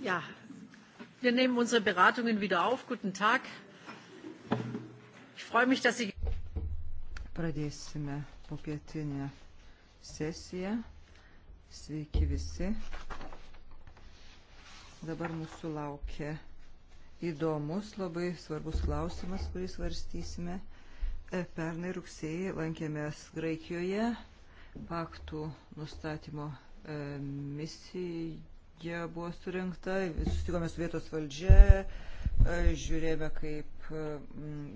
Ja, wir nehmen unsere Beratungen wieder auf. Guten Tag. Ich freue mich, dass Sie. Pradėsime popietinę sesiją. Sveiki visi. Dabar mūsų laukia įdomus, labai svarbus klausimas, kurį svarstysime. E, pernai rugsėjai lankėmės Graikijoje paktų nustatymo misija buvo surinkta, susitikome su vietos valdžia, e, žiūrėjome, kaip e,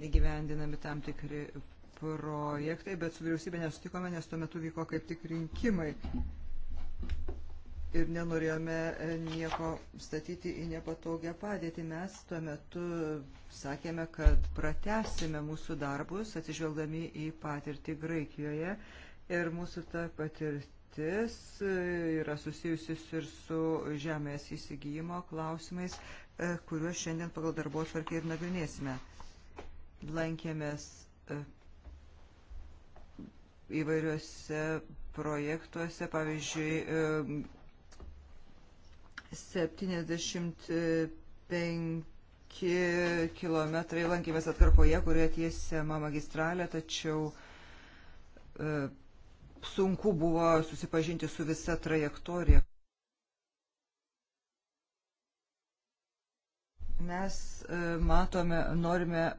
įgyvendinami tam tikri projektai, bet su vyriausybė nesutikome, nes tuo metu vyko kaip tik rinkimai. Ir nenorėjome e, nieko statyti į nepatogią padėtį. Mes tuo metu sakėme, kad pratesime mūsų darbus, atsižvelgdami į patirtį Graikijoje. Ir mūsų ta patirtis sritis e, yra susijusis ir su žemės įsigijimo klausimais, e, kuriuos šiandien pagal darbo atvarkį ir nagrinėsime. Lankėmės e, įvairiuose projektuose, pavyzdžiui, 75 km lankėmės atkarpoje, kurioje tiesiama magistralė, tačiau sunku buvo susipažinti su visa trajektorija. Mes e, matome, norime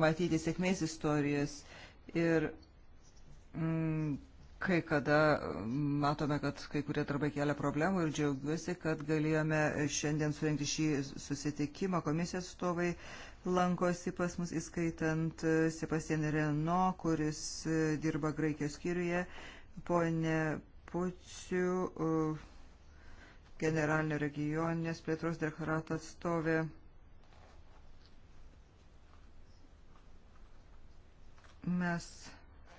matyti sėkmės istorijas ir mm, kai kada matome, kad kai kurie darbai kelia problemų ir džiaugiuosi, kad galėjome šiandien surinkti šį susitikimą. Komisijos atstovai lankosi pas mus, įskaitant e, Sebastien Reno, kuris e, dirba Graikijos skyriuje. Uh, Pone Puciu, e, generalinio regioninės plėtros deklarato atstovė. Mes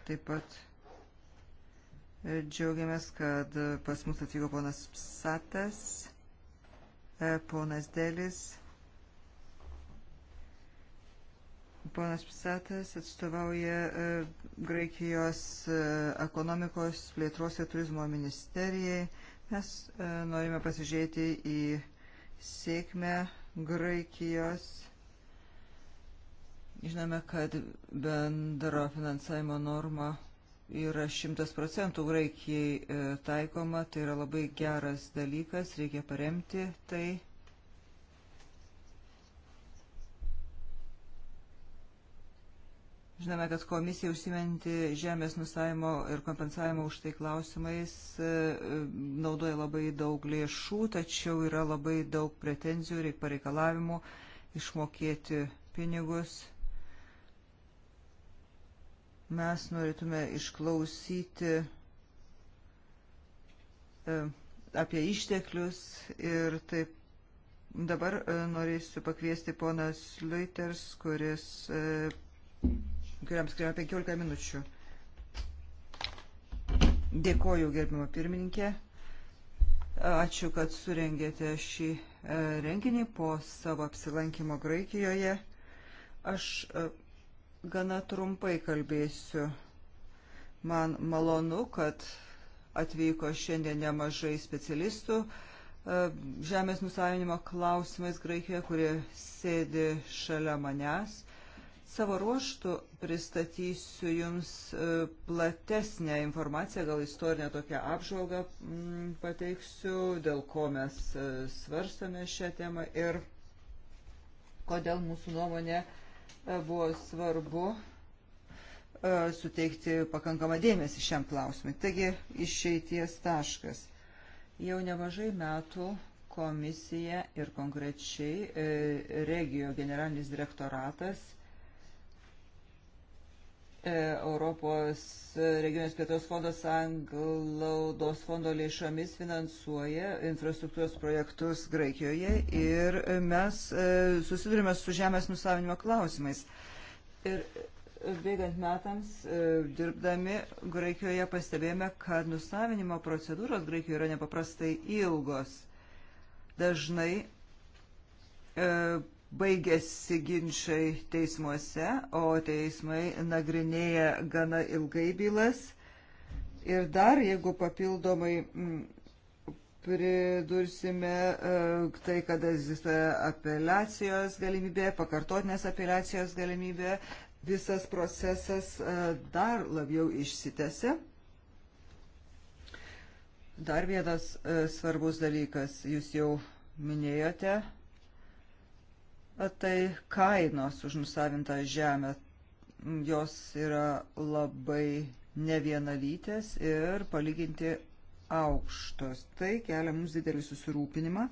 taip pat e, džiaugiamės, kad pas mus atvyko ponas Psatas, e, ponas Delis Ponas Pisatas atstovauja e, Graikijos e, ekonomikos plėtros ir turizmo ministerijai. Mes e, norime pasižiūrėti į sėkmę Graikijos. Žinome, kad bendro finansavimo norma yra 100 procentų Graikijai taikoma. Tai yra labai geras dalykas, reikia paremti tai Žinome, kad komisija užsiminti žemės nusavimo ir kompensavimo už tai klausimais e, naudoja labai daug lėšų, tačiau yra labai daug pretenzijų ir pareikalavimų išmokėti pinigus. Mes norėtume išklausyti e, apie išteklius ir taip dabar e, norėsiu pakviesti ponas Liuters, kuris kuriam skiriama 15 minučių. Dėkoju, gerbimo pirmininkė. Ačiū, kad surengėte šį e, renginį po savo apsilankimo Graikijoje. Aš e, gana trumpai kalbėsiu. Man malonu, kad atvyko šiandien nemažai specialistų e, žemės nusavinimo klausimais Graikijoje, kurie sėdi šalia manęs. Savo ruoštų pristatysiu Jums e, platesnę informaciją, gal istorinę tokią apžvalgą mm, pateiksiu, dėl ko mes e, svarstame šią temą ir kodėl mūsų nuomonė e, buvo svarbu suteikti pakankamą dėmesį šiam klausimui. Taigi, išeities taškas. Jau nemažai metų komisija ir konkrečiai regio generalinis direktoratas E, Europos regionės plėtros fondas Anglaudos fondo lėšomis finansuoja infrastruktūros projektus Graikijoje ir mes e, susidurime su žemės nusavinimo klausimais. Ir bėgant metams, e, dirbdami Graikijoje pastebėjome, kad nusavinimo procedūros Graikijoje yra nepaprastai ilgos. Dažnai baigėsi ginčiai teismuose, o teismai nagrinėja gana ilgai bylas. Ir dar, jeigu papildomai mm, pridursime e, tai, kad egzistuoja apeliacijos galimybė, pakartotinės apeliacijos galimybė, visas procesas e, dar labiau išsitėse. Dar vienas e, svarbus dalykas, jūs jau minėjote, tai kainos už nusavintą žemę. Jos yra labai nevienalytės ir palyginti aukštos. Tai kelia mums didelį susirūpinimą,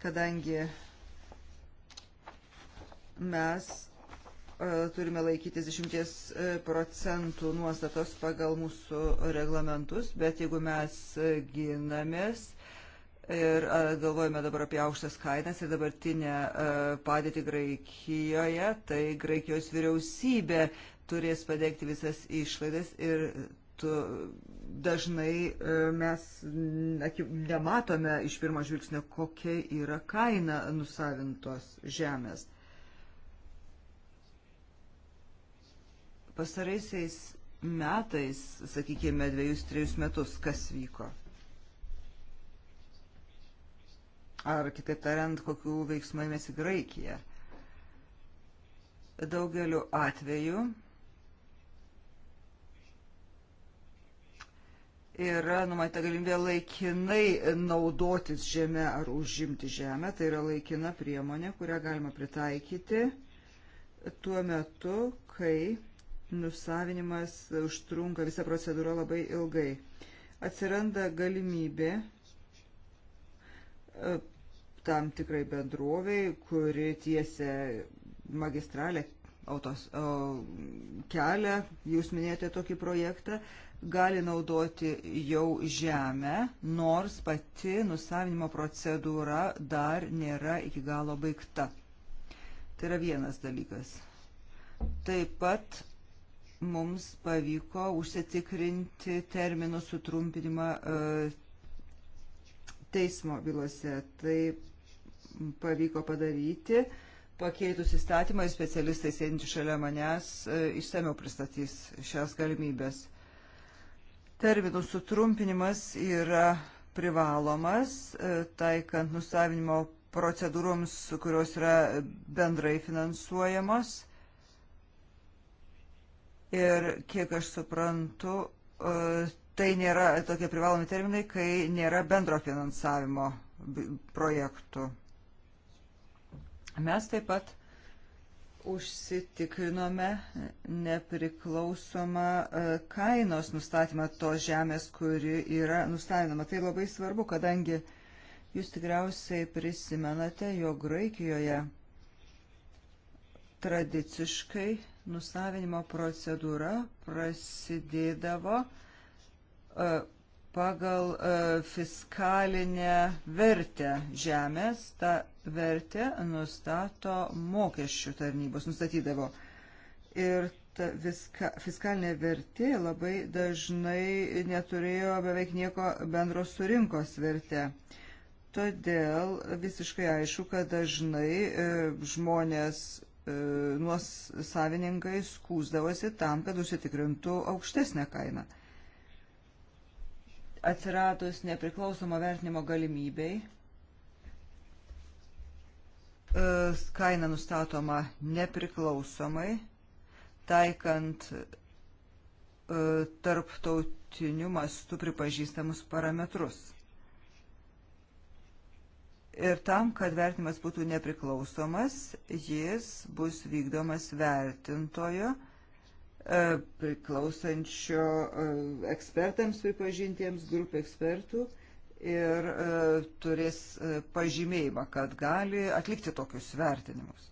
kadangi mes e, turime laikytis 10 e, procentų nuostatos pagal mūsų reglamentus, bet jeigu mes e, ginamės, Ir galvojame dabar apie aukštas kainas ir dabartinę padėtį Graikijoje, tai Graikijos vyriausybė turės padengti visas išlaidas ir tu, dažnai mes nematome iš pirmo žvilgsnio, kokia yra kaina nusavintos žemės. Pasaraisiais metais, sakykime, dviejus, trejus metus, kas vyko? ar kitaip tariant, kokių veiksmų ėmėsi Graikija. Daugeliu atveju yra numatyta galimybė laikinai naudotis žemę ar užimti žemę. Tai yra laikina priemonė, kurią galima pritaikyti tuo metu, kai nusavinimas užtrunka visą procedūrą labai ilgai. Atsiranda galimybė tam tikrai bendroviai, kuri tiesia magistralę autos o, kelią, jūs minėjote tokį projektą, gali naudoti jau žemę, nors pati nusavinimo procedūra dar nėra iki galo baigta. Tai yra vienas dalykas. Taip pat mums pavyko užsitikrinti terminų sutrumpinimą e, teismo bylose. Taip pavyko padaryti. Pakeitus įstatymą ir specialistai sėdinti šalia manęs e, išsameu pristatys šias galimybės. Terminų sutrumpinimas yra privalomas, e, taikant nusavinimo procedūroms, kurios yra bendrai finansuojamos. Ir kiek aš suprantu, e, tai nėra tokie privalomi terminai, kai nėra bendro finansavimo projektų. Mes taip pat užsitikrinome nepriklausomą e, kainos nustatymą tos žemės, kuri yra nustatinama. Tai labai svarbu, kadangi jūs tikriausiai prisimenate, jo Graikijoje tradiciškai nusavinimo procedūra prasidėdavo e, pagal e, fiskalinę vertę žemės, tą vertę nustato mokesčių tarnybos, nustatydavo. Ir ta viska, fiskalinė vertė labai dažnai neturėjo beveik nieko bendro su rinkos vertė. Todėl visiškai aišku, kad dažnai e, žmonės e, nuos savininkai skūsdavosi tam, kad užsitikrintų aukštesnę kainą. E, atsiradus nepriklausomo vertinimo galimybei, e, kaina nustatoma nepriklausomai, taikant e, tarptautiniu mastu pripažįstamus parametrus. Ir tam, kad vertinimas būtų nepriklausomas, jis bus vykdomas vertintojo, E, priklausančio e, ekspertams pripažintiems grupė ekspertų ir e, turės pažymėjimą, kad gali atlikti tokius vertinimus.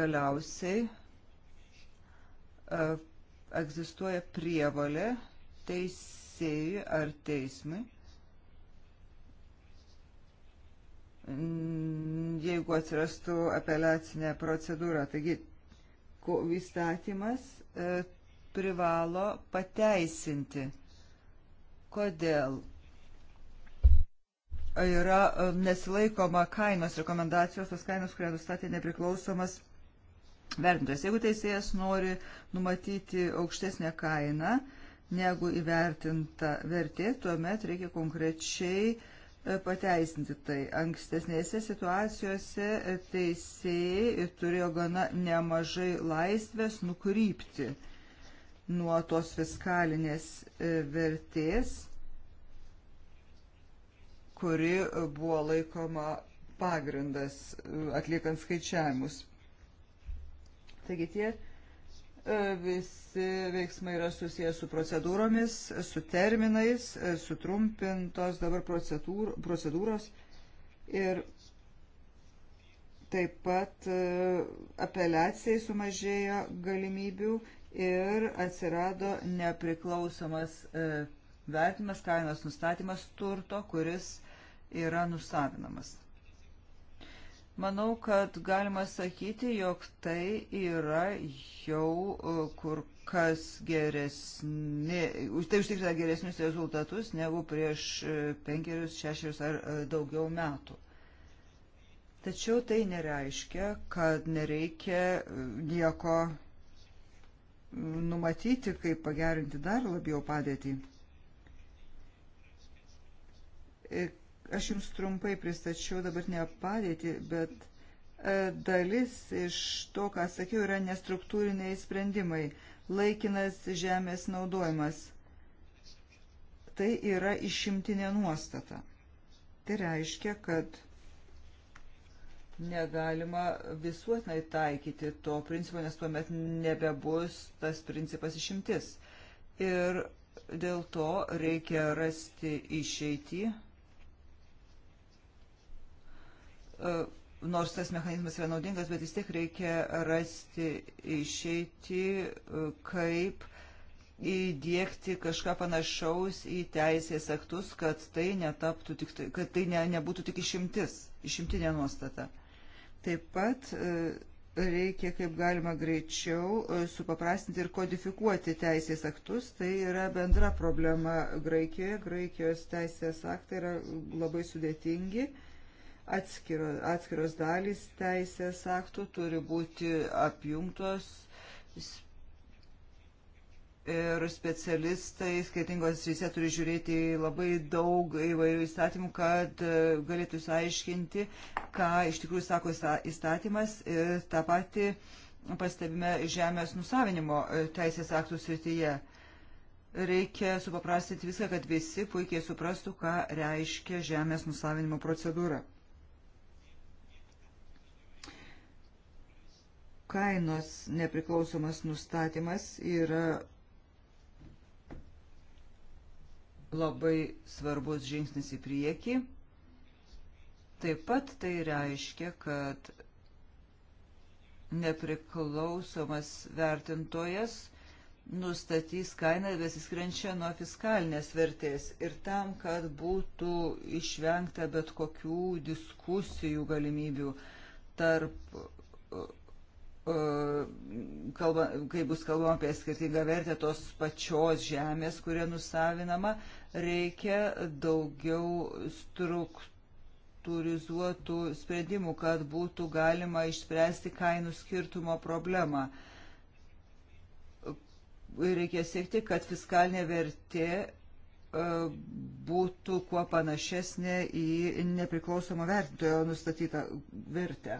Galiausiai egzistuoja prievalė teisėjai ar teismai jeigu atsirastų apeliacinė procedūra. Taigi įstatymas e, privalo pateisinti, kodėl yra e, nesilaikoma kainos rekomendacijos, tos kainos, kurią nustatė nepriklausomas vertintojas. Jeigu teisėjas nori numatyti aukštesnę kainą negu įvertinta vertė, tuomet reikia konkrečiai uh, E, pateisinti tai. Ankstesnėse situacijose e, teisėjai turėjo gana nemažai laisvės nukrypti nuo tos fiskalinės e, vertės, kuri buvo laikoma pagrindas atliekant skaičiavimus. Taigi tie E, visi veiksmai yra susijęs su procedūromis, su terminais, e, sutrumpintos dabar procedūr, procedūros ir taip pat e, apeliacijai sumažėjo galimybių ir atsirado nepriklausomas vertimas, kainos nustatymas turto, kuris yra nustatomas. Manau, kad galima sakyti, jog tai yra jau e, kur kas geresni, tai užtikrina geresnius rezultatus negu prieš e, penkerius, šešerius ar e, daugiau metų. Tačiau tai nereiškia, kad nereikia nieko numatyti, kaip pagerinti dar labiau padėtį. Aš jums trumpai pristačiau dabartinę padėtį, bet e, dalis iš to, ką sakiau, yra nestruktūriniai sprendimai, laikinas žemės naudojimas. Tai yra išimtinė nuostata. Tai reiškia, kad negalima visuotinai taikyti to principo, nes tuomet nebebus tas principas išimtis. Ir dėl to reikia rasti išeitį E, nors tas mechanizmas yra naudingas, bet vis tiek reikia rasti išeiti, e, kaip įdėkti kažką panašaus į teisės aktus, kad tai, netaptų, tik, tai, kad tai ne, nebūtų tik išimtis, išimtinė nuostata. Taip pat e, reikia kaip galima greičiau supaprastinti ir kodifikuoti teisės aktus. Tai yra bendra problema Graikijoje. Graikijos teisės aktai yra labai sudėtingi atskiro, atskiros dalys teisės aktų turi būti apjungtos ir specialistai skirtingos srityse turi žiūrėti labai daug įvairių įstatymų, kad e, galėtų išsiaiškinti, ką iš tikrųjų sako įstatymas ir tą patį pastebime žemės nusavinimo e, teisės aktų srityje. Reikia supaprastinti viską, kad visi puikiai suprastų, ką reiškia žemės nusavinimo procedūra. kainos nepriklausomas nustatymas yra labai svarbus žingsnis į priekį. Taip pat tai reiškia, kad nepriklausomas vertintojas nustatys kainą besiskrenčią nuo fiskalinės vertės ir tam, kad būtų išvengta bet kokių diskusijų galimybių tarp E, kalba, kai bus kalbama apie skirtingą vertę tos pačios žemės, kuria nusavinama, reikia daugiau struktūrizuotų sprendimų, kad būtų galima išspręsti kainų skirtumo problemą. Reikia siekti, kad fiskalinė vertė e, būtų kuo panašesnė į nepriklausomo vertintojo nustatytą vertę.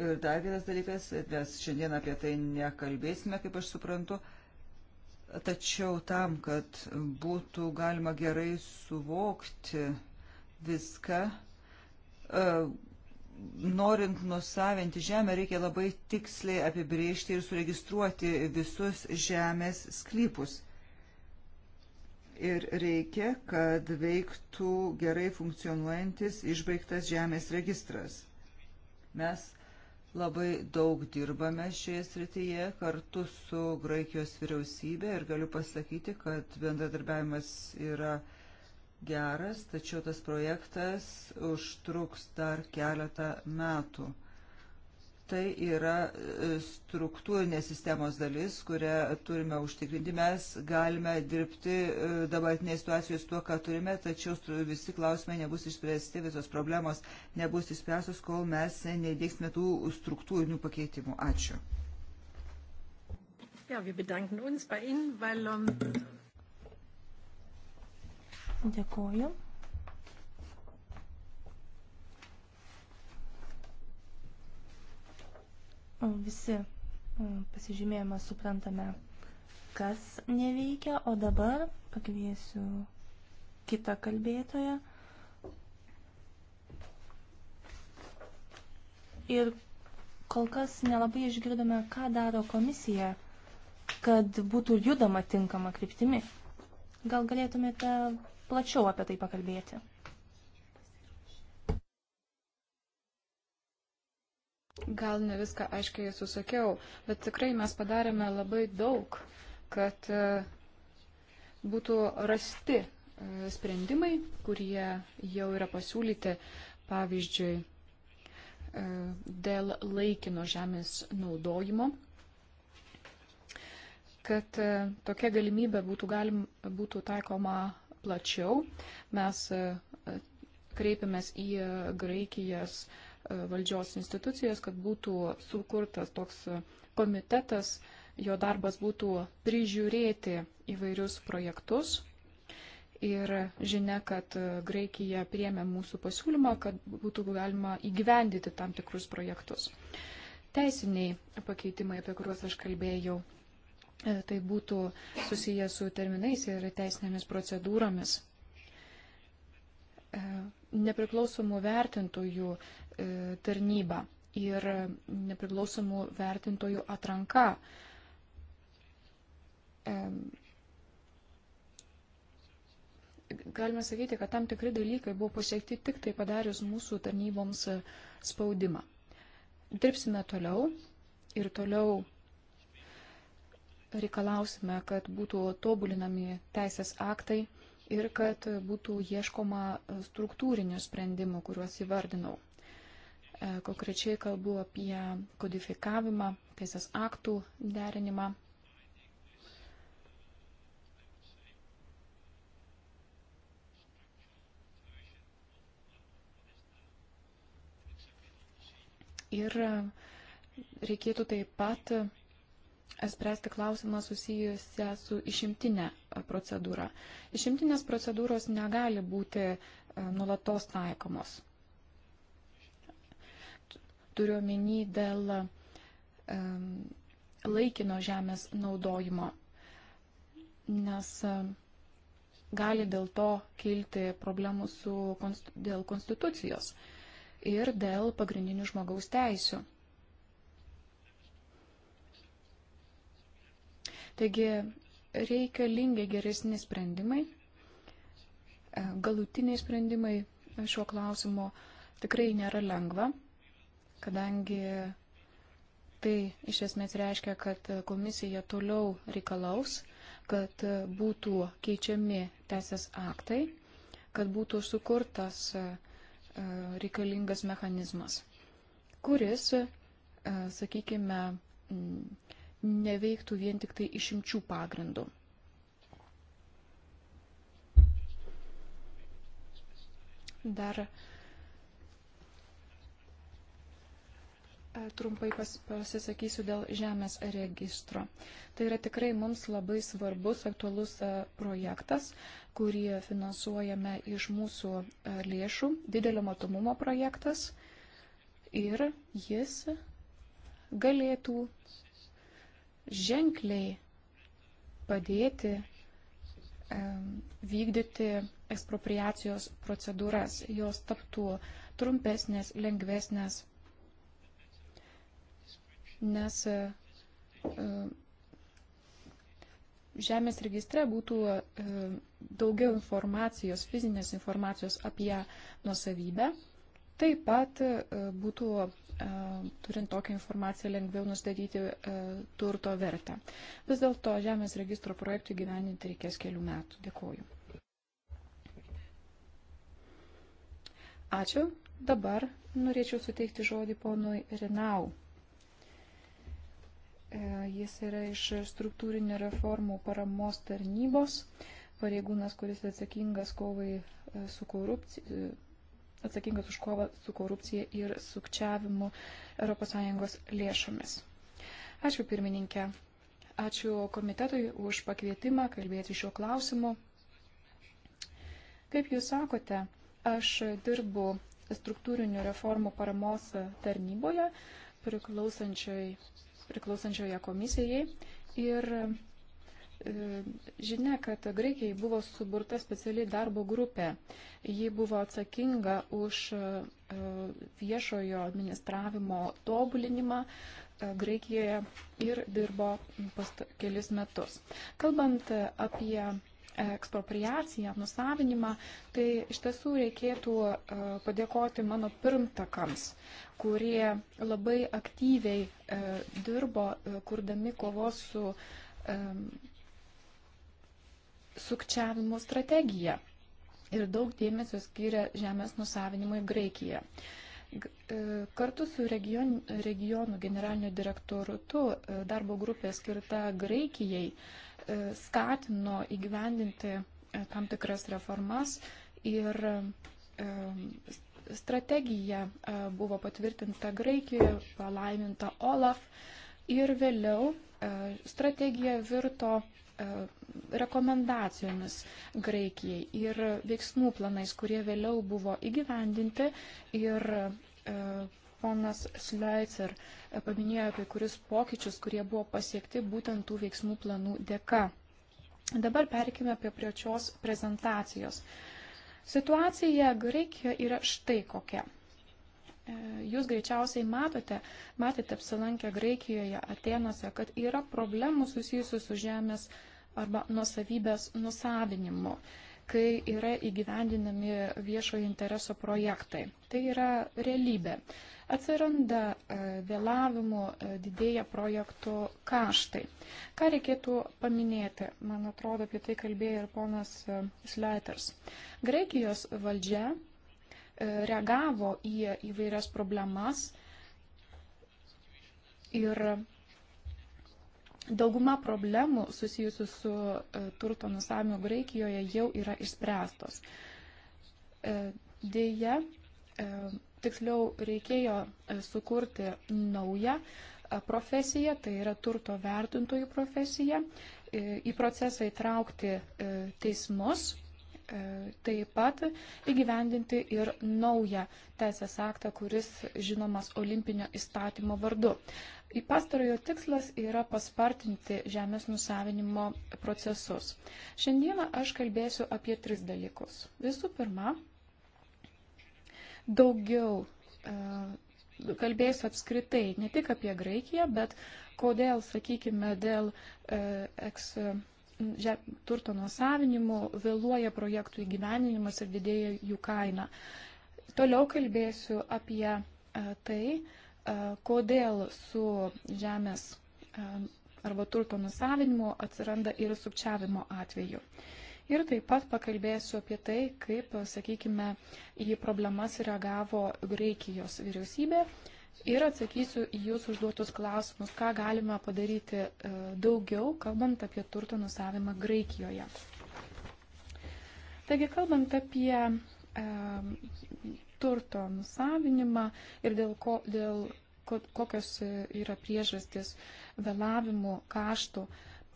Ir dar vienas dalykas, mes šiandien apie tai nekalbėsime, kaip aš suprantu, tačiau tam, kad būtų galima gerai suvokti viską, e, norint nusavinti žemę, reikia labai tiksliai apibriežti ir suregistruoti visus žemės sklypus. Ir reikia, kad veiktų gerai funkcionuojantis išbaigtas žemės registras. Mes Labai daug dirbame šioje srityje kartu su Graikijos vyriausybė ir galiu pasakyti, kad bendradarbiavimas yra geras, tačiau tas projektas užtruks dar keletą metų tai yra e, struktūrinės sistemos dalis, kurią turime užtikrinti. Mes galime dirbti e, dabartinės situacijos tuo, ką turime, tačiau visi klausimai nebus išspręsti, visos problemos nebus išspręstos, kol mes neįdėksime tų struktūrinių pakeitimų. Ačiū. Ja, wir bedanken uns bei Ihnen, weil. Um Dėkoju. visi mm, pasižymėjimą suprantame, kas neveikia, o dabar pakviesiu kitą kalbėtoją. Ir kol kas nelabai išgirdome, ką daro komisija, kad būtų judama tinkama kryptimi. Gal galėtumėte plačiau apie tai pakalbėti? Gal ne viską aiškiai susakiau, bet tikrai mes padarėme labai daug, kad e, būtų rasti e, sprendimai, kurie jau yra pasiūlyti, pavyzdžiui, e, dėl laikino žemės naudojimo, kad tokia galimybė būtų, galim, būtų taikoma plačiau. Mes kreipiamės į Graikijas valdžios institucijas, kad būtų sukurtas toks komitetas, jo darbas būtų prižiūrėti įvairius projektus. Ir žinia, kad Graikija priemė mūsų pasiūlymą, kad būtų galima įgyvendyti tam tikrus projektus. Teisiniai pakeitimai, apie kuriuos aš kalbėjau, e, tai būtų susijęs su terminais ir teisinėmis procedūromis. E, nepriklausomų vertintojų e, tarnyba ir nepriklausomų vertintojų atranka. E, Galime sakyti, kad tam tikri dalykai buvo pasiekti tik tai padarius mūsų tarnyboms spaudimą. Dirbsime toliau ir toliau reikalausime, kad būtų tobulinami teisės aktai ir kad būtų ieškoma struktūrinių sprendimų, kuriuos įvardinau. E, konkrečiai kalbu apie kodifikavimą, teisės aktų derinimą. Ir reikėtų taip pat spręsti klausimą susijusią su išimtinė procedūra. Išimtinės procedūros negali būti e, nulatos taikomos. Turiu omeny dėl e, laikino žemės naudojimo, nes e, gali dėl to kilti problemų su, dėl konstitucijos ir dėl pagrindinių žmogaus teisių. Taigi reikalingi geresni sprendimai, e, galutiniai sprendimai šiuo klausimu tikrai nėra lengva, kadangi tai iš esmės reiškia, kad komisija toliau reikalaus, kad būtų keičiami teisės aktai, kad būtų sukurtas e, reikalingas mechanizmas, kuris, e, sakykime, neveiktų vien tik tai išimčių pagrindų. Dar e, trumpai pas, pasisakysiu dėl žemės registro. Tai yra tikrai mums labai svarbus, aktualus e, projektas, kurį finansuojame iš mūsų e, lėšų, didelio matomumo projektas ir jis galėtų ženkliai padėti vykdyti ekspropriacijos procedūras, jos taptų trumpesnės, lengvesnės, nes žemės registre būtų daugiau informacijos, fizinės informacijos apie nuosavybę Taip pat e, būtų, e, turint tokią informaciją, lengviau nustatyti e, turto vertę. Vis dėlto Žemės registro projektų gyveninti reikės kelių metų. Dėkuoju. Ačiū. Dabar norėčiau suteikti žodį ponui Renau. Jis yra iš struktūrinio reformų paramos tarnybos, pareigūnas, kuris atsakingas kovai su korupcija atsakingas už kovą su korupcija ir sukčiavimu ES lėšomis. Ačiū pirmininkė. Ačiū komitetui už pakvietimą kalbėti šiuo klausimu. Kaip jūs sakote, aš dirbu struktūrinių reformų paramos tarnyboje priklausančioje, priklausančioje komisijai ir E, žinia, kad Graikijai buvo suburta speciali darbo grupė. Ji buvo atsakinga už e, viešojo administravimo tobulinimą e, Graikijoje ir dirbo kelis metus. Kalbant apie ekspropriaciją, nusavinimą, tai iš tiesų reikėtų padėkoti mano pirmtakams, kurie labai aktyviai dirbo, kurdami kovos su sukčiavimo strategiją ir daug dėmesio skiria žemės nusavinimui Graikija. E, kartu su region, regionų generaliniu direktoratu e, darbo grupė skirta Graikijai e, skatino įgyvendinti tam tikras reformas ir strategija buvo patvirtinta Graikijoje, palaiminta Olaf ir vėliau strategija virto E, rekomendacijomis Graikijai ir veiksmų planais, kurie vėliau buvo įgyvendinti. Ir e, ponas Sleicer e, paminėjo kai kurius pokyčius, kurie buvo pasiekti būtent tų veiksmų planų dėka. Dabar perkime prie priečios prezentacijos. Situacija Graikijoje yra štai kokia. Jūs greičiausiai matote, matėte apsilankę Graikijoje, Atenose, kad yra problemų susijusių su žemės arba nuosavybės nusavinimu, kai yra įgyvendinami viešojo intereso projektai. Tai yra realybė. Atsiranda e, vėlavimų, e, didėja projektų kaštai. Ką reikėtų paminėti, man atrodo, apie tai kalbėjo ir ponas e, Sleiters. Graikijos valdžia reagavo į įvairias problemas ir Dauguma problemų susijusių su e, turto nusavimu Graikijoje jau yra išspręstos. E, Deja, e, tiksliau reikėjo sukurti naują profesiją, tai yra turto vertintojų profesija, į procesą įtraukti teismus, taip pat įgyvendinti ir naują teisės aktą, kuris žinomas olimpinio įstatymo vardu. Į pastarojo tikslas yra paspartinti žemės nusavinimo procesus. Šiandieną aš kalbėsiu apie tris dalykus. Visų pirma, daugiau e, kalbėsiu apskritai ne tik apie Graikiją, bet kodėl, sakykime, dėl e, eks, žem, turto nusavinimo vėluoja projektų įgyveninimas ir didėja jų kaina. Toliau kalbėsiu apie e, tai, e, kodėl su žemės arba turto nusavinimu atsiranda ir sukčiavimo atveju. Ir taip pat pakalbėsiu apie tai, kaip, sakykime, į problemas reagavo Graikijos vyriausybė ir atsakysiu į jūsų užduotus klausimus, ką galime padaryti e, daugiau, kalbant apie turto nusavimą Graikijoje. Taigi, kalbant apie e, turto nusavinimą ir dėl, ko, dėl kokios yra priežastis vėlavimų, kaštų.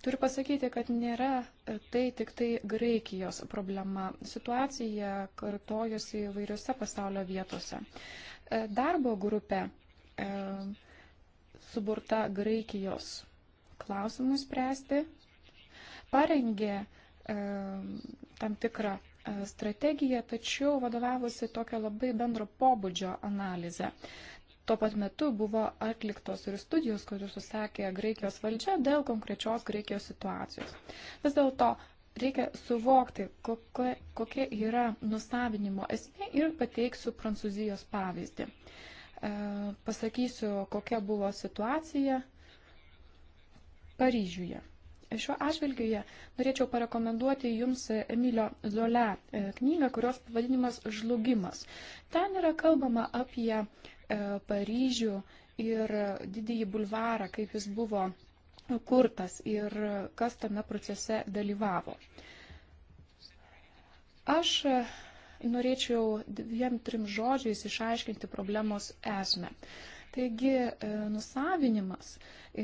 Turiu pasakyti, kad nėra tai tik tai Graikijos problema. Situacija kartojosi įvairiose pasaulio vietose. E, darbo grupė e, suburta Graikijos klausimų spręsti parengė e, tam tikrą strategiją, tačiau vadovavusi tokią labai bendro pobūdžio analizę. Tuo pat metu buvo atliktos ir studijos, kuriuos užsakė Graikijos valdžia dėl konkrečios Graikijos situacijos. Vis dėlto reikia suvokti, kokia, kokia yra nusavinimo esmė ir pateiksiu Prancūzijos pavyzdį. E, pasakysiu, kokia buvo situacija Paryžiuje. Šiuo atžvilgiu norėčiau parekomenduoti Jums Emilio Zola e, knygą, kurios pavadinimas Žlugimas. Ten yra kalbama apie e, Paryžių ir didįjį bulvarą, kaip jis buvo kurtas ir kas tame procese dalyvavo. Aš e, norėčiau dviem trim žodžiais išaiškinti problemos esmę. Taigi e, nusavinimas e,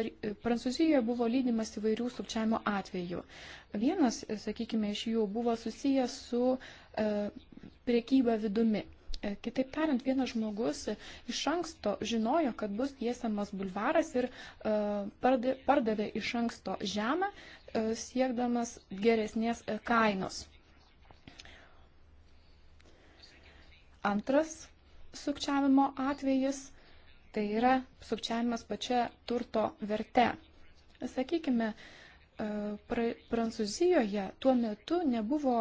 e, Prancūzijoje buvo lydimas įvairių sukčiavimo atvejų. Vienas, sakykime, iš jų buvo susijęs su priekyba vidumi. Kitaip tariant, vienas žmogus iš anksto žinojo, kad bus tiesiamas bulvaras ir pardavė iš anksto žemę, siekdamas geresnės kainos. Antras sukčiavimo atvejis, tai yra sukčiavimas pačia turto verte. Sakykime, e, pra, Prancūzijoje tuo metu nebuvo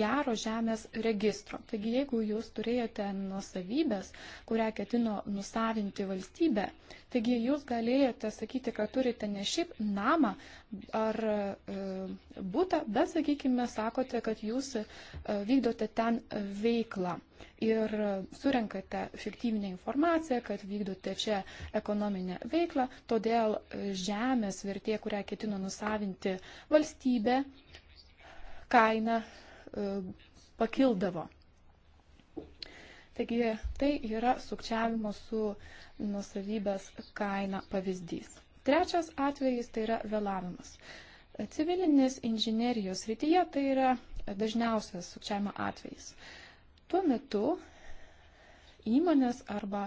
gero žemės registro. Taigi, jeigu jūs turėjote nusavybės, kurią ketino nusavinti valstybė, taigi jūs galėjote sakyti, kad turite ne šiaip namą ar e, būtą, bet, sakykime, sakote, kad jūs e, vykdote ten veiklą ir surenkate fiktyvinę informaciją, kad vykdote čia ekonominę veiklą, todėl žemės vertė, kurią ketino nusavinti valstybė, kaina e, pakildavo. Taigi tai yra sukčiavimo su nusavybės kaina pavyzdys. Trečias atvejis tai yra vėlavimas. Civilinės inžinerijos rytyje tai yra dažniausias sukčiavimo atvejis. Tuo metu įmonės arba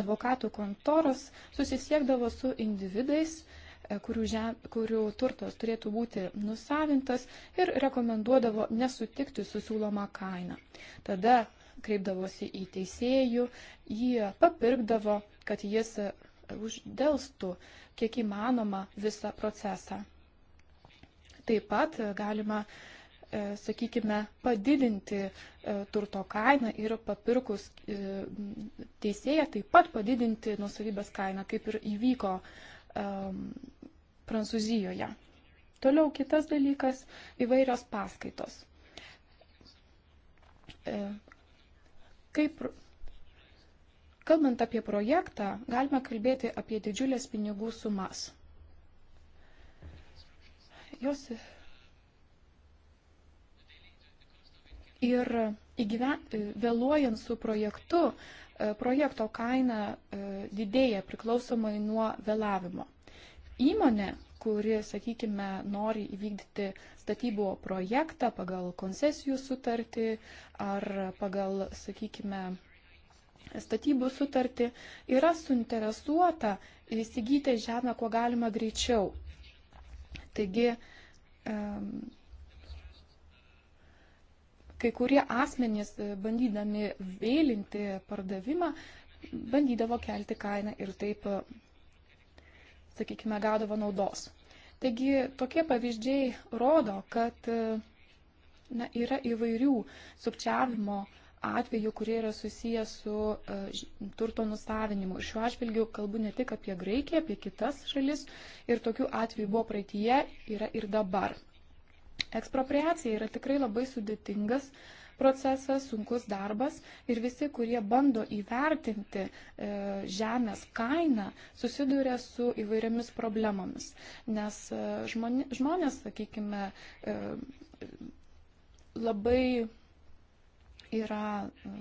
advokatų kontoros susisiekdavo su individais, e, kurių, žem, kurių turtas turėtų būti nusavintas ir rekomenduodavo nesutikti su siūloma kaina. Tada kreipdavosi į teisėjų, jį papirkdavo, kad jis e, uždėlstų kiek įmanoma visą procesą. Taip pat e, galima uh, E, sakykime, padidinti e, turto kainą ir papirkus e, teisėją taip pat padidinti nusavybės kainą, kaip ir įvyko Prancūzijoje. Toliau kitas dalykas - įvairios paskaitos. Kaip Kalbant apie projektą, galime kalbėti apie didžiulės pinigų sumas. Jos Ir įgyven, vėluojant su projektu, e, projekto kaina e, didėja priklausomai nuo vėlavimo. Įmonė, kuri, sakykime, nori įvykdyti statybų projektą pagal koncesijų sutartį ar pagal, sakykime, statybų sutartį, yra suinteresuota įsigyti žemę kuo galima greičiau. Taigi, Kai kurie asmenys, e, bandydami vėlinti pardavimą, bandydavo kelti kainą ir taip, e, sakykime, gaudavo naudos. Taigi tokie pavyzdžiai rodo, kad e, na, yra įvairių sukčiavimo atvejų, kurie yra susiję su uh, turto nusavinimu. Ir šiuo atžvilgiu kalbu ne tik apie Graikiją, apie kitas šalis. Ir tokių atvejų buvo praeitie, yra ir dabar. Ekspropriacija yra tikrai labai sudėtingas procesas, sunkus darbas ir visi, kurie bando įvertinti e, žemės kainą, susiduria su įvairiomis problemomis. Nes e, žmonė, žmonės, sakykime, e, labai yra e,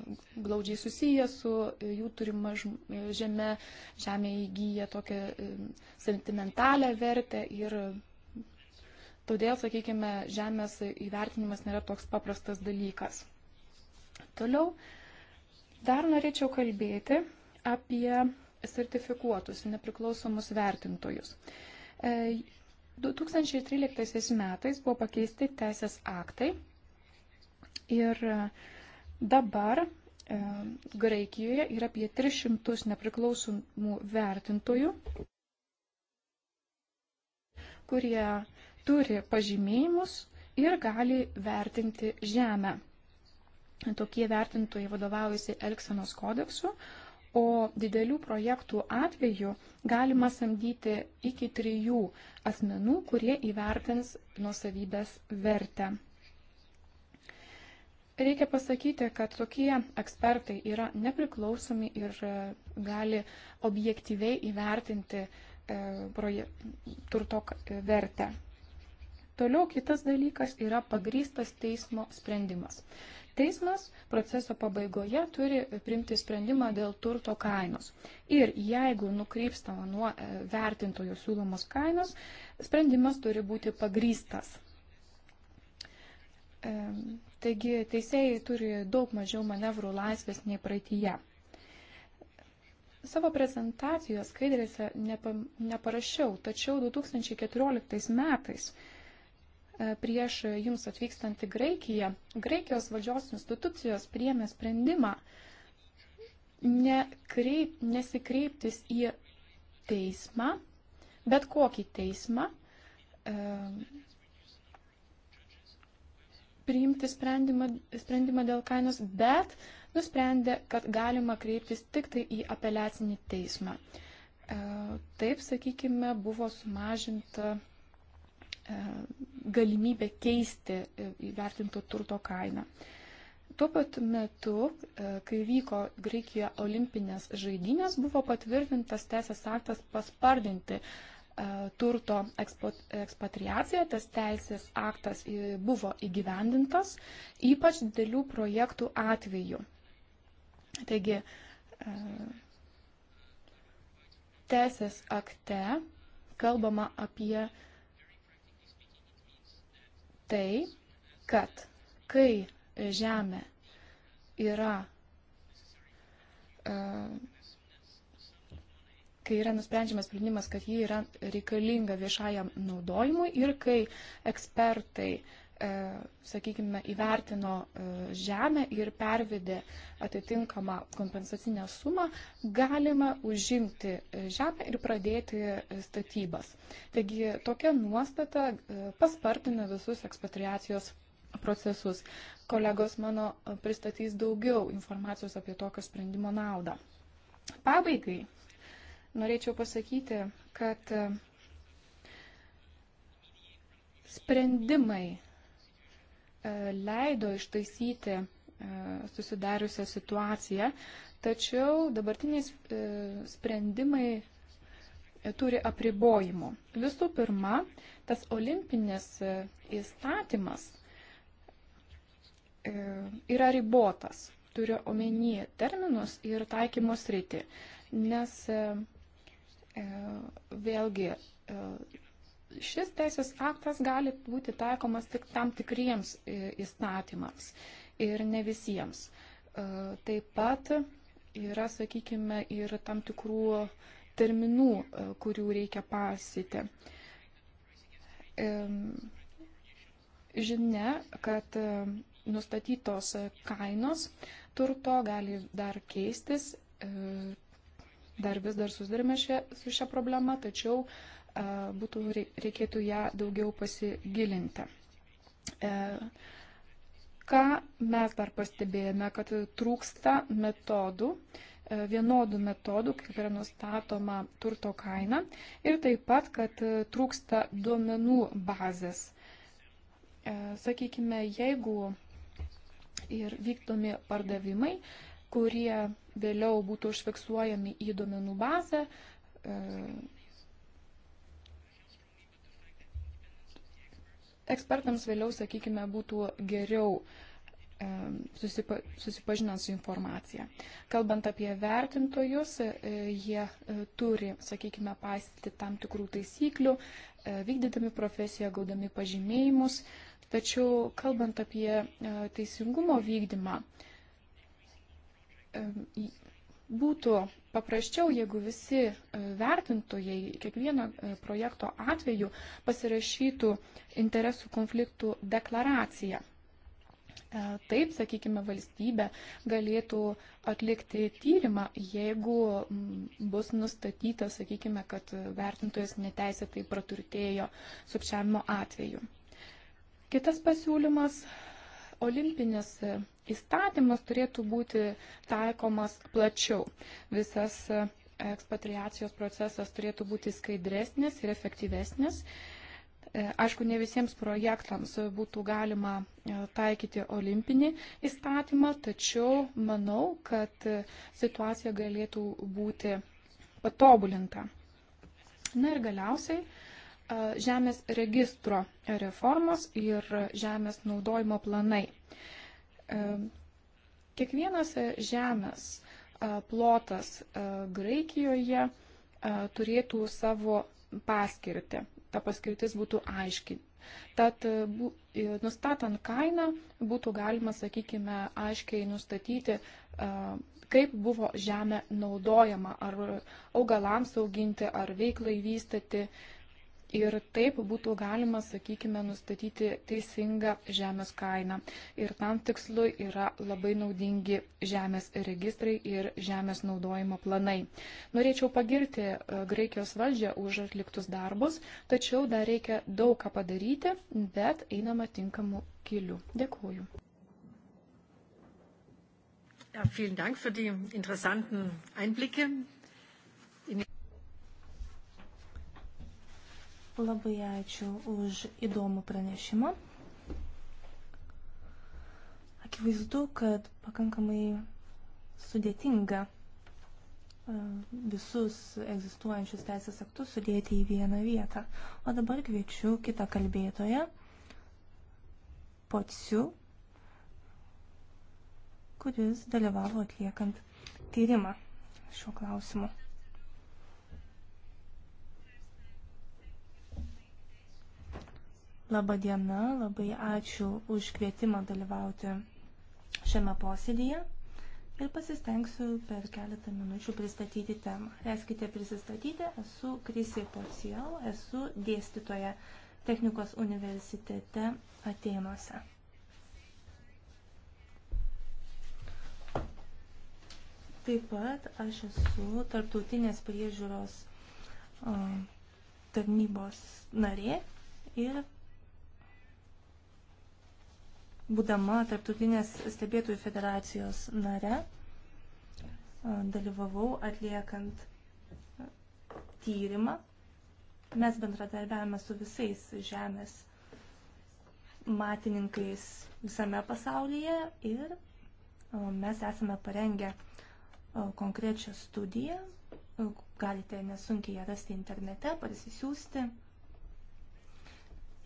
glaudžiai susiję su jų turima žeme, žemė įgyja tokią e, sentimentalią vertę ir Todėl, sakykime, žemės įvertinimas nėra toks paprastas dalykas. Toliau dar norėčiau kalbėti apie sertifikuotus nepriklausomus vertintojus. 2013 e, metais buvo pakeisti teisės aktai ir dabar e, Graikijoje yra apie 300 nepriklausomų vertintojų, kurie turi pažymėjimus ir gali vertinti žemę. Tokie vertintojai vadovaujasi Elksenos kodeksu, o didelių projektų atveju galima samdyti iki trijų asmenų, kurie įvertins nuosavybės vertę. Reikia pasakyti, kad tokie ekspertai yra nepriklausomi ir e, gali objektyviai įvertinti e, proje, turto vertę. Toliau kitas dalykas yra pagrystas teismo sprendimas. Teismas proceso pabaigoje turi primti sprendimą dėl turto kainos. Ir jeigu nukrypstama nuo e, vertintojo siūlomos kainos, sprendimas turi būti pagrystas. E, taigi teisėjai turi daug mažiau manevrų laisvės nei praeityje. Savo prezentacijos skaidrėse neparašiau, tačiau 2014 metais E, prieš jums atvykstant į Graikiją, Graikijos valdžios institucijos priemė sprendimą nekreip, nesikreiptis į teismą, bet kokį teismą, e, priimti sprendimą, sprendimą dėl kainos, bet nusprendė, kad galima kreiptis tik tai į apeliacinį teismą. E, taip, sakykime, buvo sumažinta galimybę keisti įvertinto turto kainą. Tuo pat metu, e, kai vyko Graikijoje olimpinės žaidynės, buvo patvirtintas teisės aktas paspardinti e, turto ekspatriaciją, tas teisės aktas buvo įgyvendintas, ypač dėlių projektų atveju. Taigi, e, teisės akte kalbama apie tai, kad kai žemė yra, e, kai yra nusprendžiamas sprendimas, kad ji yra reikalinga viešajam naudojimui ir kai ekspertai uh, E, sakykime, įvertino e, žemę ir pervedė atitinkamą kompensacinę sumą, galima užimti e, žemę ir pradėti statybas. Taigi tokia nuostata paspartina visus ekspatriacijos procesus. Kolegos mano pristatys daugiau informacijos apie tokio sprendimo naudą. Pabaigai norėčiau pasakyti, kad sprendimai E, leido ištaisyti e, susidariusią situaciją, tačiau dabartiniai e, sprendimai turi apribojimų. Visų pirma, tas olimpinis įstatymas yra ribotas, turiu omenyje terminus ir taikymus rytį, nes vėlgi šis teisės aktas gali būti taikomas tik tam tikriems e, įstatymams ir ne visiems. E, taip pat yra, sakykime, ir tam tikrų terminų, e, kurių reikia pasyti. Žinia, kad nustatytos kainos turto gali dar keistis, dar vis dar susidurime su šia problema, tačiau uh, būtų, reikėtų ją daugiau pasigilinti. E, ką mes dar pastebėjome, kad trūksta metodų, e, vienodų metodų, kaip yra nustatoma turto kaina ir taip pat, kad trūksta duomenų bazės. E, sakykime, jeigu ir vykdomi pardavimai, kurie vėliau būtų užfiksuojami į duomenų bazę, ekspertams vėliau, sakykime, būtų geriau e, susipa, susipažinant su informacija. Kalbant apie vertintojus, e, jie e, turi, sakykime, paisyti tam tikrų taisyklių, vykdydami profesiją, gaudami pažymėjimus. Tačiau kalbant apie teisingumo vykdymą, būtų paprasčiau, jeigu visi e, vertintojai kiekvieno e, projekto atveju pasirašytų interesų konfliktų deklaraciją. E, taip, sakykime, valstybė galėtų atlikti tyrimą, jeigu bus nustatyta, sakykime, kad vertintojas neteisėtai praturtėjo sukčiavimo atveju. Kitas pasiūlymas olimpinis įstatymas turėtų būti taikomas plačiau. Visas e, ekspatriacijos procesas turėtų būti skaidresnis ir efektyvesnis. E, aišku, ne visiems projektams būtų galima e, taikyti olimpinį įstatymą, tačiau manau, kad situacija galėtų būti patobulinta. Na ir galiausiai E, žemės registro reformos ir žemės naudojimo planai. E, kiekvienas žemės e, plotas Graikijoje turėtų savo paskirtį. Ta paskirtis būtų aiški. Tad nustatant kainą būtų galima, sakykime, aiškiai nustatyti, kaip buvo žemė naudojama, ar augalams auginti, ar veiklai vystyti, ir taip būtų galima, sakykime, nustatyti teisingą žemės kainą. Ir tam tikslui yra labai naudingi žemės registrai ir žemės naudojimo planai. Norėčiau pagirti e, Graikijos valdžią už atliktus darbus, tačiau dar reikia daug ką padaryti, bet einama tinkamu keliu. Dėkuoju. Ja, vielen Dank für die interessanten Einblicke. Labai ačiū už įdomų pranešimą. Akivaizdu, kad pakankamai sudėtinga e, visus egzistuojančius teisės aktus sudėti į vieną vietą. O dabar kviečiu kitą kalbėtoją, Pociu, kuris dalyvavo atliekant tyrimą šiuo klausimu. Labą dieną, labai ačiū už kvietimą dalyvauti šiame posėdėje ir pasistengsiu per keletą minučių pristatyti temą. Leiskite prisistatyti, esu Krisė Pociel, esu dėstytoja Technikos universitete Atenuose. Taip pat aš esu tarptautinės priežiūros tarnybos narė ir būdama Tarptautinės stebėtojų federacijos nare, dalyvavau atliekant tyrimą. Mes bendradarbiavame su visais žemės matininkais visame pasaulyje ir mes esame parengę konkrečią studiją. Galite nesunkiai ją rasti internete, pasisiųsti.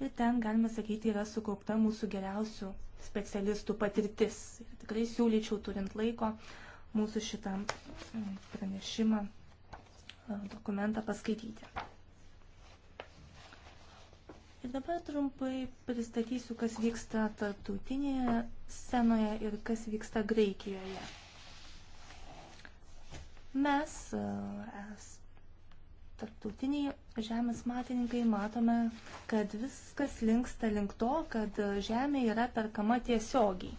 Ir ten, galima sakyti, yra sukaupta mūsų geriausių specialistų patirtis. Ir tikrai siūlyčiau, turint laiko, mūsų šitą mm, pranešimą, e, dokumentą paskaityti. Ir dabar trumpai pristatysiu, kas vyksta tarptautinėje scenoje ir kas vyksta Graikijoje. Mes e, tarptautiniai žemės matininkai matome, kad viskas linksta link to, kad žemė yra perkama tiesiogiai.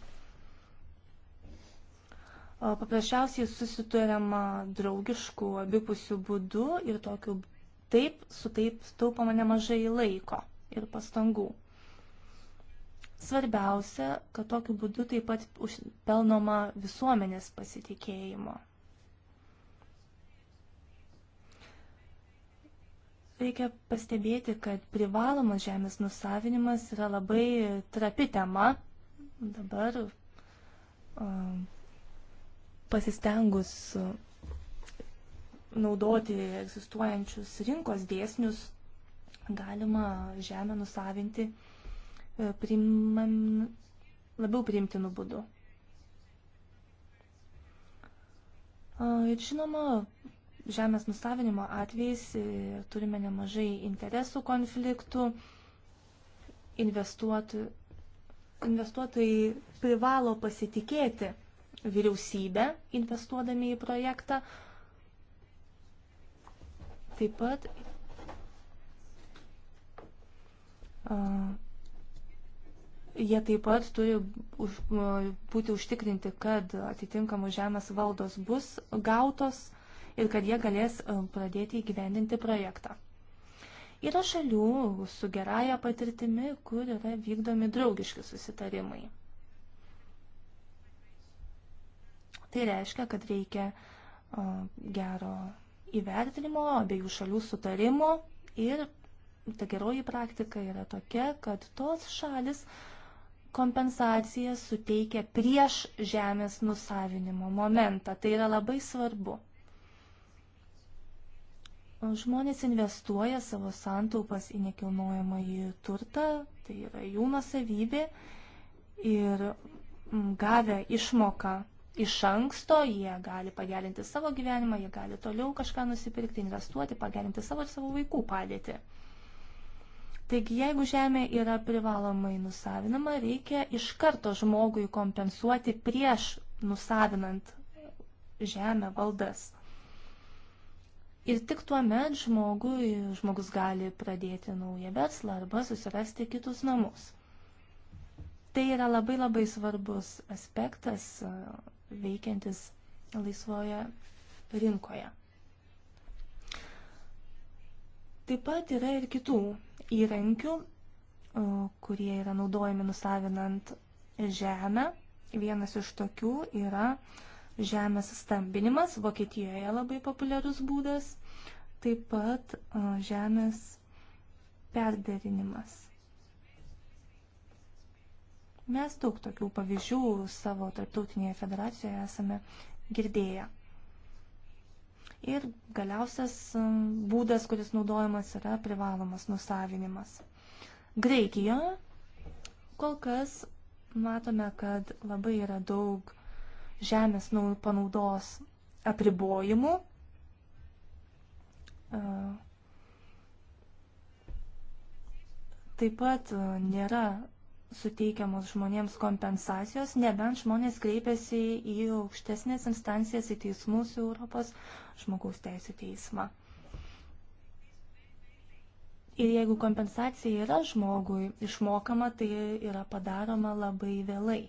Paprasčiausiai susituriama draugiškų abipusių būdų ir tokiu taip sutaip taupama nemažai laiko ir pastangų. Svarbiausia, kad tokiu būdu taip pat pelnoma visuomenės pasitikėjimo. Reikia pastebėti, kad privalomas žemės nusavinimas yra labai trapi tema. Dabar pasistengus naudoti egzistuojančius rinkos dėsnius, galima žemę nusavinti e, priimam, labiau priimtinų būdų. Ir žinoma, žemės nusavinimo atvejais e, turime nemažai interesų konfliktų. Investuotojai, investuotojai privalo pasitikėti vyriausybę investuodami į projektą. Taip pat uh, jie taip pat turi už, būti užtikrinti, kad atitinkamos žemės valdos bus gautos. Uh, ir kad jie galės e, pradėti įgyvendinti projektą. Yra šalių su gerąją patirtimi, kur yra vykdomi draugiški susitarimai. Tai reiškia, kad reikia e, gero įvertinimo, abiejų šalių sutarimo ir ta geroji praktika yra tokia, kad tos šalis kompensaciją suteikia prieš žemės nusavinimo momentą. Tai yra labai svarbu. Žmonės investuoja savo santaupas į nekilnojamąjį turtą, tai yra jų nusavybė ir mm, gavę išmoką iš anksto, jie gali pagerinti savo gyvenimą, jie gali toliau kažką nusipirkti, investuoti, pagerinti savo ir savo vaikų padėtį. Taigi, jeigu žemė yra privalomai nusavinama, reikia iš karto žmogui kompensuoti prieš nusavinant žemę valdas. Ir tik tuo met žmogui, žmogus gali pradėti naują verslą arba susirasti kitus namus. Tai yra labai labai svarbus aspektas veikiantis laisvoje rinkoje. Taip pat yra ir kitų įrankių, kurie yra naudojami nusavinant žemę. Vienas iš tokių yra uh, žemės stambinimas, Vokietijoje labai populiarus būdas, taip pat žemės perderinimas. Mes daug tokių pavyzdžių savo tarptautinėje federacijoje esame girdėję. Ir galiausias būdas, kuris naudojamas, yra privalomas nusavinimas. Graikijoje kol kas matome, kad labai yra daug žemės panaudos apribojimų. Taip pat nėra suteikiamos žmonėms kompensacijos, nebent žmonės kreipiasi į aukštesnės instancijas, į teismus, į Europos žmogaus teisų teismą. Ir jeigu kompensacija yra žmogui išmokama, tai yra padaroma labai vėlai.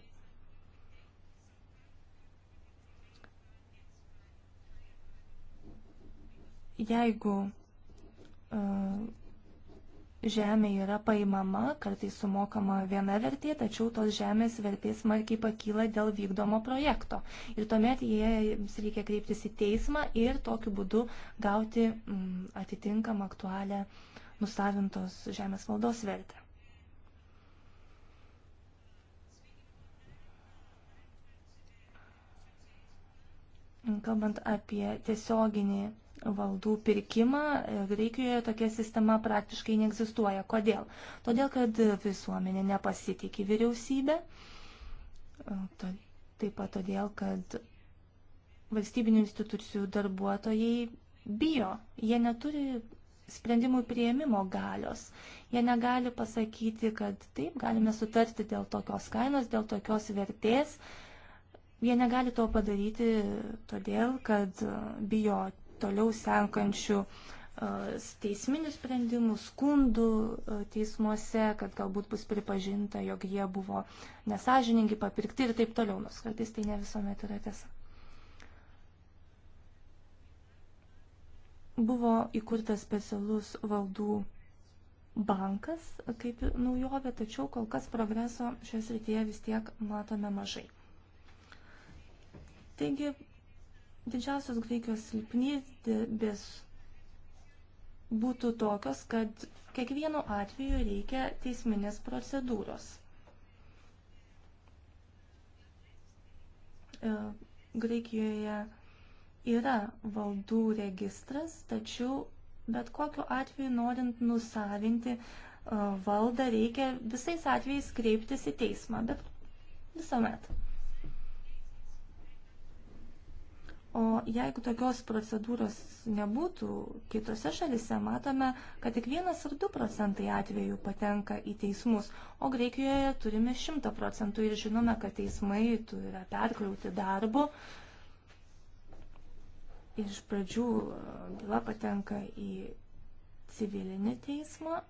jeigu uh, žemė yra paimama, kartais sumokama viena vertė, tačiau tos žemės vertės smarkiai pakyla dėl vykdomo projekto. Ir tuomet jiems reikia kreiptis į teismą ir tokiu būdu gauti mm, atitinkamą aktualią nusavintos žemės valdos vertę. Kalbant apie tiesioginį valdų pirkimą, e, Graikijoje tokia sistema praktiškai neegzistuoja. Kodėl? Todėl, kad visuomenė nepasitikė vyriausybę, e, taip pat todėl, kad valstybinių institucijų darbuotojai bijo, jie neturi sprendimų prieimimo galios. Jie negali pasakyti, kad taip, galime sutarti dėl tokios kainos, dėl tokios vertės. Jie negali to padaryti todėl, kad bijo toliau senkančių teisminių sprendimų, skundų teismuose, kad galbūt bus pripažinta, jog jie buvo nesažiningi, papirkti ir taip toliau, nors kartais tai ne visuomet yra tiesa. Buvo įkurtas specialus valdų bankas kaip naujovė, tačiau kol kas progreso šios rytyje vis tiek matome mažai. Taigi Didžiausios Graikijos silpnybės būtų tokios, kad kiekvienu atveju reikia teisminės procedūros. E, Graikijoje yra valdų registras, tačiau bet kokiu atveju norint nusavinti e, valdą reikia visais atvejais kreiptis į teismą, bet visuomet. O jeigu tokios procedūros nebūtų, kitose šalise matome, kad tik 1 ar 2 procentai atvejų patenka į teismus, o Graikijoje turime 100 procentų ir žinome, kad teismai yra perkrauti darbu. Iš pradžių e, byla patenka į civilinį teismą,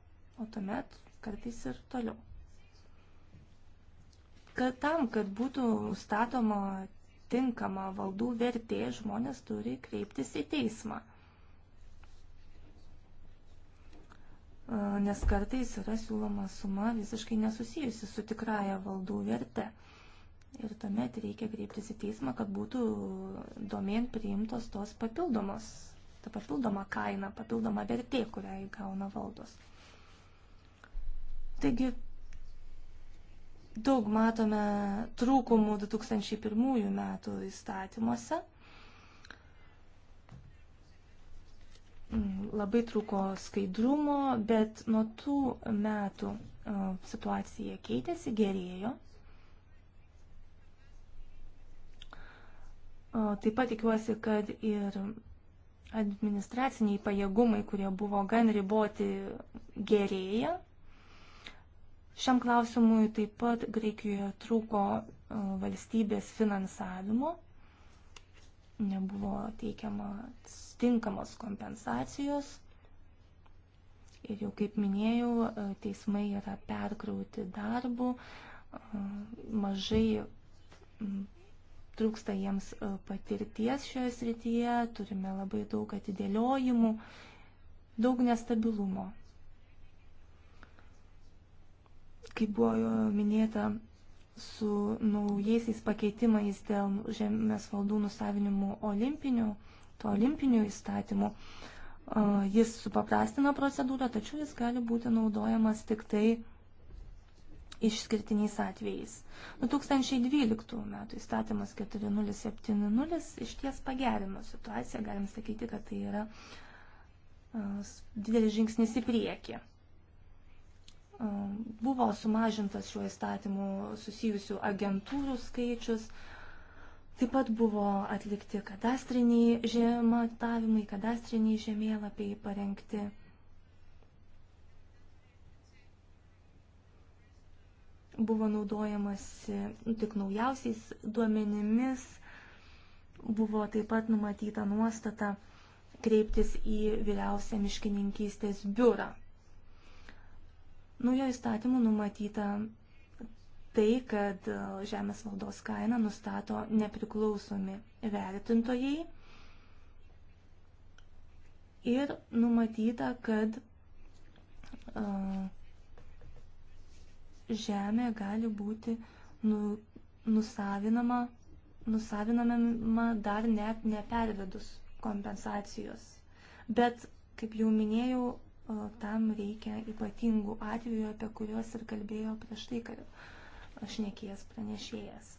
o tuomet kartais ir toliau. Kad tam, kad būtų statoma atitinkama valdų vertė, žmonės turi kreiptis į teismą. E, nes kartais yra siūloma suma visiškai nesusijusi su tikraja valdų verte. Ir tuomet reikia kreiptis į teismą, kad būtų domėn priimtos tos papildomos, ta papildoma kaina, papildoma vertė, kurią įgauna valdos. Taigi daug matome trūkumų 2001 metų įstatymuose. Mm, labai trūko skaidrumo, bet nuo tų metų e, situacija keitėsi, gerėjo. Taip pat tikiuosi, kad ir administraciniai pajėgumai, kurie buvo gan riboti, gerėja Šiam klausimui taip pat Graikijoje trūko e, valstybės finansavimo, nebuvo teikiama tinkamos kompensacijos. Ir jau kaip minėjau, e, teismai yra perkrauti darbu, e, mažai trūksta jiems patirties šioje srityje, turime labai daug atidėliojimų, daug nestabilumo. kaip buvo minėta, su naujaisiais pakeitimais dėl žemės valdų nusavinimų olimpinių, to olimpinių įstatymų. Jis supaprastino procedūrą, tačiau jis gali būti naudojamas tik tai išskirtiniais atvejais. 2012 metų įstatymas 4070 iš ties pagerino situaciją, galim sakyti, kad tai yra didelis žingsnis į priekį. Buvo sumažintas šiuo įstatymu susijusių agentūrų skaičius, taip pat buvo atlikti kadastriniai žematavimai, kadastriniai žemėlapiai parengti. Buvo naudojamasi tik naujausiais duomenimis, buvo taip pat numatyta nuostata kreiptis į vyriausią miškininkystės biurą. Naujo įstatymu numatyta tai, kad e, žemės valdos kainą nustato nepriklausomi vertintojai ir numatyta, kad e, žemė gali būti nu, nusavinama, nusavinama dar net nepervedus kompensacijos. Bet, kaip jau minėjau, tam reikia ypatingų atvejų, apie kuriuos ir kalbėjo prieš tai, kad šnekėjęs pranešėjas.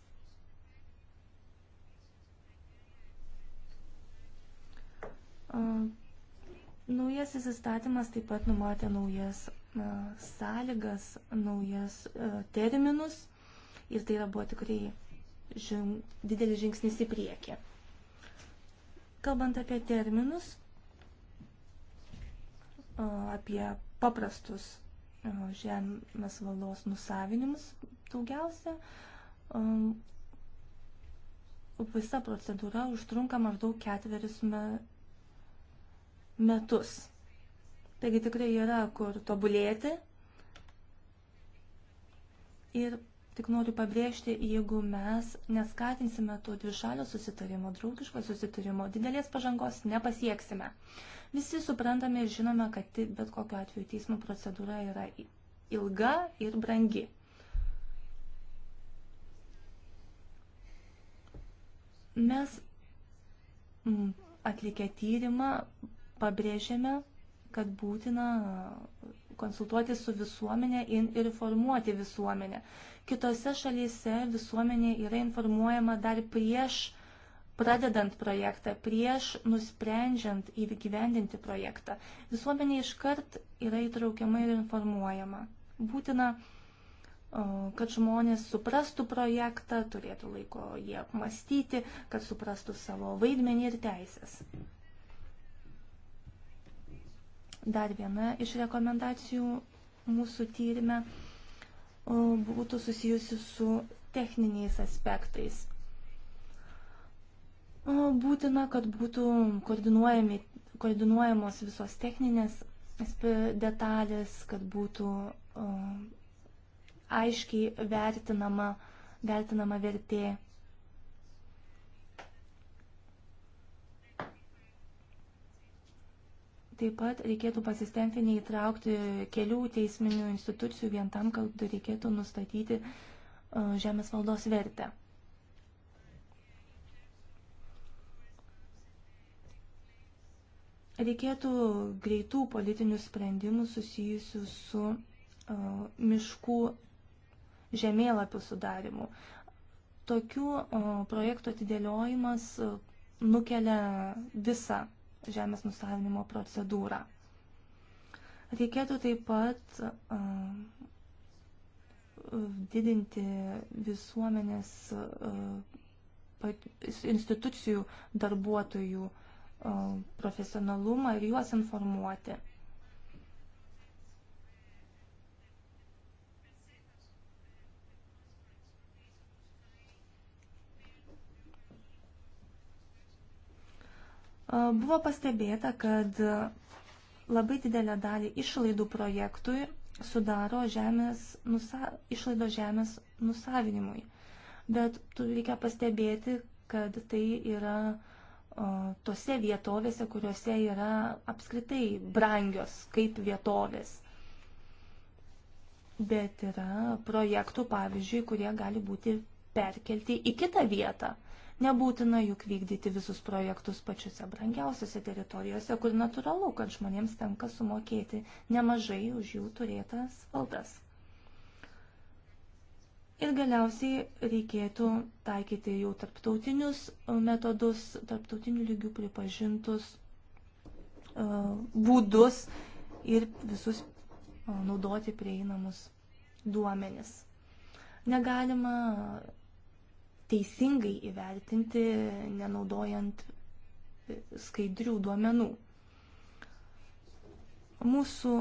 Naujasis įstatymas taip pat numatė naujas sąlygas, naujas e, terminus ir tai yra buvo tikrai žin, didelis žingsnis į priekį. Kalbant apie terminus, apie paprastus žemės valdos nusavinimus daugiausia. Visa procedūra užtrunka maždaug ketveris me, metus. Taigi tikrai yra kur tobulėti. Ir tik noriu pabrėžti, jeigu mes neskatinsime to dvišalio susitarimo, draugiško susitarimo, didelės pažangos nepasieksime. Uh, Visi suprantame ir žinome, kad bet kokiu atveju teismo procedūra yra ilga ir brangi. Mes atlikę tyrimą pabrėžėme, kad būtina konsultuoti su visuomenė ir informuoti visuomenę. Kitose šalyse visuomenė yra informuojama dar prieš uh, pradedant projektą, prieš nusprendžiant įgyvendinti projektą. Visuomenė iškart yra įtraukiama ir informuojama. Būtina, kad žmonės suprastų projektą, turėtų laiko jį apmastyti, kad suprastų savo vaidmenį ir teisės. Dar viena iš rekomendacijų mūsų tyrime būtų susijusi su techniniais aspektais būtina, kad būtų koordinuojamos visos techninės detalės, kad būtų aiškiai vertinama, vertinama vertė. Taip pat reikėtų pasistengti neįtraukti kelių teisminių institucijų vien tam, kad reikėtų nustatyti žemės valdos vertę. Reikėtų greitų politinių sprendimų susijusių su uh, miškų žemėlapių sudarimu. Tokių uh, projektų atidėliojimas uh, nukelia visą žemės nusavinimo procedūrą. Reikėtų taip pat uh, didinti visuomenės uh, institucijų darbuotojų uh, profesionalumą ir juos informuoti. Buvo pastebėta, kad labai didelę dalį išlaidų projektui sudaro žemės, nusa, išlaido žemės nusavinimui. Bet reikia pastebėti, kad tai yra uh, tose vietovėse, kuriuose yra apskritai brangios kaip vietovės. Bet yra projektų, pavyzdžiui, kurie gali būti perkelti į kitą vietą. Nebūtina juk vykdyti visus projektus pačiuose brangiausiose teritorijose, kur natūralu, kad žmonėms tenka sumokėti nemažai už jų turėtas valdas. Ir galiausiai reikėtų taikyti jau tarptautinius metodus, tarptautinių lygių pripažintus e, būdus ir visus e, naudoti prieinamus duomenis. Negalima teisingai įvertinti, nenaudojant skaidrių duomenų. Mūsų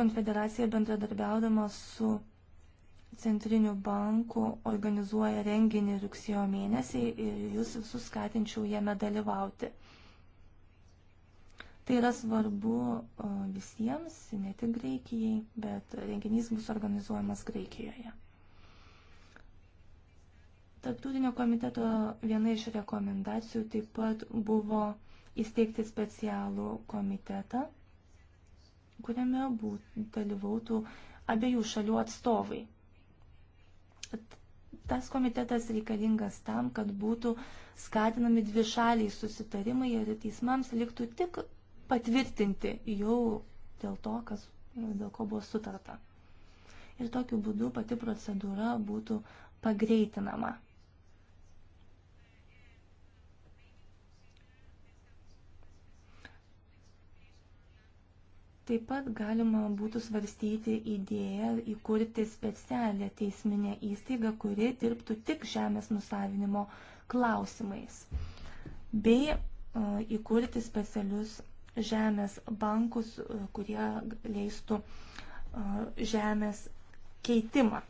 konfederacija bendradarbiaudama su centrinių bankų organizuoja renginį rugsėjo mėnesį ir jūs visus skatinčiau jame dalyvauti. Tai yra svarbu visiems, ne tik Graikijai, bet renginys bus organizuojamas Graikijoje. Tarptautinio komiteto viena iš rekomendacijų taip pat buvo įsteigti specialų komitetą, kuriame būt, dalyvautų abiejų šalių atstovai tas komitetas reikalingas tam, kad būtų skatinami dvišaliai susitarimai ir teismams liktų tik patvirtinti jau dėl to, kas, dėl ko buvo sutarta. Ir tokiu būdu pati procedūra būtų pagreitinama. Taip pat galima būtų svarstyti idėją įkurti specialią teisminę įstaigą, kuri dirbtų tik žemės nusavinimo klausimais, bei e, įkurti specialius žemės bankus, e, kurie leistų e, žemės keitimą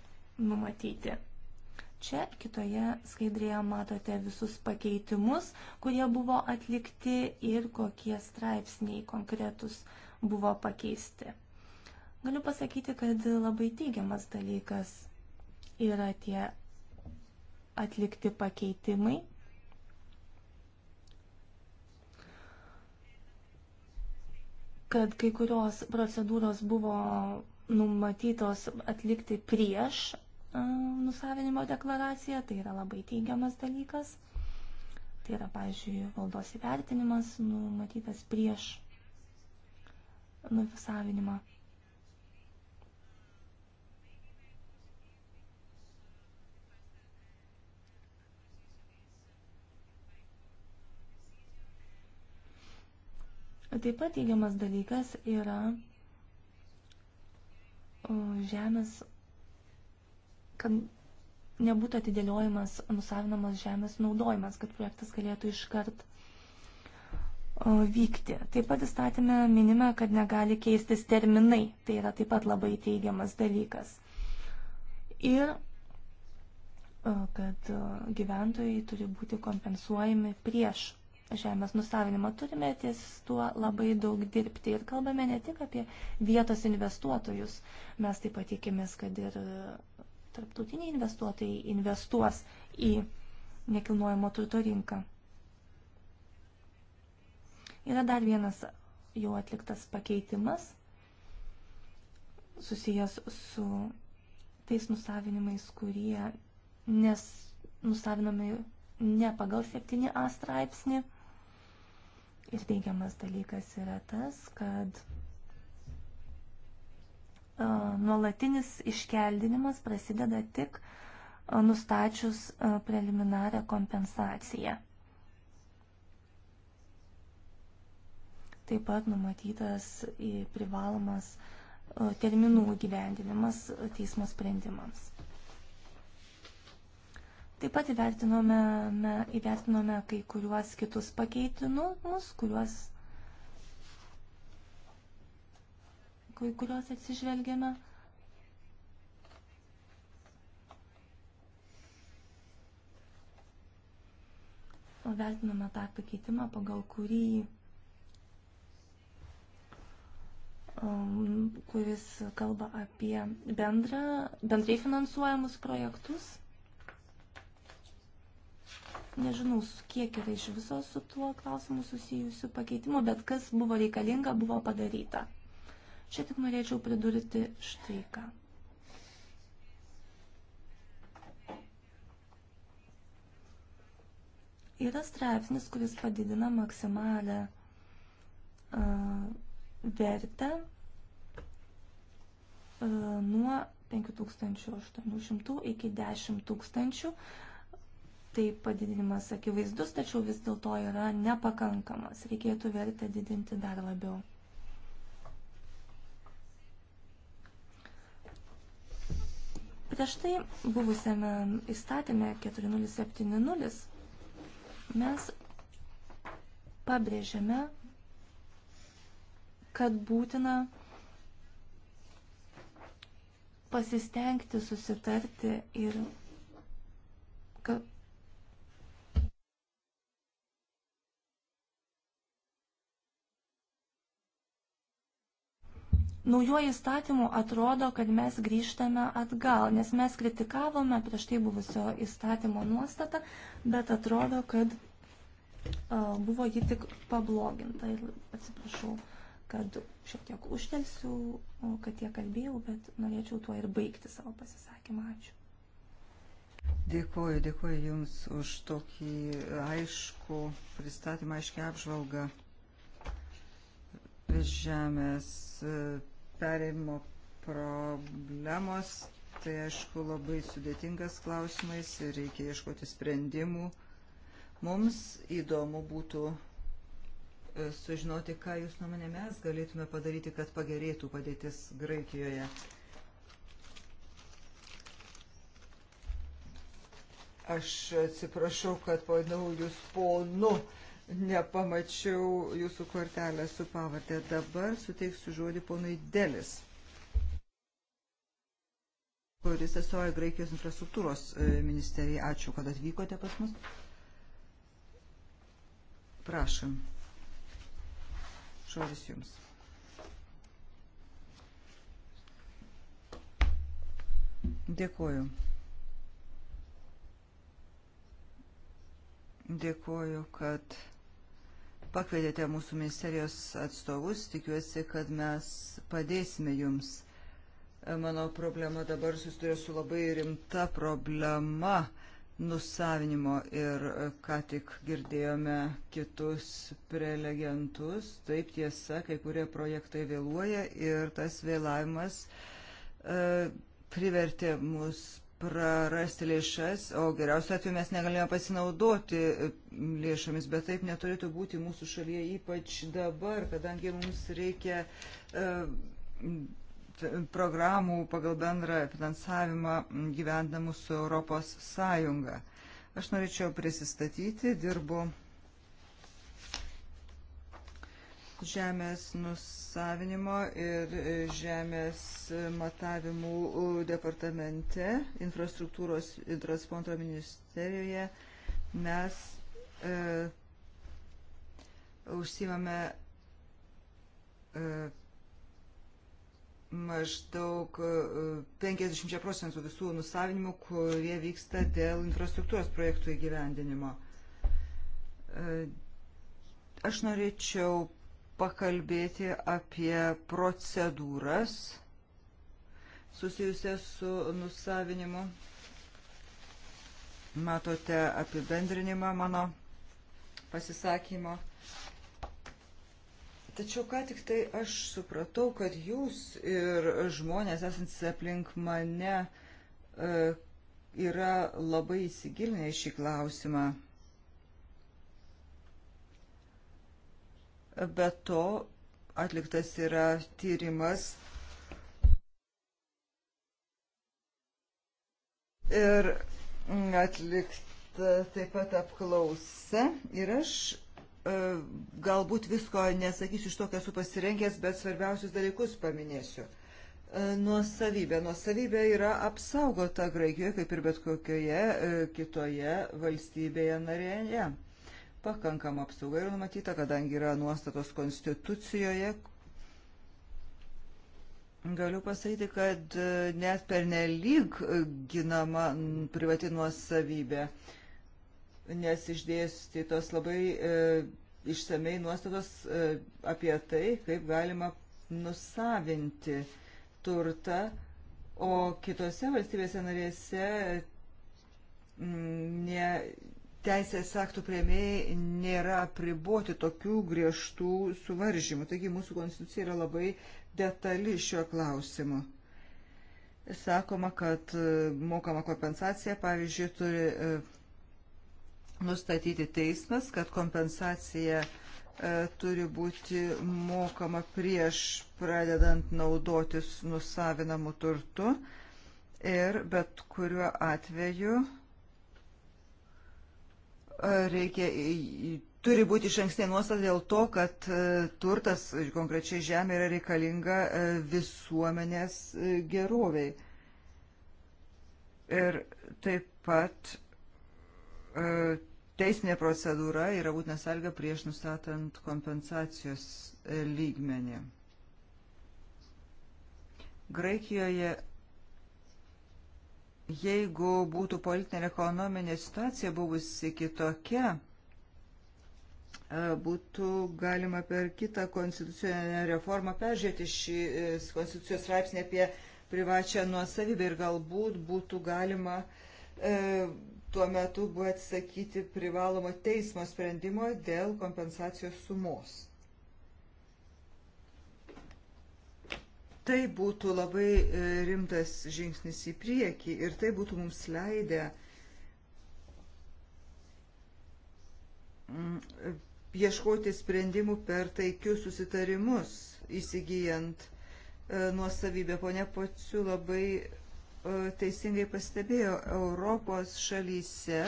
numatyti. Čia kitoje skaidrėje matote visus pakeitimus, kurie buvo atlikti ir kokie straipsniai konkretus uh, buvo pakeisti. Galiu pasakyti, kad labai teigiamas dalykas yra tie atlikti pakeitimai. kad kai kurios procedūros buvo numatytos atlikti prieš nusavinimo deklaraciją, tai yra labai teigiamas dalykas. Tai yra, pavyzdžiui, valdos įvertinimas numatytas prieš nusavinimą. Taip pat teigiamas dalykas yra žemės, kad nebūtų atidėliojimas nusavinamas žemės naudojimas, kad projektas galėtų iškart vykti. Taip pat įstatymę minime, kad negali keistis terminai. Tai yra taip pat labai teigiamas dalykas. Ir kad gyventojai turi būti kompensuojami prieš žemės nusavinimą. Turime ties tuo labai daug dirbti ir kalbame ne tik apie vietos investuotojus. Mes taip pat tikimės, kad ir e, tarptautiniai investuotojai investuos į nekilnojamo turto rinką. Yra dar vienas jau atliktas pakeitimas susijęs su tais nusavinimais, kurie nes nusavinami ne pagal 7a straipsnį. Ir teigiamas dalykas yra tas, kad nuolatinis iškeldinimas prasideda tik nustačius preliminarią kompensaciją. Taip pat numatytas privalomas e, terminų gyvendinimas e, teismo sprendimams. Taip pat įvertinome, me, įvertinome kai kuriuos kitus pakeitimus, kuriuos, kai kuriuos atsižvelgėme. vertiname tą pakeitimą, pagal kurį Um, kuris kalba apie bendrą, bendrai finansuojamus projektus. Nežinau, kiek yra iš viso su tuo klausimu susijusiu pakeitimu, bet kas buvo reikalinga, buvo padaryta. Čia tik norėčiau pridurti štai ką. Yra straipsnis, kuris padidina maksimalę uh, vertę e, nuo 5800 iki 10 tūkstančių. Tai padidinimas akivaizdus, tačiau vis dėlto yra nepakankamas. Reikėtų vertę didinti dar labiau. Prieš tai buvusiame įstatymė 4070 mes pabrėžiame kad būtina pasistengti susitarti ir kad Naujuoju įstatymu atrodo, kad mes grįžtame atgal, nes mes kritikavome prieš tai buvusio įstatymo nuostatą, bet atrodo, kad uh, buvo ji tik pabloginta. Ir atsiprašau. Uh, kad šiek tiek užtelsiu, kad tiek kalbėjau, bet norėčiau tuo ir baigti savo pasisakymą. Ačiū. Dėkuoju, dėkuoju Jums už tokį aišku pristatymą, aiškę apžvalgą žemės e, perėjimo problemos. Tai aišku labai sudėtingas klausimais ir reikia ieškoti sprendimų. Mums įdomu būtų sužinoti, ką jūs nuomonė mes galėtume padaryti, kad pagerėtų padėtis Graikijoje. Aš atsiprašau, kad pavadinau jūs ponu. Nepamačiau jūsų kortelę su pavardė. Dabar suteiksiu žodį ponui Delis, kuris atstovauja Graikijos infrastruktūros e, ministerijai. Ačiū, kad atvykote pas mus. Prašom žodis jums. Dėkuoju. Dėkuoju, kad pakvietėte mūsų ministerijos atstovus. Tikiuosi, kad mes padėsime jums. Mano problema dabar susiduria su labai rimta problema nusavinimo ir e, ką tik girdėjome kitus prelegentus. Taip tiesa, kai kurie projektai vėluoja ir tas vėlavimas e, privertė mus prarasti lėšas, o geriausiu atveju mes negalėjome pasinaudoti e, lėšomis, bet taip neturėtų būti mūsų šalyje, ypač dabar, kadangi mums reikia e, E, programų pagal bendrą finansavimą gyvendamų su Europos Sąjunga. Aš norėčiau prisistatyti, dirbu žemės nusavinimo ir e, žemės matavimų departamente, infrastruktūros ir transporto ministerijoje. Mes e, užsimame e, maždaug 50 e, procentų visų nusavinimų, kurie vyksta dėl infrastruktūros projektų įgyvendinimo. E, aš norėčiau pakalbėti apie procedūras susijusias su nusavinimu. Matote apibendrinimą mano pasisakymo. Tačiau ką tik tai aš supratau, kad jūs ir žmonės esantis aplink mane e, yra labai įsigilinę į šį klausimą. Be to atliktas yra tyrimas ir atlikta taip pat apklausa ir aš E, galbūt visko nesakysiu iš to, ką esu pasirengęs, bet svarbiausius dalykus paminėsiu. E, nuosavybė. Nuosavybė yra apsaugota Graikijoje, kaip ir bet kokioje e, kitoje valstybėje narėje. Pakankama apsauga yra numatyta, kadangi yra nuostatos konstitucijoje. Galiu pasakyti, kad net per nelyg ginama privati nuosavybė. Uh, nes išdėstytos labai e, išsamei nuostatos e, apie tai, kaip galima nusavinti turtą, o kitose valstybėse narėse mm, ne, teisės aktų prieimėjai nėra priboti tokių griežtų suvaržymų. Taigi mūsų konstitucija yra labai detali šiuo klausimu. Sakoma, kad e, mokama kompensacija, pavyzdžiui, turi e, nustatyti teismas, kad kompensacija e, turi būti mokama prieš pradedant naudotis nusavinamu turtu ir bet kuriuo atveju e, reikia, turi būti iš ankstinė nuostata dėl to, kad e, turtas, konkrečiai žemė, yra reikalinga visuomenės geroviai. Ir taip pat E, teisinė procedūra yra būtina sąlyga prieš nustatant kompensacijos e, lygmenį. Graikijoje, jeigu būtų politinė ir ekonominė situacija buvusi kitokia, e, būtų galima per kitą konstitucinę reformą peržiūrėti šį konstitucijos straipsnį apie privačią nuosavybę ir galbūt būtų galima e, tuo metu buvo atsakyti privalomo teismo sprendimo dėl kompensacijos sumos. Tai būtų labai e, rimtas žingsnis į priekį ir tai būtų mums leidę mm, e, ieškoti sprendimų per taikius susitarimus įsigijant e, nuosavybę. Pone Pociu labai E, teisingai pastebėjo, Europos šalyse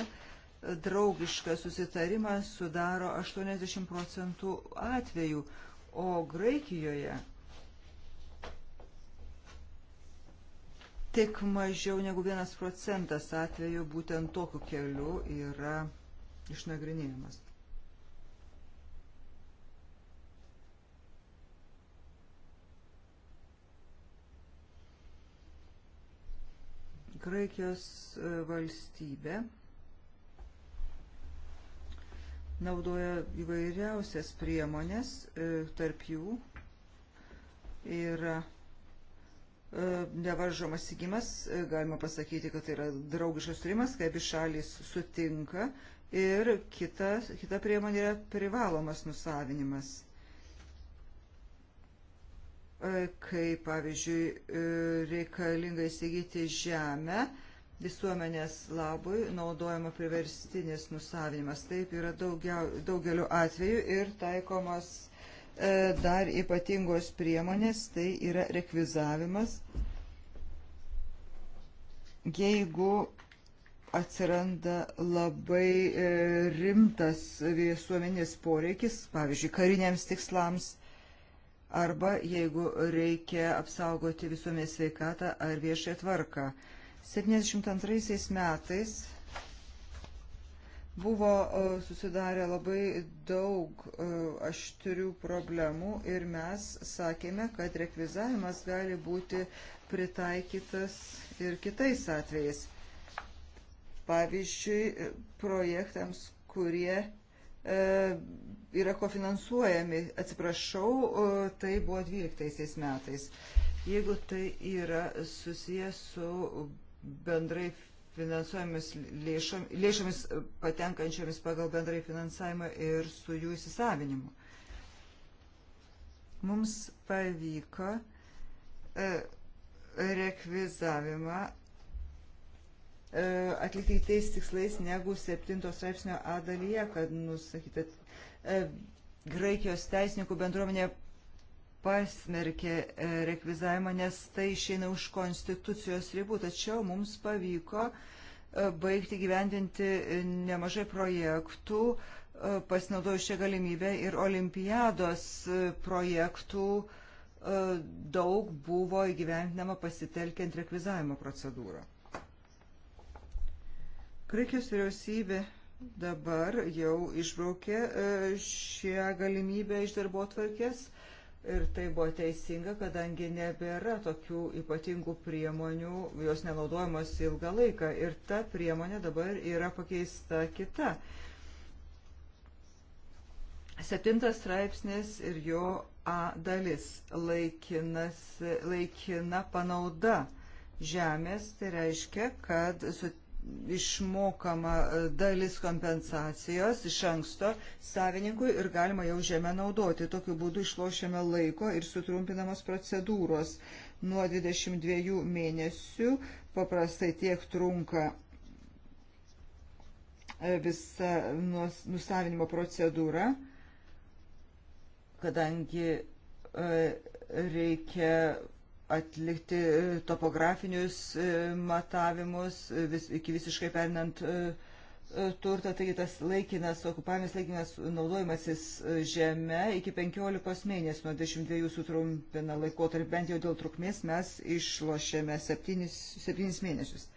draugišką susitarimą sudaro 80 procentų atvejų, o Graikijoje tik mažiau negu vienas procentas atvejų būtent tokiu keliu yra išnagrinėjimas. Graikijos e, valstybė naudoja įvairiausias priemonės, e, tarp jų yra e, nevaržomas įgymas, galima pasakyti, kad tai yra draugiškas turimas, kai abi šalis sutinka ir kita, kita priemonė yra privalomas nusavinimas kai, pavyzdžiui, e, reikalinga įsigyti žemę visuomenės labui naudojama priverstinis nusavinimas. Taip yra daugiau, daugeliu atveju ir taikomos e, dar ypatingos priemonės, tai yra rekvizavimas. Jeigu atsiranda labai e, rimtas visuomenės poreikis, pavyzdžiui, kariniams tikslams, arba jeigu reikia apsaugoti visuomenės sveikatą ar viešąją tvarką. 72 metais buvo susidarę labai daug aštrių problemų ir mes sakėme, kad rekvizavimas gali būti pritaikytas ir kitais atvejais. Pavyzdžiui, projektams, kurie E, yra kofinansuojami, atsiprašau, e, tai buvo 12 metais. Jeigu tai yra susijęs su bendrai finansuojamis lėšomis, lėšomis patenkančiomis pagal bendrai finansavimą ir su jų įsisavinimu. Mums pavyko e, rekvizavimą E, atlikti kitais tikslais negu 7 straipsnio A dalyje, kad nusakyta e, Graikijos teisininkų bendruomenė pasmerkė e, rekvizavimą, nes tai išeina už konstitucijos ribų. Tačiau mums pavyko baigti gyvendinti nemažai projektų, pasinaudoju šią galimybę ir olimpiados projektų daug buvo įgyvendinama pasitelkiant rekvizavimo procedūrą. Graikijos vyriausybė dabar jau išbraukė e, šią galimybę iš darbo tvarkės ir tai buvo teisinga, kadangi nebėra tokių ypatingų priemonių, jos nenaudojamos ilgą laiką ir ta priemonė dabar yra pakeista kita. Septintas straipsnis ir jo A dalis laikinas, laikina panauda žemės, tai reiškia, kad su išmokama e, dalis kompensacijos iš anksto savininkui ir galima jau žemę naudoti. Tokiu būdu išlošiame laiko ir sutrumpinamos procedūros. Nuo 22 mėnesių paprastai tiek trunka e, visa nusavinimo procedūra, kadangi e, reikia atlikti e, topografinius e, matavimus e, vis, iki visiškai perinant turtą, taigi tas laikinas okupavimas, laikinas naudojimasis žeme iki 15 mėnesių, nuo 22 sutrumpina laikotarpį, bent jau dėl trukmės mes išlošėme 7, 7 mėnesius.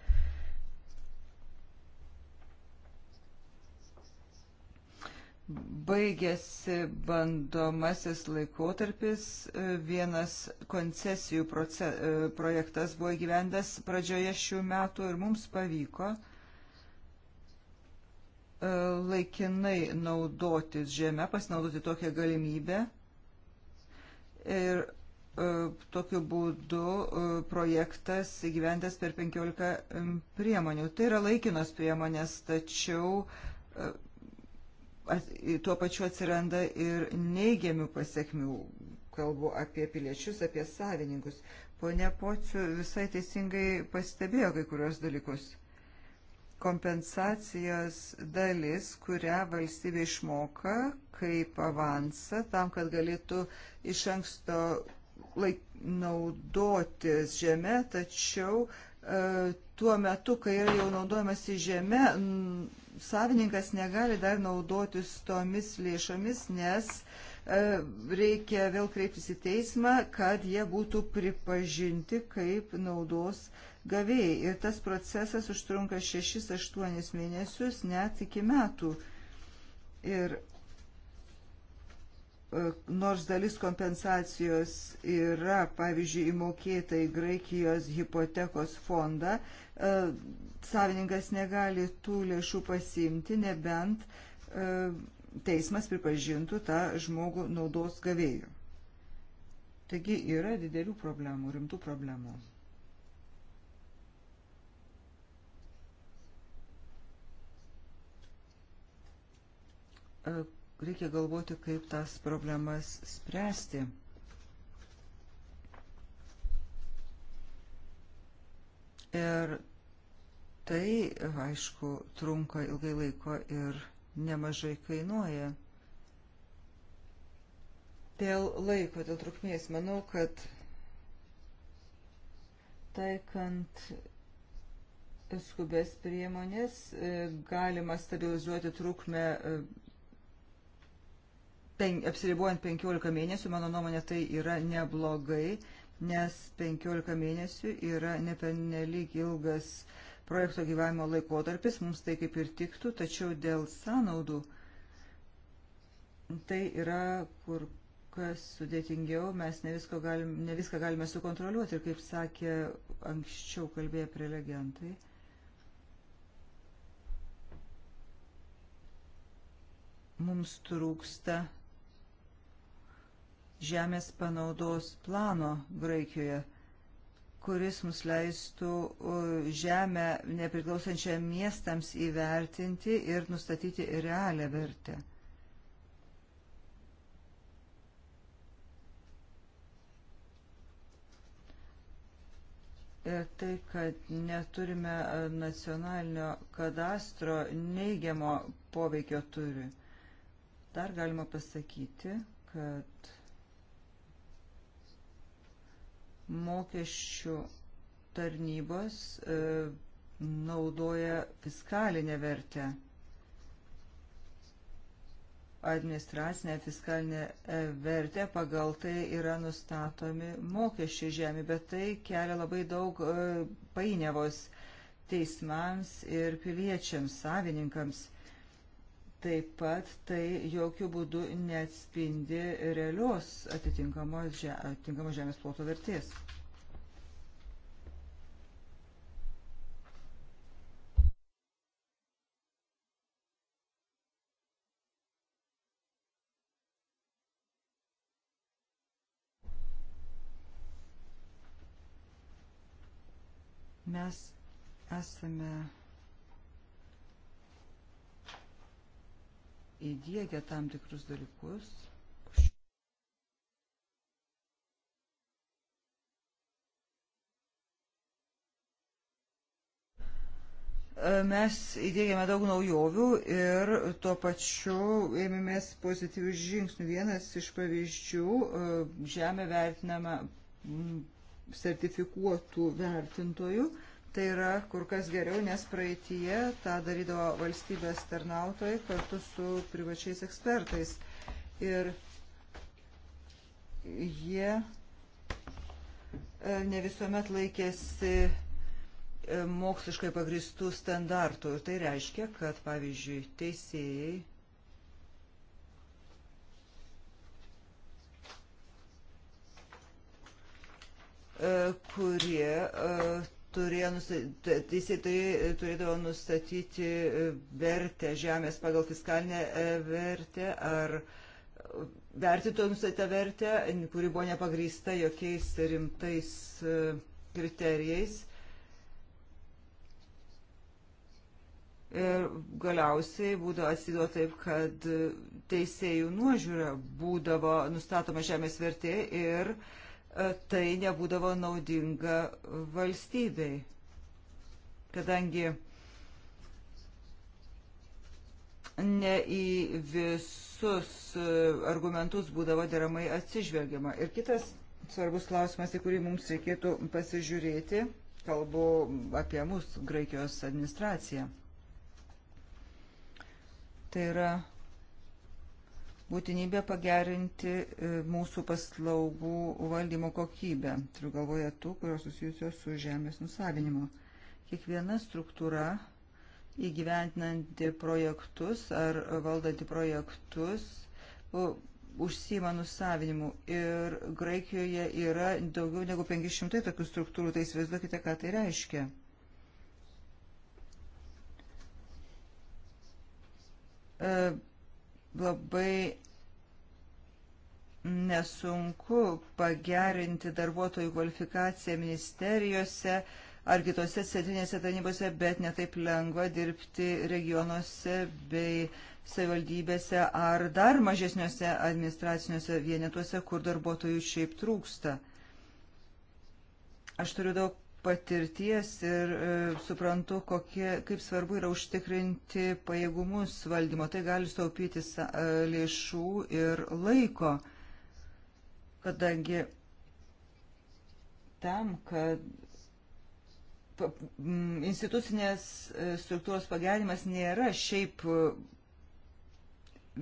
baigėsi bandomasis laikotarpis, e, vienas koncesijų proces, e, projektas buvo gyvendas pradžioje šių metų ir mums pavyko e, laikinai naudotis žemę, pasinaudoti tokią galimybę ir tokiu būdu projektas įgyventas per 15 priemonių. Tai yra laikinos priemonės, tačiau tuo pačiu atsiranda ir neigiamių pasiekmių. Kalbu apie piliečius, apie savininkus. Pone Pociu visai teisingai pastebėjo kai kurios dalykus. Kompensacijos dalis, kurią valstybė išmoka kaip avansą, tam, kad galėtų iš anksto laik, naudotis žemę, tačiau uh, E, tuo metu, kai yra jau naudojamas į žemę, savininkas negali dar naudotis tomis lėšomis, nes e, reikia vėl kreiptis į teismą, kad jie būtų pripažinti kaip naudos gavėjai. Ir tas procesas užtrunka 6-8 mėnesius, net iki metų. Ir nors dalis kompensacijos yra, pavyzdžiui, įmokėta į Graikijos hipotekos fondą, e, savininkas negali tų lėšų pasimti, nebent e, teismas pripažintų tą žmogų naudos gavėjų. Taigi yra didelių problemų, rimtų problemų. Uh, reikia galvoti, kaip tas problemas spręsti. Ir tai, aišku, trunka ilgai laiko ir nemažai kainuoja. Dėl laiko, dėl trukmės, manau, kad taikant skubės priemonės e, galima stabilizuoti trukmę e, pen, apsiribuojant 15 mėnesių, mano nuomonė, tai yra neblogai, nes 15 mėnesių yra nepernelyg ilgas projekto gyvavimo laikotarpis, mums tai kaip ir tiktų, tačiau dėl sąnaudų tai yra kur kas sudėtingiau, mes ne, galim, ne viską galime sukontroliuoti ir kaip sakė anksčiau kalbėję prelegentai. Mums trūksta žemės panaudos plano Graikijoje, kuris mus leistų žemę nepriklausančią miestams įvertinti ir nustatyti realią vertę. Ir tai, kad neturime e, nacionalinio kadastro neigiamo poveikio turi. Dar galima pasakyti, kad Mokesčių tarnybos e, naudoja fiskalinę vertę, administracinę fiskalinę e, vertę, pagal tai yra nustatomi mokesčiai žemė, bet tai kelia labai daug e, painiavos teismams ir piliečiams, savininkams – Taip pat tai jokių būdų neatspindi realios atitinkamos, že, atitinkamos žemės ploto vertės. Mes esame įdėgia tam tikrus dalykus. Mes įdėgėme daug naujovių ir tuo pačiu ėmėmės pozityvių žingsnių. Vienas iš pavyzdžių e, - žemė vertinama sertifikuotų vertintojų. Tai yra kur kas geriau, nes praeitie tą darydavo valstybės tarnautojai kartu su privačiais ekspertais. Ir jie e, ne visuomet laikėsi e, moksliškai pagristų standartų. Ir tai reiškia, kad, pavyzdžiui, teisėjai e, kurie turėjo, teisė e, turėdavo nustatyti e, vertę žemės pagal fiskalinę e, vertę ar vertito nustatytą vertę, kuri buvo nepagrįsta jokiais rimtais kriterijais. Ir galiausiai būdavo atsidavo taip, kad teisėjų nuožiūra būdavo nustatoma žemės vertė ir uh, E, tai nebūdavo naudinga valstybei, kadangi ne į visus e, argumentus būdavo deramai atsižvelgiama. Ir kitas svarbus klausimas, į kurį mums reikėtų pasižiūrėti, kalbu apie mūsų Graikijos administraciją. Tai yra būtinybę pagerinti e, mūsų paslaugų valdymo kokybę. Turiu galvoje tų, kurios susijusios su žemės nusavinimu. Kiekviena struktūra įgyventinanti projektus ar valdanti projektus užsima nusavinimu. Ir Graikijoje yra daugiau negu 500 tokių struktūrų, tai įsivaizduokite, ką tai reiškia. E, labai nesunku pagerinti darbuotojų kvalifikaciją ministerijose ar kitose centrinėse tarnybose, bet netaip lengva dirbti regionuose bei savivaldybėse ar dar mažesniuose administraciniuose vienetuose, kur darbuotojų šiaip trūksta. Aš turiu daug patirties ir e, suprantu, kokie, kaip svarbu yra užtikrinti pajėgumus valdymo. Tai gali staupyti e, lėšų ir laiko, kadangi tam, kad institucinės e, struktūros pagerimas nėra šiaip e,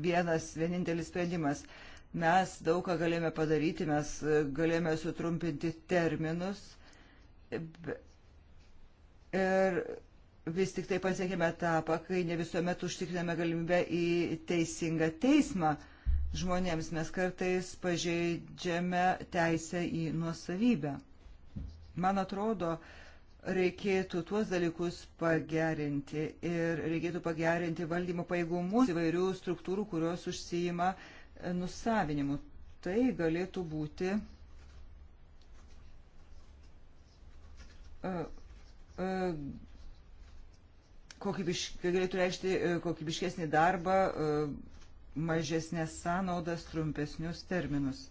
vienas vienintelis sprendimas. Mes daug ką galėjome padaryti, mes e, galėjome sutrumpinti terminus – Ir vis tik tai pasiekėme etapą, kai ne visuomet užtikriname galimybę į teisingą teismą žmonėms. Mes kartais pažeidžiame teisę į nuosavybę. Man atrodo, reikėtų tuos dalykus pagerinti ir reikėtų pagerinti valdymo pajėgumus įvairių struktūrų, kurios užsijima nusavinimu. Tai galėtų būti kokybiškai galėtų reikšti kokybiškesnį darbą, mažesnės sąnaudas, trumpesnius terminus.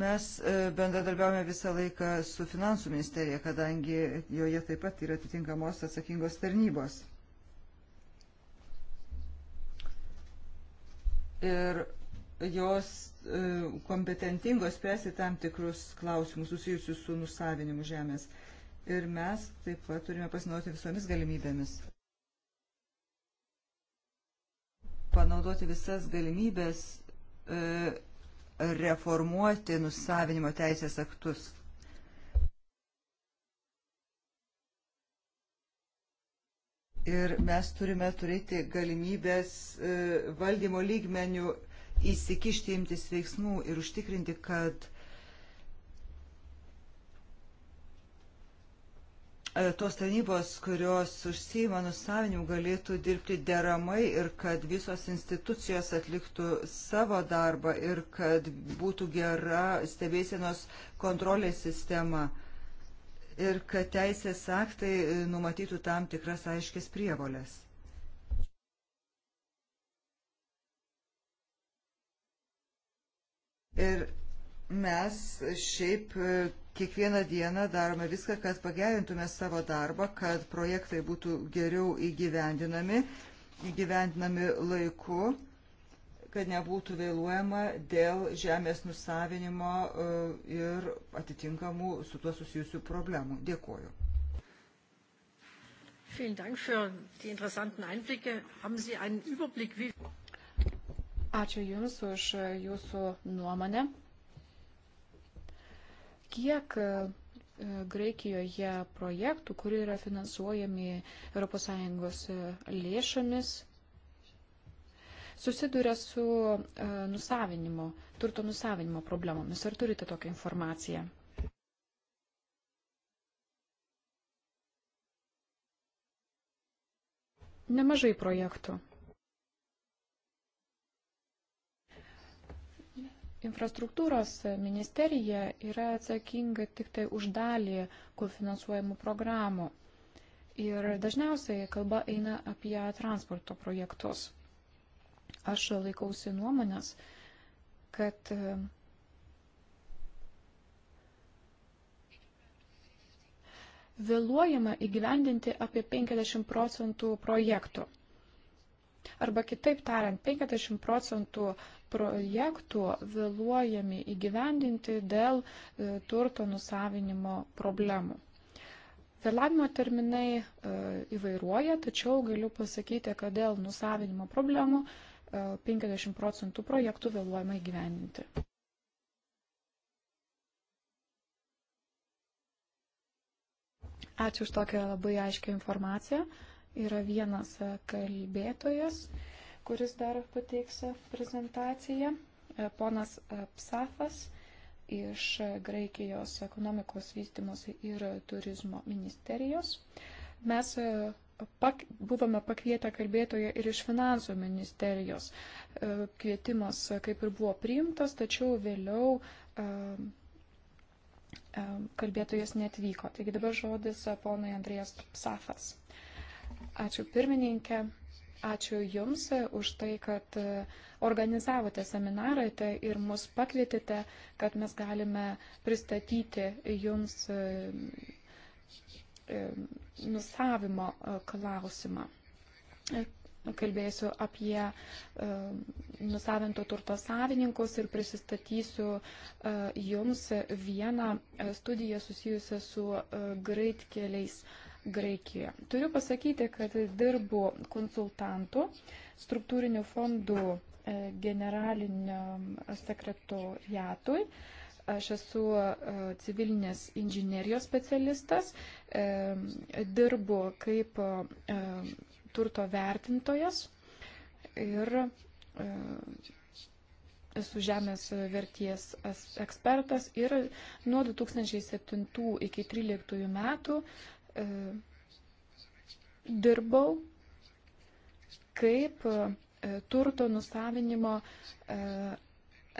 Mes bendradarbiavome visą laiką su finansų ministerija, kadangi joje taip pat yra atitinkamos atsakingos tarnybos. Ir jos e, kompetentingos spręsti tam tikrus klausimus susijusius su nusavinimu žemės. Ir mes taip pat turime pasinaudoti visomis galimybėmis. Panaudoti visas galimybės e, reformuoti nusavinimo teisės aktus. Ir mes turime turėti galimybės e, valdymo lygmenių įsikišti imtis veiksmų ir užtikrinti, kad e, tos tarnybos, kurios užsima nusavinimu, galėtų dirbti deramai ir kad visos institucijos atliktų savo darbą ir kad būtų gera stebėsienos kontrolės sistema ir kad teisės aktai numatytų tam tikras aiškės prievolės. Ir mes šiaip e, kiekvieną dieną darome viską, kad pagerintume savo darbą, kad projektai būtų geriau įgyvendinami, įgyvendinami laiku, kad nebūtų vėluojama dėl žemės nusavinimo e, ir atitinkamų su tuo susijusių problemų. Dėkuoju. Vielen Dank für die interessanten Einblicke. Haben Sie einen Überblick, wie Ačiū Jums už Jūsų nuomonę. Kiek e, Graikijoje projektų, kurie yra finansuojami ES e, lėšomis, susiduria su e, nusavinimo, turto nusavinimo problemomis. Ar turite tokią informaciją? Nemažai projektų. Infrastruktūros ministerija yra atsakinga tik tai už dalį kofinansuojamų programų. Ir dažniausiai kalba eina apie transporto projektus. Aš laikausi nuomonės, kad e, vėluojama įgyvendinti apie 50 procentų projektų. Arba kitaip tariant, 50 procentų projektų vėluojami įgyvendinti dėl e, turto nusavinimo problemų. Vėlavimo terminai e, įvairuoja, tačiau galiu pasakyti, kad dėl nusavinimo problemų 50 e, procentų projektų vėluojama įgyvendinti. Ačiū už tokią labai aiškę informaciją yra vienas kalbėtojas, kuris dar pateiks prezentaciją, ponas Psafas iš Graikijos ekonomikos vystimosi ir turizmo ministerijos. Mes pak, buvome pakvietę kalbėtoje ir iš finansų ministerijos. E, kvietimas kaip ir buvo priimtas, tačiau vėliau e, e, kalbėtojas netvyko. Taigi dabar žodis ponui Andrijas Psafas. Ačiū pirmininkė, ačiū Jums už tai, kad organizavote seminarą tai ir mus pakvietėte, kad mes galime pristatyti Jums e, nusavimo e, klausimą kalbėsiu apie e, nusavinto turto savininkus ir prisistatysiu e, jums vieną e, studiją susijusią su e, greitkeliais e, Graikijoje. Turiu pasakyti, kad dirbu konsultantu struktūrinių fondų e, generaliniam sekretoriatui. Aš esu e, civilinės inžinierijos specialistas, e, dirbu kaip turto vertintojas ir esu žemės verties ekspertas ir nuo 2007 iki 2013 metų e, dirbau kaip e, turto nusavinimo e,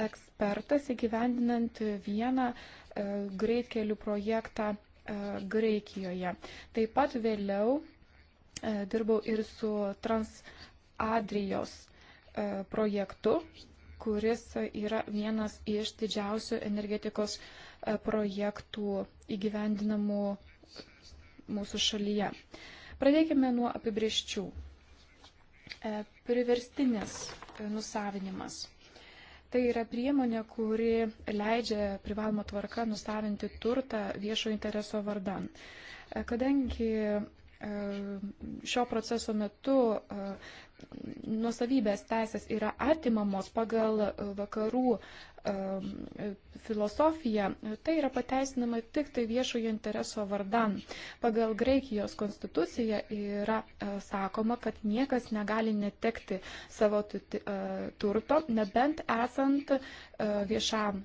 ekspertas įgyvendinant vieną e, greitkelių projektą e, Graikijoje. Taip pat vėliau e, dirbau ir su Transadrijos e, projektu, kuris yra vienas iš didžiausių energetikos e, projektų įgyvendinamų mūsų šalyje. Pradėkime nuo apibrieščių. E, priverstinis e, nusavinimas. Tai yra priemonė, kuri leidžia privaloma tvarka nusavinti turtą viešo intereso vardan. E, kadangi E, šio proceso metu e, nuosavybės teisės yra atimamos pagal e, vakarų filosofiją, tai yra pateisinama tik tai viešojo intereso vardan. Pagal Graikijos konstituciją yra sakoma, kad niekas negali netekti savo turto, nebent esant viešam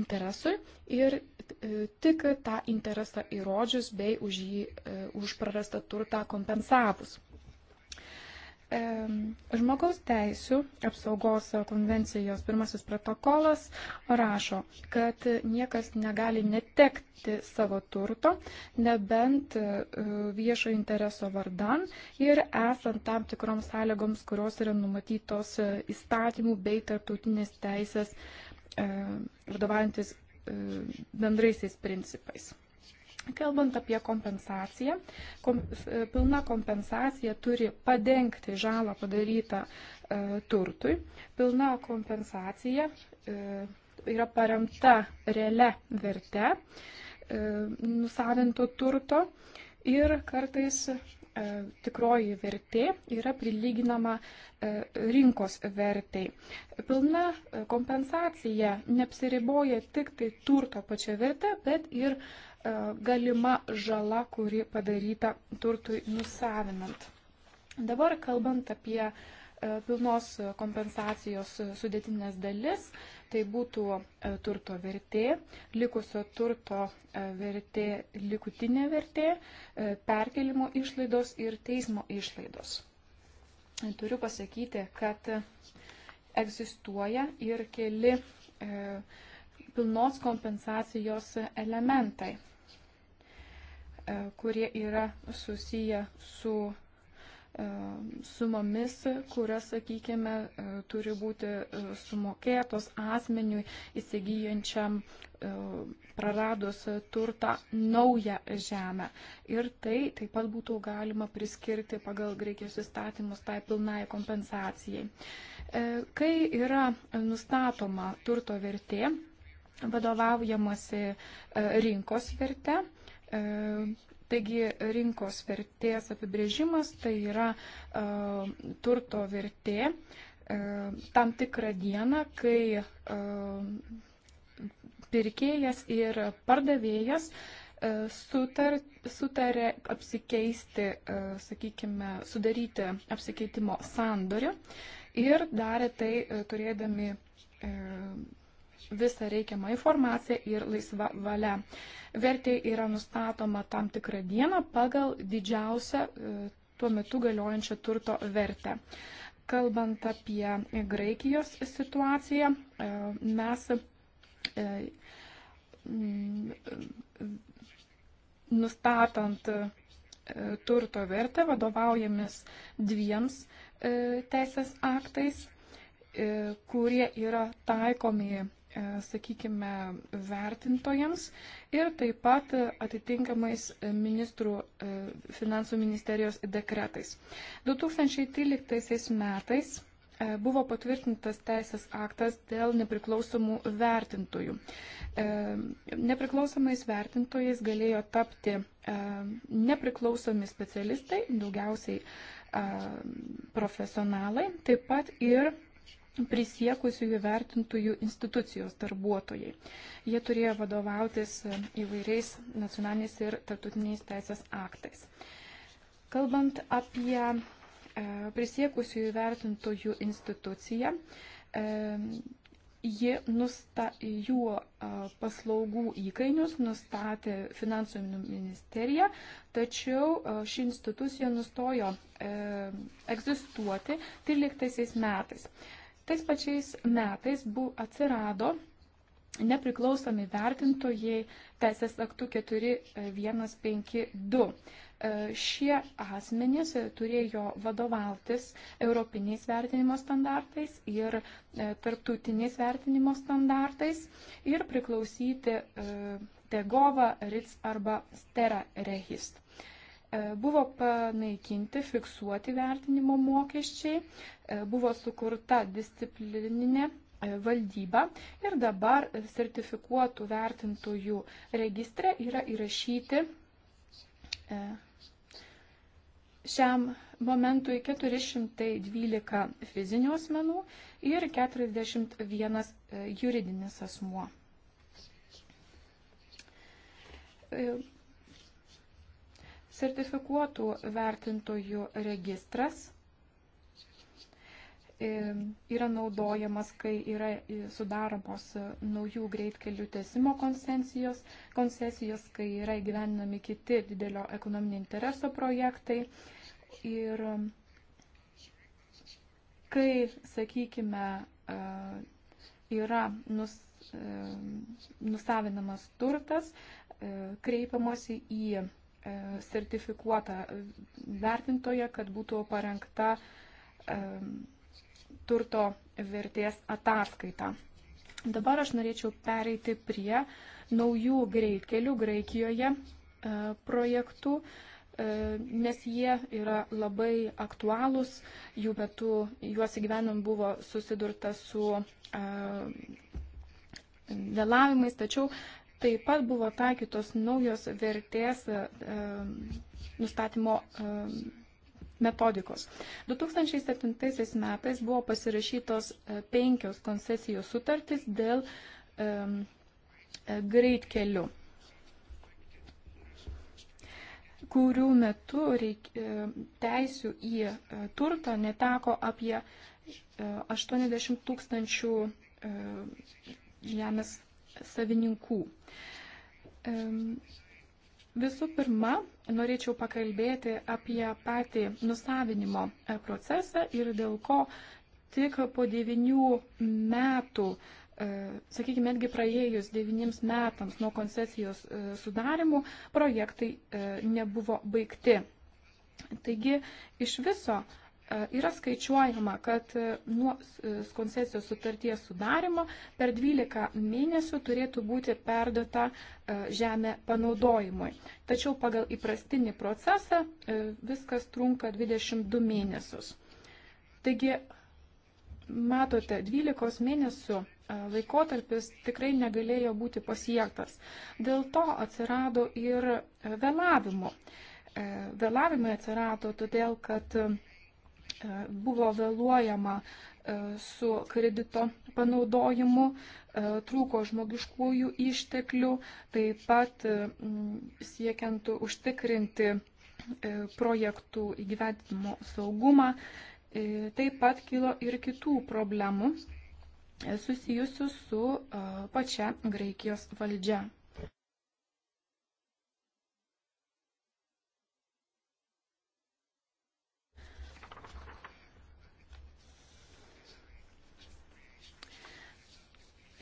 interesui ir E, tik tą interesą įrodžius bei už, jį, e, už prarastą turtą kompensavus. E, žmogaus teisų apsaugos konvencijos pirmasis protokolas rašo, kad niekas negali netekti savo turto, nebent viešo intereso vardan ir esant tam tikroms sąlygoms, kurios yra numatytos įstatymų bei tarptautinės teisės vadovaujantis E, bendraisiais principais. Kalbant apie kompensaciją, kom, e, pilna kompensacija turi padengti žalą padarytą e, turtui. Pilna kompensacija e, yra paremta realia verte e, nusavinto turto ir kartais E, tikroji vertė yra prilyginama e, rinkos vertei. Pilna e, kompensacija neapsiriboja tik tai turto pačia verte, bet ir galima žala, kuri padaryta turtui nusavinant. Dabar kalbant apie pilnos kompensacijos sudėtinės dalis, tai būtų e, turto vertė, likusio turto e, vertė, likutinė vertė, e, perkelimo išlaidos ir teismo išlaidos. Turiu pasakyti, kad egzistuoja ir keli pilnos kompensacijos elementai, kurie yra susiję su E, sumomis, kurias, sakykime, e, turi būti e, sumokėtos asmeniui įsigyjančiam praradus turtą naują žemę. Ir tai taip pat būtų galima priskirti pagal greikius įstatymus tai pilnai kompensacijai. Kai yra nustatoma turto vertė, vadovaujamasi rinkos verte, Taigi rinkos vertės apibrėžimas tai yra e, turto vertė e, tam tikrą dieną, kai e, pirkėjas ir pardavėjas e, sutar, sutarė apsikeisti, e, sakykime, sudaryti apsikeitimo sandorį ir darė tai e, turėdami e, visą reikiamą informaciją ir laisvą valią. Vertė yra nustatoma tam tikrą dieną pagal didžiausią e, tuo metu galiojančią turto vertę. Kalbant apie Graikijos situaciją, e, mes e, nustatant turto vertę vadovaujamis dviems teisės aktais, kurie yra taikomi E, sakykime, vertintojams ir taip pat atitinkamais ministrų e, finansų ministerijos dekretais. 2013 metais e, buvo patvirtintas teisės aktas dėl nepriklausomų vertintojų. Nepriklausomais vertintojais galėjo tapti nepriklausomi specialistai, daugiausiai profesionalai, taip pat ir prisiekusiųjų vertintųjų institucijos darbuotojai. Jie turėjo vadovautis įvairiais nacionaliniais ir tarptautiniais teisės aktais. Kalbant apie e, prisiekusiųjų vertintojų instituciją, e, ji nusta, jų e, paslaugų įkainius nustatė finansų ministerija, tačiau ši institucija nustojo egzistuoti 13 metais. Tais pačiais metais bu, atsirado nepriklausomi vertintojai teisės aktų 4152. E, šie asmenys turėjo vadovautis europiniais vertinimo standartais ir e, tarptautiniais vertinimo standartais ir priklausyti e, Tegova, Ritz arba Stera Regist. E, E, buvo panaikinti fiksuoti vertinimo mokesčiai, e, buvo sukurta disciplininė e, valdyba ir dabar sertifikuotų vertintojų registre yra įrašyti šiam momentui 412 fizinių asmenų ir 41 juridinis asmuo sertifikuotų vertintojų registras e, yra naudojamas, kai yra sudaromos naujų greitkelių tiesimo koncesijos, koncesijos, kai yra įgyveninami kiti didelio ekonominio intereso projektai. Ir kai, sakykime, e, yra nus, e, nusavinamas turtas, kreipiamosi į E, sertifikuotą vertintoją, kad būtų parengta e, turto vertės ataskaita. Dabar aš norėčiau pereiti prie naujų greitkelių Graikijoje e, projektų, nes jie yra labai aktualūs. Jų metu juos įgyvenant buvo susidurta su vėlavimais, tačiau Taip pat buvo taikytos naujos vertės e, nustatymo e, metodikos. 2007 metais buvo pasirašytos e, penkios koncesijos sutartys dėl greitkelių, kurių metu reik, teisių į turtą neteko apie 80 tūkstančių žemės savininkų. Visų pirma, norėčiau pakalbėti apie patį nusavinimo e, procesą ir dėl ko tik po devinių metų, e, sakykime, netgi praėjus devyniems metams nuo koncesijos e, sudarimų, projektai nebuvo baigti. Taigi, iš viso Yra skaičiuojama, kad e, nuo e, koncesijos sutarties sudarimo per 12 mėnesių turėtų būti perdota e, žemė panaudojimui. Tačiau pagal įprastinį procesą viskas trunka 22 mėnesius. Taigi, matote, 12 mėnesių laikotarpis tikrai negalėjo būti pasiektas. Dėl to atsirado ir vėlavimo. Vėlavimai atsirado todėl, kad E, buvo vėluojama e, su kredito panaudojimu, e, trūko žmogiškųjų išteklių, taip pat siekiant užtikrinti projektų įgyvendinimo saugumą, taip pat kilo ir kitų problemų susijusių su pačia Graikijos valdžia.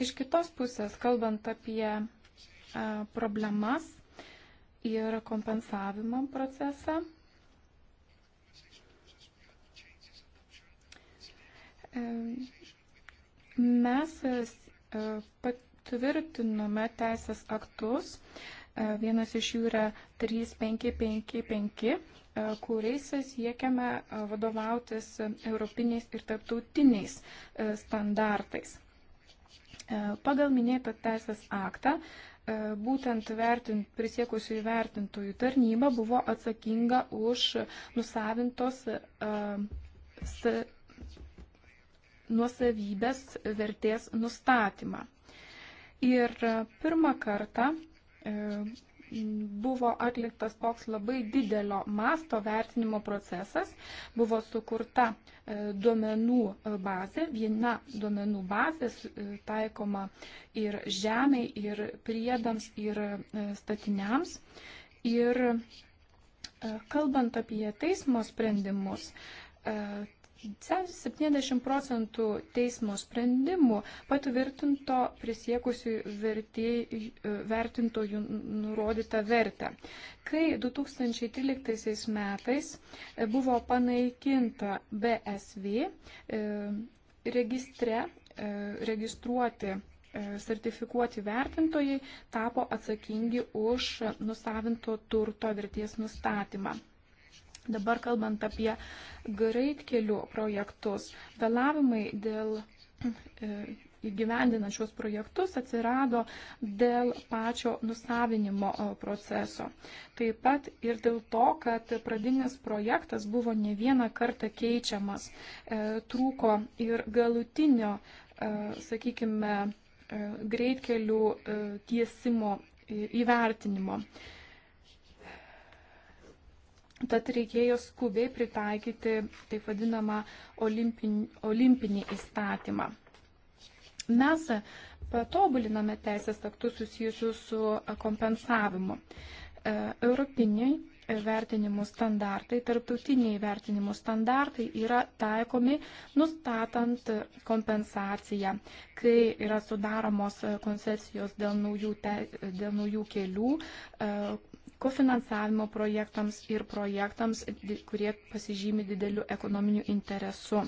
Iš kitos pusės, kalbant apie e, problemas ir kompensavimo procesą, e, mes e, patvirtinome teisės aktus. Vienas iš jų yra 3555, kuriais siekiame vadovautis europiniais ir tarptautiniais standartais. E, pagal minėtą teisės aktą, e, būtent vertint, prisiekusių įvertintojų tarnyba buvo atsakinga už nusavintos e, nuosavybės vertės nustatymą. Ir pirmą kartą buvo atliktas toks labai didelio masto vertinimo procesas, buvo sukurta e, duomenų e, bazė, viena duomenų bazė e, taikoma ir žemiai, ir priedams, ir statiniams. Ir kalbant apie teismo sprendimus, 70 procentų teismo sprendimų patvirtinto prisiekusių vertintojų nurodytą vertę. Kai 2013 metais buvo panaikinta BSV e, registre e, registruoti e, sertifikuoti vertintojai tapo atsakingi už nusavinto turto vertės nustatymą. Dabar kalbant apie greitkelių projektus, vėlavimai dėl e, įgyvendinant šios projektus atsirado dėl pačio nusavinimo e, proceso. Taip pat ir dėl to, kad pradinis projektas buvo ne vieną kartą keičiamas, e, trūko ir galutinio, sakykime, greitkelių tiesimo įvertinimo. Tad reikėjo skubiai pritaikyti taip vadinamą olimpinį, olimpinį įstatymą. Mes patobuliname teisės aktus susijusius su kompensavimu. E, europiniai vertinimų standartai, tarptautiniai vertinimų standartai yra taikomi nustatant kompensaciją, kai yra sudaromos koncesijos dėl naujų, te, dėl naujų kelių, e, kofinansavimo projektams ir projektams, kurie pasižymi dideliu ekonominiu interesu.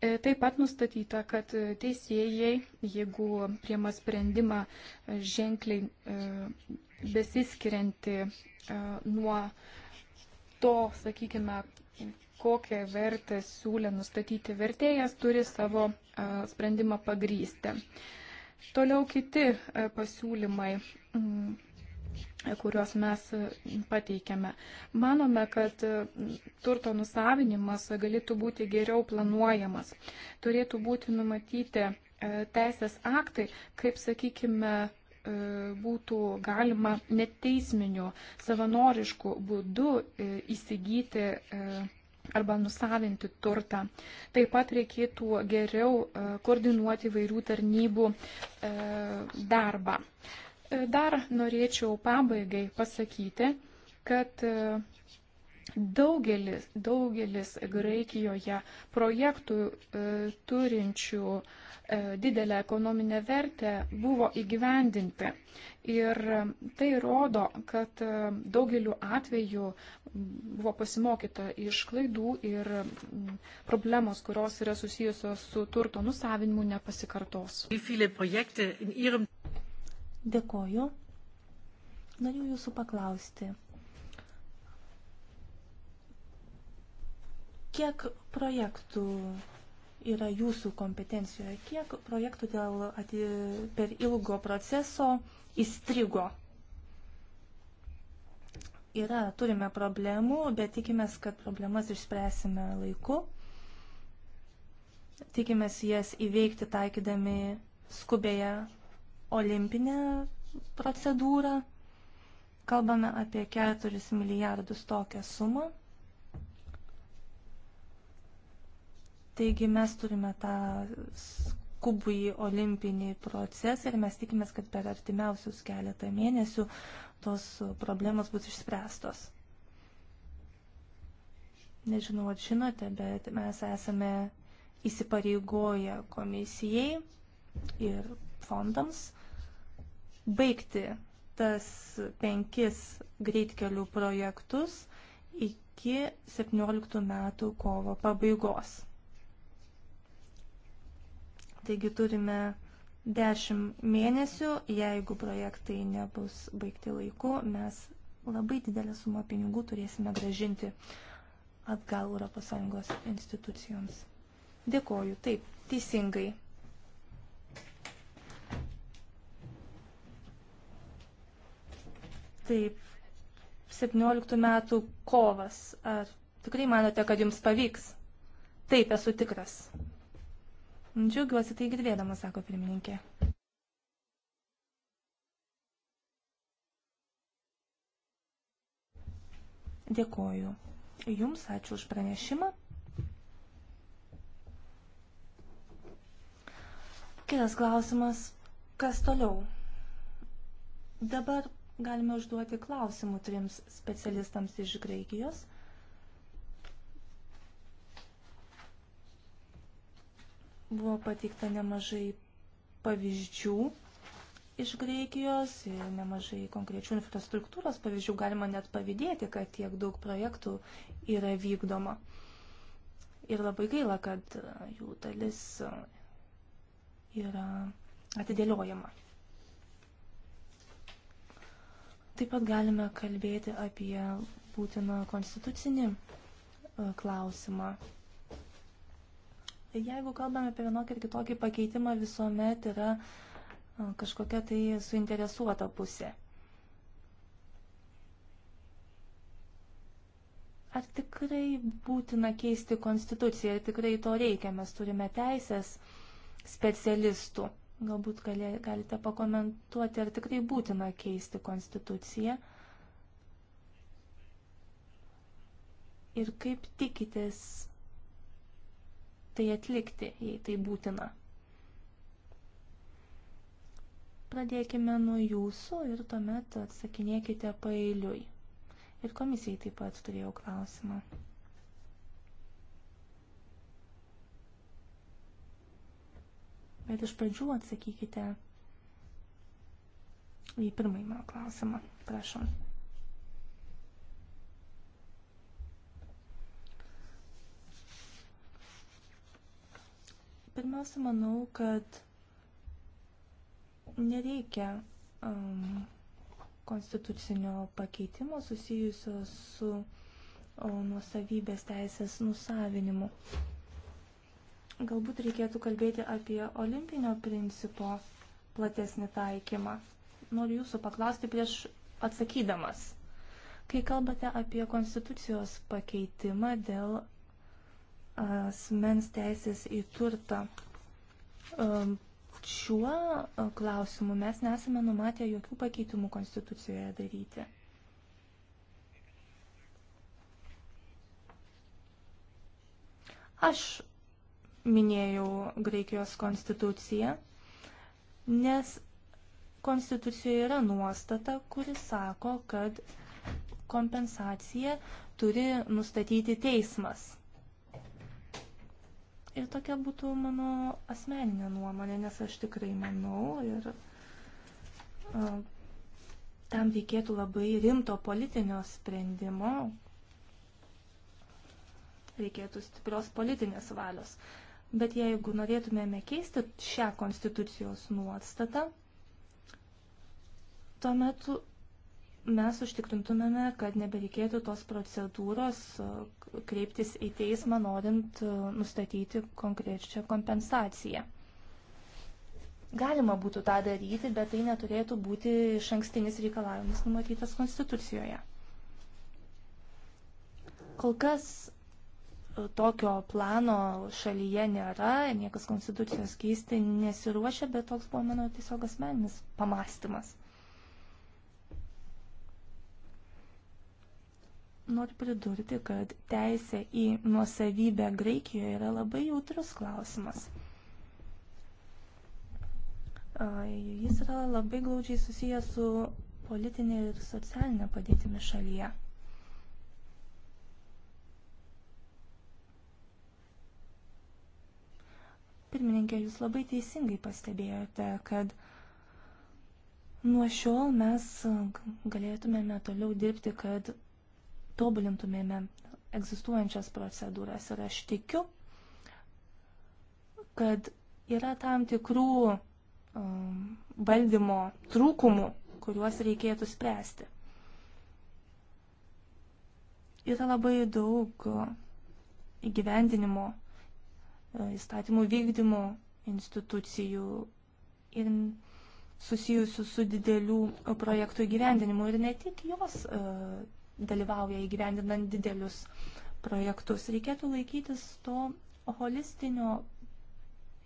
E, taip pat nustatyta, kad teisėjai, jeigu priema sprendimą e, ženkliai e, besiskirianti nuo to, sakykime, kokią vertę siūlė nustatyti vertėjas, turi savo sprendimą pagrysti. Toliau kiti e, pasiūlymai mm, kuriuos mes e, pateikėme. Manome, kad e, turto nusavinimas galėtų būti geriau planuojamas. Turėtų būti numatyti teisės aktai, kaip, sakykime, būtų galima neteisminiu, savanorišku būdu įsigyti arba nusavinti turtą. Taip pat reikėtų geriau e, koordinuoti vairių tarnybų e, darbą. E, dar norėčiau pabaigai pasakyti, kad Daugelis, daugelis Graikijoje projektų e, turinčių e, didelę ekonominę vertę buvo įgyvendinti. Ir e, tai rodo, kad e, daugeliu atveju buvo pasimokyta iš klaidų ir m, problemos, kurios yra susijusios su turto nusavinimu, nepasikartos. Dėkoju. Noriu jūsų paklausti, Kiek projektų yra jūsų kompetencijoje? Kiek projektų dėl ati, per ilgo proceso įstrigo? Yra, turime problemų, bet tikimės, kad problemas išspręsime laiku. Tikimės jas įveikti taikydami skubėje olimpinę procedūrą. Kalbame apie 4 milijardus tokią sumą. Taigi mes turime tą skubųjį olimpinį procesą ir mes tikimės, kad per artimiausius keletą mėnesių tos problemos bus išspręstos. Nežinau, ar žinote, bet mes esame įsipareigoję komisijai ir fondams baigti tas penkis greitkelių projektus iki 17 metų kovo pabaigos. Taigi turime 10 mėnesių, jeigu projektai nebus baigti laiku, mes labai didelę sumą pinigų turėsime gražinti atgal ES institucijoms. Dėkoju, taip, teisingai. Taip, 17 metų kovas. Ar tikrai manote, kad jums pavyks? Taip, esu tikras. Džiaugiuosi tai girdėdama, sako pirmininkė. Dėkoju. Jums ačiū už pranešimą. Kitas klausimas, kas toliau? Dabar galime užduoti klausimų trims specialistams iš Graikijos – Buvo pateikta nemažai pavyzdžių iš Graikijos ir nemažai konkrečių infrastruktūros pavyzdžių galima net pavydėti, kad tiek daug projektų yra vykdoma. Ir labai gaila, kad jų dalis yra atidėliojama. Taip pat galime kalbėti apie būtiną konstitucinį e, klausimą Tai jeigu kalbame apie vienokį ir kitokį pakeitimą, visuomet yra kažkokia tai suinteresuota pusė. Ar tikrai būtina keisti konstituciją, ar tikrai to reikia, mes turime teisės specialistų. Galbūt galite pakomentuoti, ar tikrai būtina keisti konstituciją. Ir kaip tikitės tai atlikti, jei tai būtina. Pradėkime nuo jūsų ir tuomet atsakinėkite paeiliui. Ir komisijai taip pat turėjau klausimą. Bet iš pradžių atsakykite į pirmąjį mano klausimą. Prašom. Pirmiausia, manau, kad nereikia um, konstitucinio pakeitimo susijusio su nuosavybės teisės nusavinimu. Galbūt reikėtų kalbėti apie olimpinio principo platesnį taikymą. Noriu jūsų paklausti prieš atsakydamas. Kai kalbate apie konstitucijos pakeitimą dėl asmens teisės į turtą. Šiuo e, klausimu mes nesame numatę jokių pakeitimų konstitucijoje daryti. Aš minėjau Graikijos konstituciją, nes konstitucijoje yra nuostata, kuri sako, kad kompensaciją turi nustatyti teismas. Ir tokia būtų mano asmeninė nuomonė, nes aš tikrai manau ir uh, tam reikėtų labai rimto politinio sprendimo, reikėtų stiprios politinės valios. Bet jeigu norėtumėme keisti šią konstitucijos nuostatą, tuomet mes užtikrintumėme, kad nebereikėtų tos procedūros kreiptis į teismą, norint nustatyti konkrečią kompensaciją. Galima būtų tą daryti, bet tai neturėtų būti iš ankstinis reikalavimas numatytas Konstitucijoje. Kol kas tokio plano šalyje nėra, niekas Konstitucijos keisti nesiruošia, bet toks buvo mano tiesiog asmeninis pamastymas. noriu pridurti, kad teisė į nuosavybę Graikijoje yra labai jautrus klausimas. Jis yra labai glaudžiai susijęs su politinė ir socialinė padėtimi šalyje. Pirmininkė, jūs labai teisingai pastebėjote, kad nuo šiol mes galėtumėme toliau dirbti, kad tobulintumėme egzistuojančias procedūras. Ir aš tikiu, kad yra tam tikrų um, valdymo trūkumų, kuriuos reikėtų spręsti. Yra labai daug uh, įgyvendinimo, uh, įstatymų vykdymo institucijų ir susijusių su didelių uh, projektų įgyvendinimu. Ir ne tik jos uh, dalyvauja įgyvendinant didelius projektus. Reikėtų laikytis to holistinio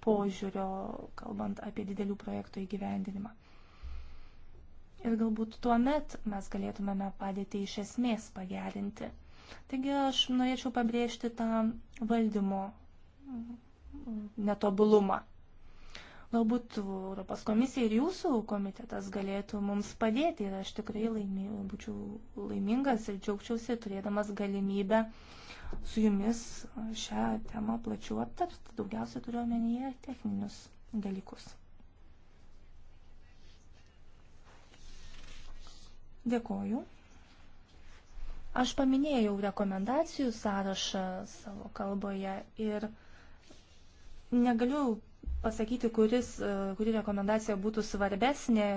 požiūrio, kalbant apie didelių projektų įgyvendinimą. Ir galbūt tuo met mes galėtumėme padėti iš esmės pagerinti. Taigi aš norėčiau pabrėžti tą valdymo netobulumą. Galbūt Europos komisija ir jūsų komitetas galėtų mums padėti ir aš tikrai laimi, būčiau laimingas ir džiaugčiausi turėdamas galimybę su jumis šią temą plačiau aptarti. Daugiausia turiu omenyje techninius dalykus. Dėkoju. Aš paminėjau rekomendacijų sąrašą savo kalboje ir negaliu pasakyti, kuris, e, kuri rekomendacija būtų svarbesnė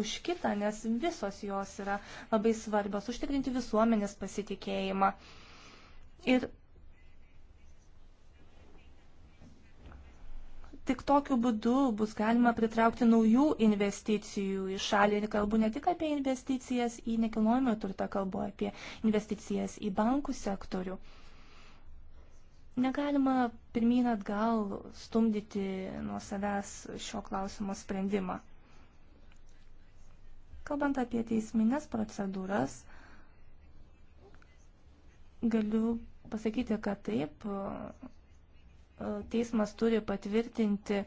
už kitą, nes visos jos yra labai svarbios, užtikrinti visuomenės pasitikėjimą. Ir tik tokiu būdu bus galima pritraukti naujų investicijų į šalį. Ir kalbu ne tik apie investicijas į nekilnojimą turtą, kalbu apie investicijas į bankų sektorių. Negalima pirmyn atgal stumdyti nuo savęs šio klausimo sprendimą. Kalbant apie teisminės procedūras, galiu pasakyti, kad taip, teismas turi patvirtinti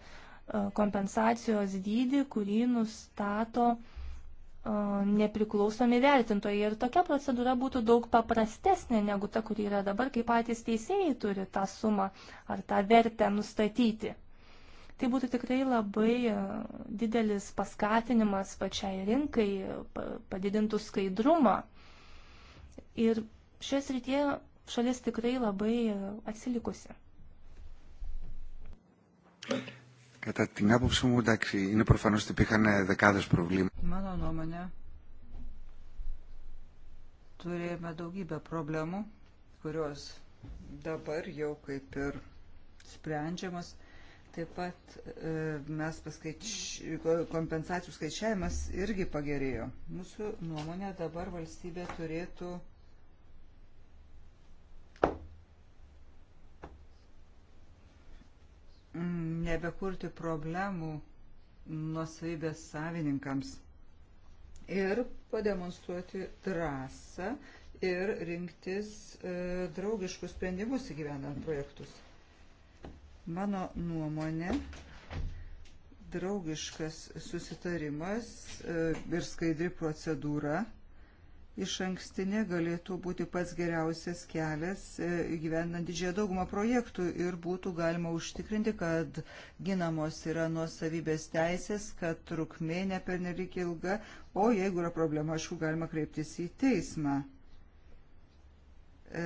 kompensacijos dydį, kurį nustato uh, nepriklausomi vertintojai. Ir tokia procedūra būtų daug paprastesnė negu ta, kuri yra dabar, kai patys teisėjai turi tą sumą ar tą vertę nustatyti. Tai būtų tikrai labai didelis paskatinimas pačiai rinkai, padidintų skaidrumą. Ir šioje srityje šalis tikrai labai atsilikusi. Κατά την άποψή μου, εντάξει, είναι προφανώς ότι υπήρχαν δεκάδες προβλήματα. Mano nuomonė, turėjome daugybę problemų, kurios dabar jau kaip ir sprendžiamas. Taip pat e, mes paskaič... kompensacijų skaičiavimas irgi pagerėjo. Mūsų nuomonė dabar valstybė turėtų nebekurti problemų nuosavybės savininkams ir pademonstruoti drąsą ir rinktis e, draugiškus sprendimus įgyvendant projektus. Mano nuomonė, draugiškas susitarimas e, ir skaidri procedūra iš ankstinė galėtų būti pats geriausias kelias e, gyvenant didžiąją daugumą projektų ir būtų galima užtikrinti, kad ginamos yra nuosavybės teisės, kad trukmė nepernelik ilga, o jeigu yra problema, aišku, galima kreiptis į teismą. E,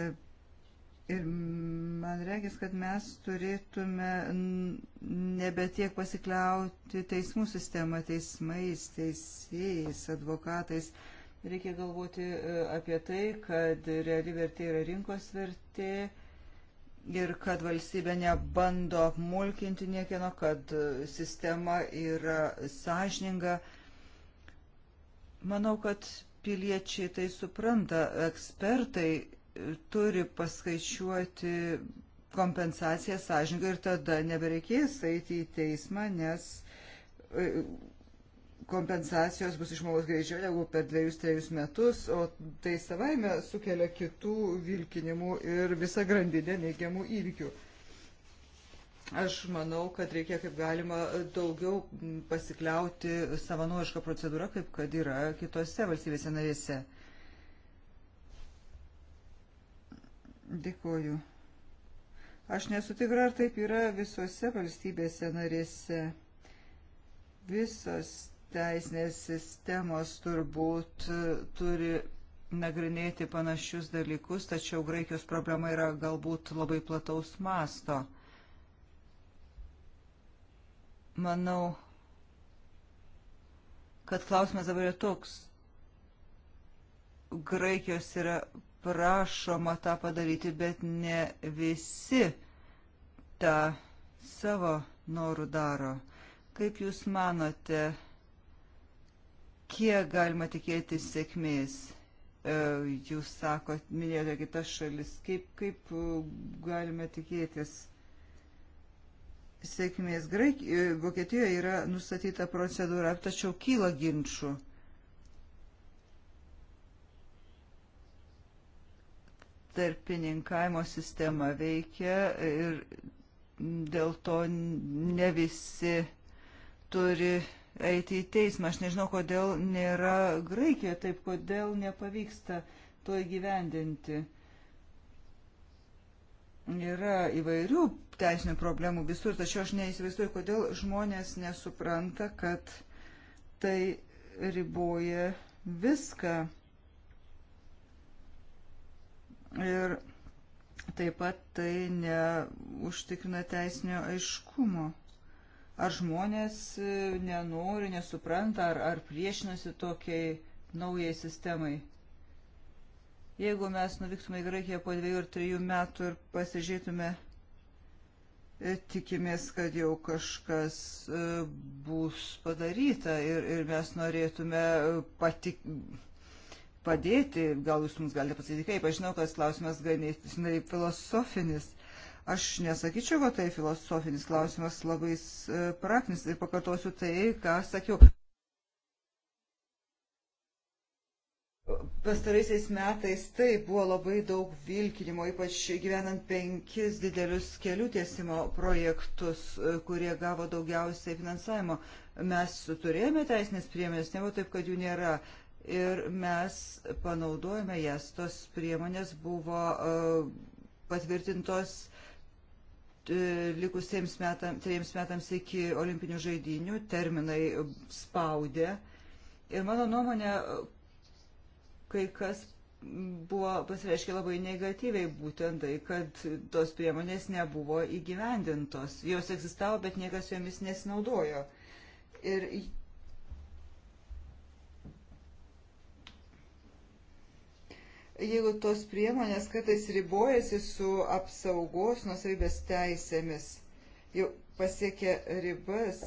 ir man regis, kad mes turėtume nebe tiek pasikliauti teismų sistemą, teismais, teisėjais, advokatais, advokatais Reikia galvoti e, apie tai, kad reali vertė yra rinkos vertė ir kad valstybė nebando apmulkinti niekieno, kad e, sistema yra sąžininga. Manau, kad piliečiai tai supranta, ekspertai e, turi paskaičiuoti kompensaciją sąžininkai ir tada nebereikės eiti į teismą, nes kompensacijos bus išmokos greičiau negu per dviejus, trejus metus, o tai savaime sukelia kitų vilkinimų ir visą grandinę neigiamų įvykių. Aš manau, kad reikia kaip galima daugiau pasikliauti savanorišką procedūrą, kaip kad yra kitose valstybėse narėse. Dėkoju. Aš nesu tikra, ar taip yra visose valstybėse narėse. Visas teisinės sistemos turbūt e, turi nagrinėti panašius dalykus, tačiau Graikijos problema yra galbūt labai plataus masto. Manau, kad klausimas dabar yra toks. Graikijos yra prašoma tą padaryti, bet ne visi tą savo norų daro. Kaip Jūs manote, kiek galima tikėtis sėkmės? E, jūs sakot, minėjote kitas šalis, kaip, kaip e, galime tikėtis sėkmės? Graikijoje, Vokietijoje yra nustatyta procedūra, tačiau kyla ginčių. Tarpininkavimo sistema veikia ir dėl to ne visi turi eiti į teismą. Aš nežinau, kodėl nėra Graikijoje taip, kodėl nepavyksta to įgyvendinti. Yra įvairių teisinių problemų visur, tačiau aš neįsivaizduoju, kodėl žmonės nesupranta, kad tai riboja viską. Ir taip pat tai neužtikrina teisinio aiškumo. Ar žmonės e, nenori, nesupranta, ar, ar priešinasi tokiai naujai sistemai? Jeigu mes nuvyktume į Graikiją po dviejų ar trijų metų ir pasižiūrėtume, e, tikimės, kad jau kažkas e, bus padaryta ir, ir mes norėtume patik padėti, gal jūs mums galite pasakyti, kaip aš žinau, kad klausimas ganėtinai filosofinis. Aš nesakyčiau, kad tai filosofinis klausimas labai e, praktinis ir pakartosiu tai, ką sakiau. Pastaraisiais metais tai buvo labai daug vilkinimo, ypač gyvenant penkis didelius kelių tiesimo projektus, e, kurie gavo daugiausiai finansavimo. Mes turėjome teisinės priemonės, nebuvo taip, kad jų nėra ir mes panaudojame jas. Tos priemonės buvo e, patvirtintos E, likusiems metam, trejiems metams iki olimpinių žaidinių terminai spaudė. Ir mano nuomonė, kai kas buvo pasireiškia labai negatyviai būtent tai, kad tos priemonės nebuvo įgyvendintos. Jos egzistavo, bet niekas jomis nesinaudojo. Ir jeigu tos priemonės kartais ribojasi su apsaugos nusavybės teisėmis, jau pasiekia ribas,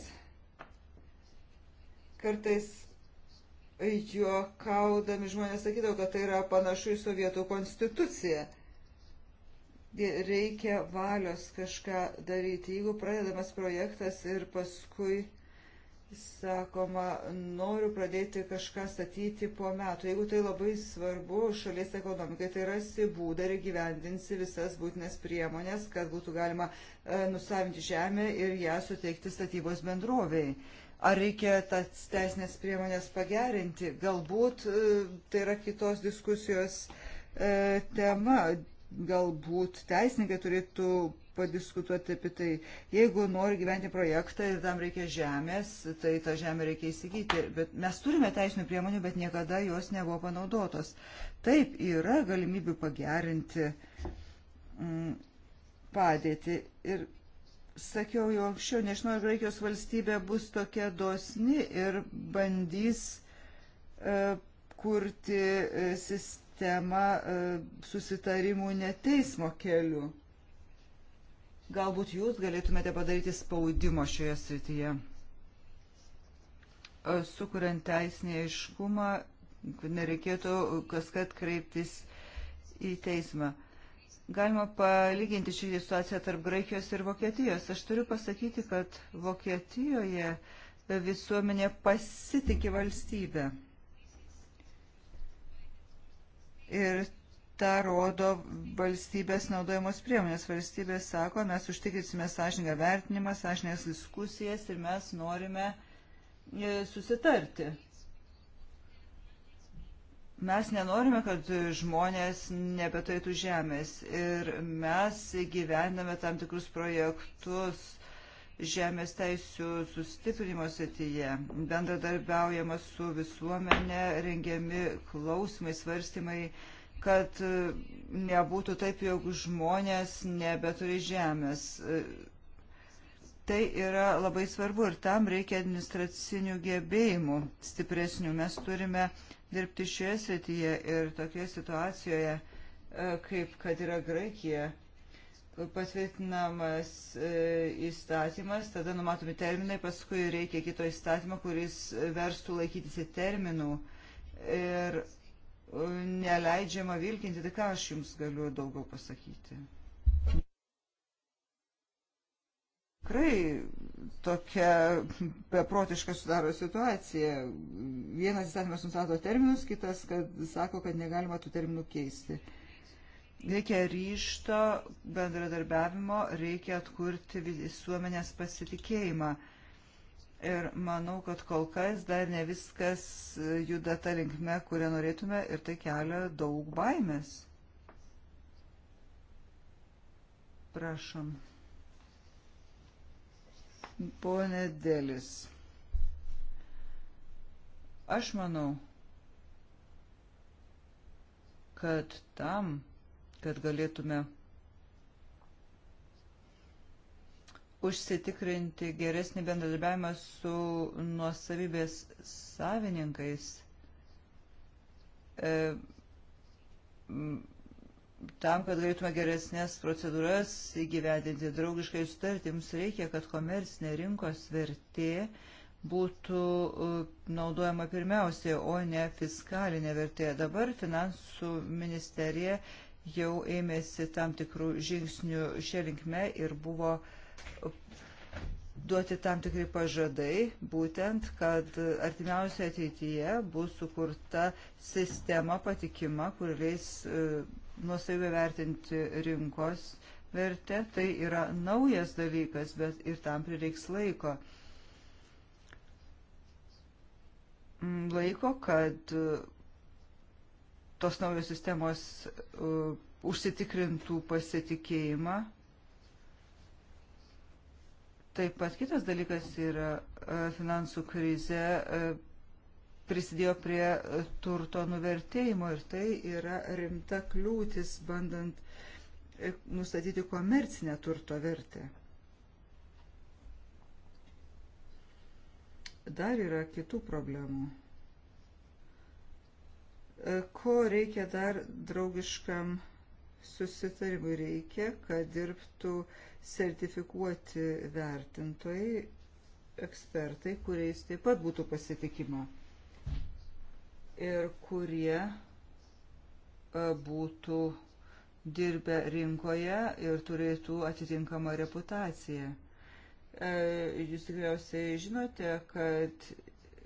kartais juokaudami žmonės sakydavo, kad tai yra panašu į sovietų konstituciją. Reikia valios kažką daryti. Jeigu pradedamas projektas ir paskui uh, sakoma, noriu pradėti kažką statyti po metų. Jeigu tai labai svarbu šalies ekonomikai, tai rasi būdą ir gyvendinsi visas būtinas priemonės, kad būtų galima e, nusavinti žemę ir ją suteikti statybos bendroviai. Ar reikia tas teisinės priemonės pagerinti? Galbūt e, tai yra kitos diskusijos e, tema. Galbūt teisininkai turėtų padiskutuoti apie tai. Jeigu nori gyventi projektą ir tam reikia žemės, tai tą žemę reikia įsigyti. Bet mes turime teisinių priemonių, bet niekada jos nebuvo panaudotos. Taip, yra galimybių pagerinti m, mm, padėtį. Ir sakiau jau anksčiau, nežinau, ar Graikijos valstybė bus tokia dosni ir bandys e, kurti e, sistemą e, susitarimų neteismo keliu Galbūt jūs galėtumėte padaryti spaudimo šioje srityje, e, sukuriant teisinį aiškumą, kad nereikėtų kas kad kreiptis į teismą. Galima palyginti šį situaciją tarp Graikijos ir Vokietijos. Aš turiu pasakyti, kad Vokietijoje visuomenė pasitikė valstybę. Ir tą rodo valstybės naudojamos priemonės. Valstybės sako, mes užtikrinsime sąžininką vertinimą, sąžininkas diskusijas ir mes norime e, susitarti. Mes nenorime, kad žmonės nebeturėtų žemės ir mes gyvendame tam tikrus projektus žemės teisų sustiprinimo srityje. Bendradarbiaujama su visuomenė, rengiami klausimai, svarstymai kad e, nebūtų taip, jog žmonės nebeturi žemės. E, tai yra labai svarbu ir tam reikia administracinių gebėjimų stipresnių. Mes turime dirbti šioje srityje ir tokioje situacijoje, e, kaip kad yra Graikija, patvirtinamas įstatymas, tada numatomi terminai, paskui reikia kito įstatymo, kuris verstų laikytis į terminų. Ir neleidžiama vilkinti, tai ką aš jums galiu daugiau pasakyti? Tikrai tokia beprotiška sudaro situacija. Vienas įstatymas nustato terminus, kitas kad, sako, kad negalima tų terminų keisti. Reikia ryšto, bendradarbiavimo, reikia atkurti visuomenės pasitikėjimą. Uh, ir manau, kad kol kas dar ne viskas juda tą linkme, kurią norėtume ir tai kelia daug baimės. Prašom. Pone Dėlis. Aš manau, kad tam, kad galėtume užsitikrinti geresnį bendradarbiavimą su nuosavybės savininkais. E, tam, kad galėtume geresnės procedūras įgyvendinti draugiškai sutartį, mums reikia, kad komercinė rinkos vertė būtų e, naudojama pirmiausiai, o ne fiskalinė vertė. Dabar finansų ministerija jau ėmėsi tam tikrų žingsnių šią linkme ir buvo uh, duoti tam tikri pažadai, būtent, kad artimiausioje ateityje bus sukurta sistema patikima, kur leis e, nuosavybę vertinti rinkos vertę. Tai yra naujas dalykas, bet ir tam prireiks laiko. Mm, laiko, kad e, tos naujos sistemos e, užsitikrintų pasitikėjimą Taip pat kitas dalykas yra e, finansų krize e, prisidėjo prie e, turto nuvertėjimo ir tai yra rimta kliūtis bandant nustatyti komercinę turto vertę. Dar yra kitų problemų. Ko reikia dar draugiškam susitarimui? Reikia, kad dirbtų uh, sertifikuoti vertintojai, ekspertai, kuriais taip pat būtų pasitikima ir kurie e, būtų dirbę rinkoje ir turėtų atitinkamą reputaciją. E, jūs tikriausiai žinote, kad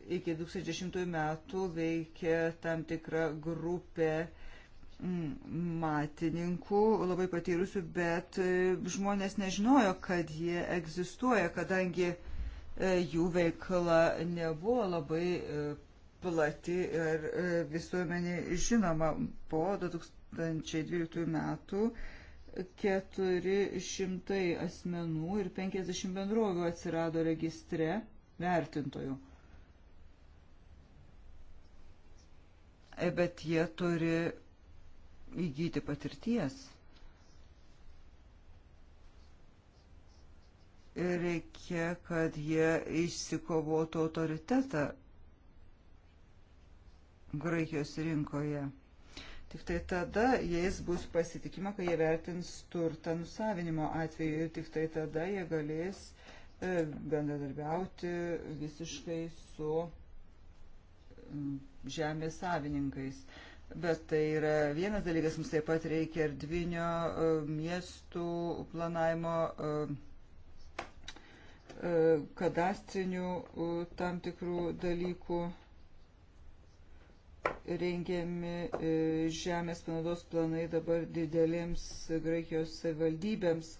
iki 2010 metų veikė tam tikra grupė matininkų, labai patyrusių, bet e, žmonės nežinojo, kad jie egzistuoja, kadangi e, jų veikla nebuvo labai e, plati ir visuomenė žinoma. Po 2012 metų 400 asmenų ir 50 bendrovių atsirado registre vertintojų. Bet jie turi įgyti patirties. Ir reikia, kad jie išsikovotų autoritetą Graikijos rinkoje. Tik tai tada jais bus pasitikima, kai jie vertins turtą nusavinimo atveju ir tik tai tada jie galės e, bendradarbiauti visiškai su žemės savininkais. Bet tai yra vienas dalykas, mums taip pat reikia erdvinio e, miestų planavimo, e, e, kadastrinių tam tikrų dalykų. Rengiami žemės panaudos planai dabar didelėms Graikijos savivaldybėms.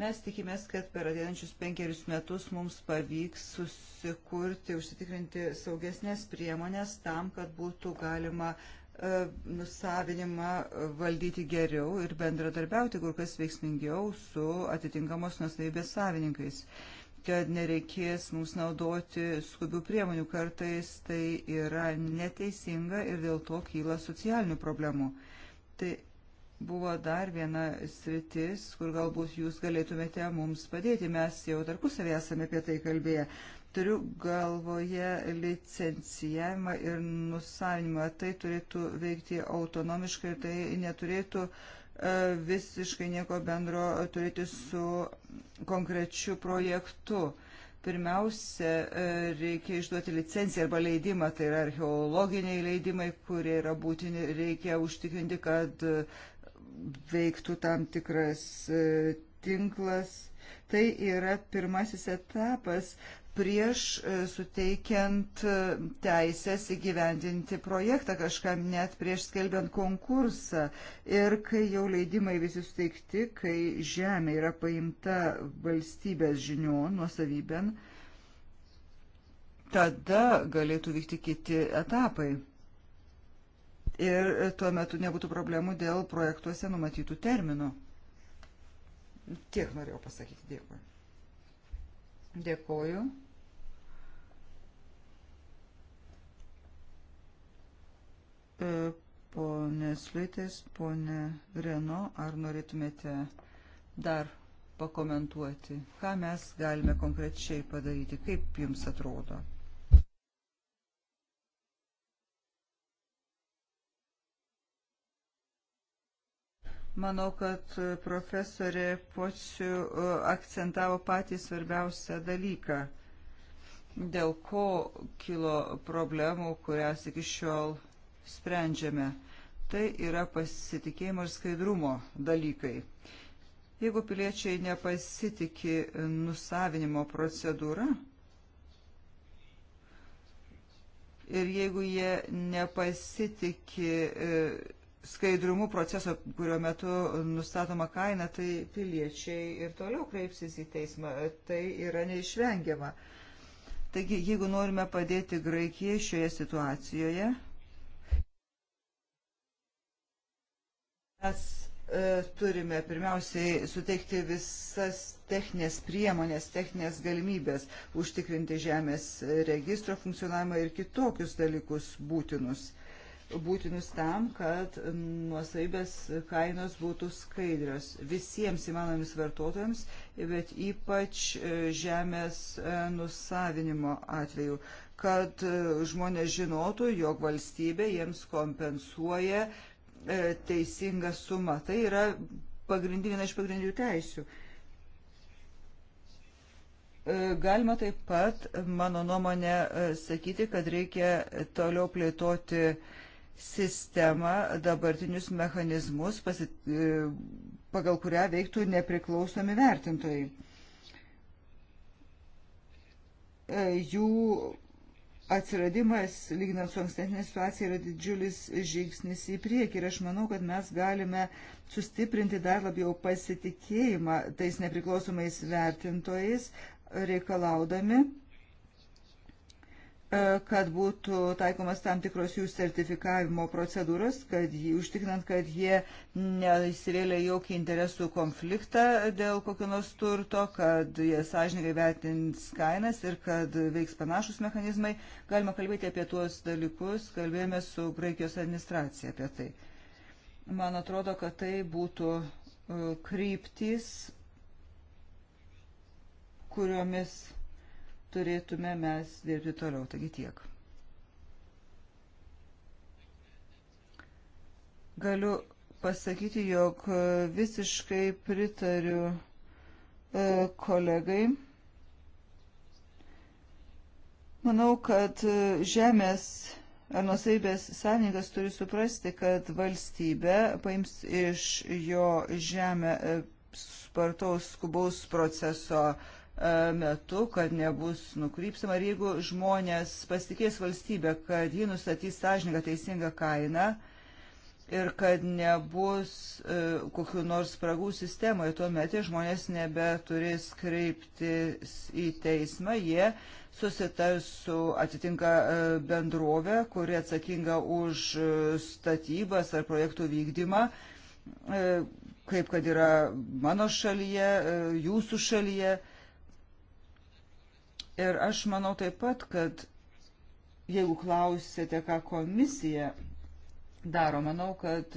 Mes tikimės, kad per ateinančius penkerius metus mums pavyks susikurti, užsitikrinti saugesnės priemonės tam, kad būtų galima E, nusavinimą valdyti geriau ir bendradarbiauti kur kas veiksmingiau su atitinkamos nusavybės savininkais, kad nereikės mums naudoti skubių priemonių. Kartais tai yra neteisinga ir dėl to kyla socialinių problemų. Tai buvo dar viena sritis, kur galbūt jūs galėtumėte mums padėti. Mes jau tarpusavį esame apie tai kalbėję. Turiu galvoje licencijavimą ir nusavinimą. Tai turėtų veikti autonomiškai ir tai neturėtų e, visiškai nieko bendro turėti su konkrečiu projektu pirmiausia, e, reikia išduoti licenciją arba leidimą, tai yra archeologiniai leidimai, kurie yra būtini, reikia užtikrinti, kad e, veiktų tam tikras tinklas. Tai yra pirmasis etapas prieš e, suteikiant e, teisės įgyvendinti projektą kažkam net prieš skelbiant konkursą. Ir kai jau leidimai visi suteikti, kai žemė yra paimta valstybės žinion, nuosavybėn, tada galėtų vykti kiti etapai. Ir e, tuo metu nebūtų problemų dėl projektuose numatytų terminų. Tiek norėjau pasakyti. Dėkui. Dėkoju. E, Ponės Liutis, ponė Reno, ar norėtumėte dar pakomentuoti, ką mes galime konkrečiai padaryti, kaip jums atrodo? Manau, kad profesorė Pocių e, akcentavo patį svarbiausią dalyką, dėl ko kilo problemų, kurias iki šiol sprendžiame. Tai yra pasitikėjimo ir skaidrumo dalykai. Jeigu piliečiai nepasitikė nusavinimo procedūra ir jeigu jie nepasitikė e, skaidrumu proceso, kurio metu nustatoma kaina, tai piliečiai ir toliau kreipsis į teismą. Tai yra neišvengiama. Taigi, jeigu norime padėti Graikijai šioje situacijoje, Mes e, turime pirmiausiai suteikti visas techninės priemonės, techninės galimybės užtikrinti žemės registro funkcionavimą ir kitokius dalykus būtinus. Būtinus tam, kad nuosaibės kainos būtų skaidrios visiems įmanomis vartotojams, bet ypač e, žemės e, nusavinimo atveju, kad žmonės žinotų, jog valstybė jiems kompensuoja uh, E, teisinga suma. Tai yra pagrindinė viena iš pagrindinių teisių. E, galima taip pat, mano nuomonė, e, sakyti, kad reikia toliau plėtoti sistemą, dabartinius mechanizmus, pasi, pagal kurią veiktų nepriklausomi vertintojai. Jų atsiradimas, lyginant su ankstesnė situacija, yra didžiulis žingsnis į priekį ir aš manau, kad mes galime sustiprinti dar labiau pasitikėjimą tais nepriklausomais vertintojais, reikalaudami E, kad būtų taikomas tam tikros jų sertifikavimo procedūros, kad jį, užtikrinant, kad jie neįsivėlė jokį interesų konfliktą dėl kokio nors turto, kad jie sąžininkai vertins kainas ir kad veiks panašus mechanizmai. Galima kalbėti apie tuos dalykus, kalbėjome su Graikijos administracija apie tai. Man atrodo, kad tai būtų e, kryptis, kuriomis turėtume mes dirbti toliau. Taigi tiek. Galiu pasakyti, jog visiškai pritariu e, kolegai. Manau, kad e, žemės ar nusaibės savininkas turi suprasti, kad valstybė paims iš jo žemę e, spartaus skubaus proceso uh, E, metu, kad nebus nukrypsima. Ir jeigu žmonės pasitikės valstybę, kad ji nustatys sąžininką teisingą kainą ir kad nebus e, kokiu nors spragų sistemoje, tuomet žmonės nebeturės kreiptis į teismą, jie susitars su atitinka e, bendrovė, kuri atsakinga už statybas ar projektų vykdymą kaip kad yra mano šalyje, jūsų šalyje, Ir aš manau taip pat, kad jeigu klausėte, ką komisija daro, manau, kad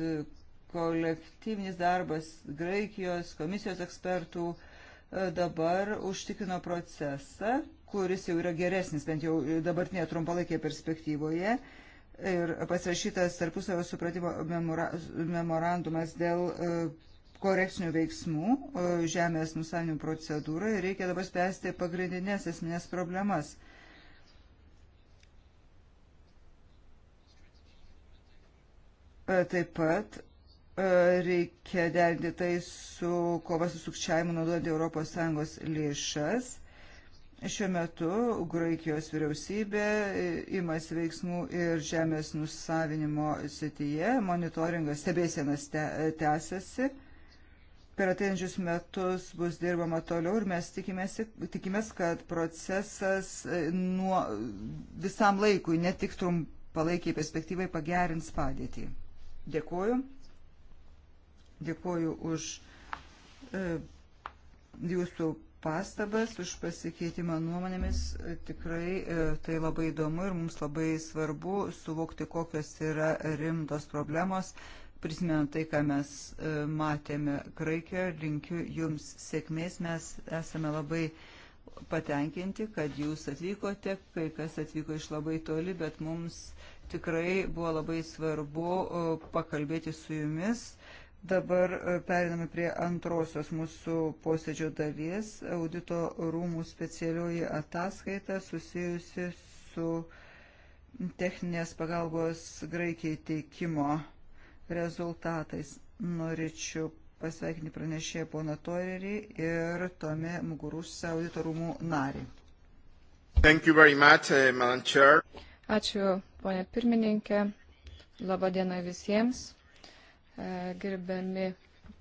kolektyvinis darbas Graikijos komisijos ekspertų e, dabar užtikrino procesą, kuris jau yra geresnis, bent jau dabartinėje trumpalaikėje perspektyvoje. Ir pasirašytas tarpusavio supratimo memora, memorandumas dėl uh, korekcinių veiksmų žemės nusavinimo procedūrai ir reikia dabar spręsti pagrindinės esminės problemas. E, taip pat e, reikia derinti tai su kova su sukčiavimu naudojant ES lėšas. Šiuo metu Graikijos vyriausybė e, imasi veiksmų ir žemės nusavinimo sityje, monitoringas stebėsienas tęsiasi. Te, per ateinančius metus bus dirbama toliau ir mes tikimės, tikimės kad procesas e, nuo visam laikui, ne tik trumpalaikiai perspektyvai, pagerins padėtį. Dėkuoju. Dėkuoju už e, jūsų pastabas, už pasikeitimą nuomonėmis. Tikrai e, tai labai įdomu ir mums labai svarbu suvokti, kokios yra rimtos problemos. E, prisimenant tai, ką mes e, matėme Graikijoje, linkiu Jums sėkmės, mes esame labai patenkinti, kad Jūs atvykote, kai kas atvyko iš labai toli, bet mums tikrai buvo labai svarbu e, pakalbėti su Jumis. Dabar e, periname prie antrosios mūsų posėdžio dalies - audito rūmų specialioji ataskaita susijusi su techninės pagalbos Graikijai teikimo rezultatais. Norėčiau pasveikinti pranešėją poną Torerį ir Tome Mugurusą auditorumų narį. Much, uh, Ačiū, ponė pirmininkė. Labadiena visiems. E, gerbiami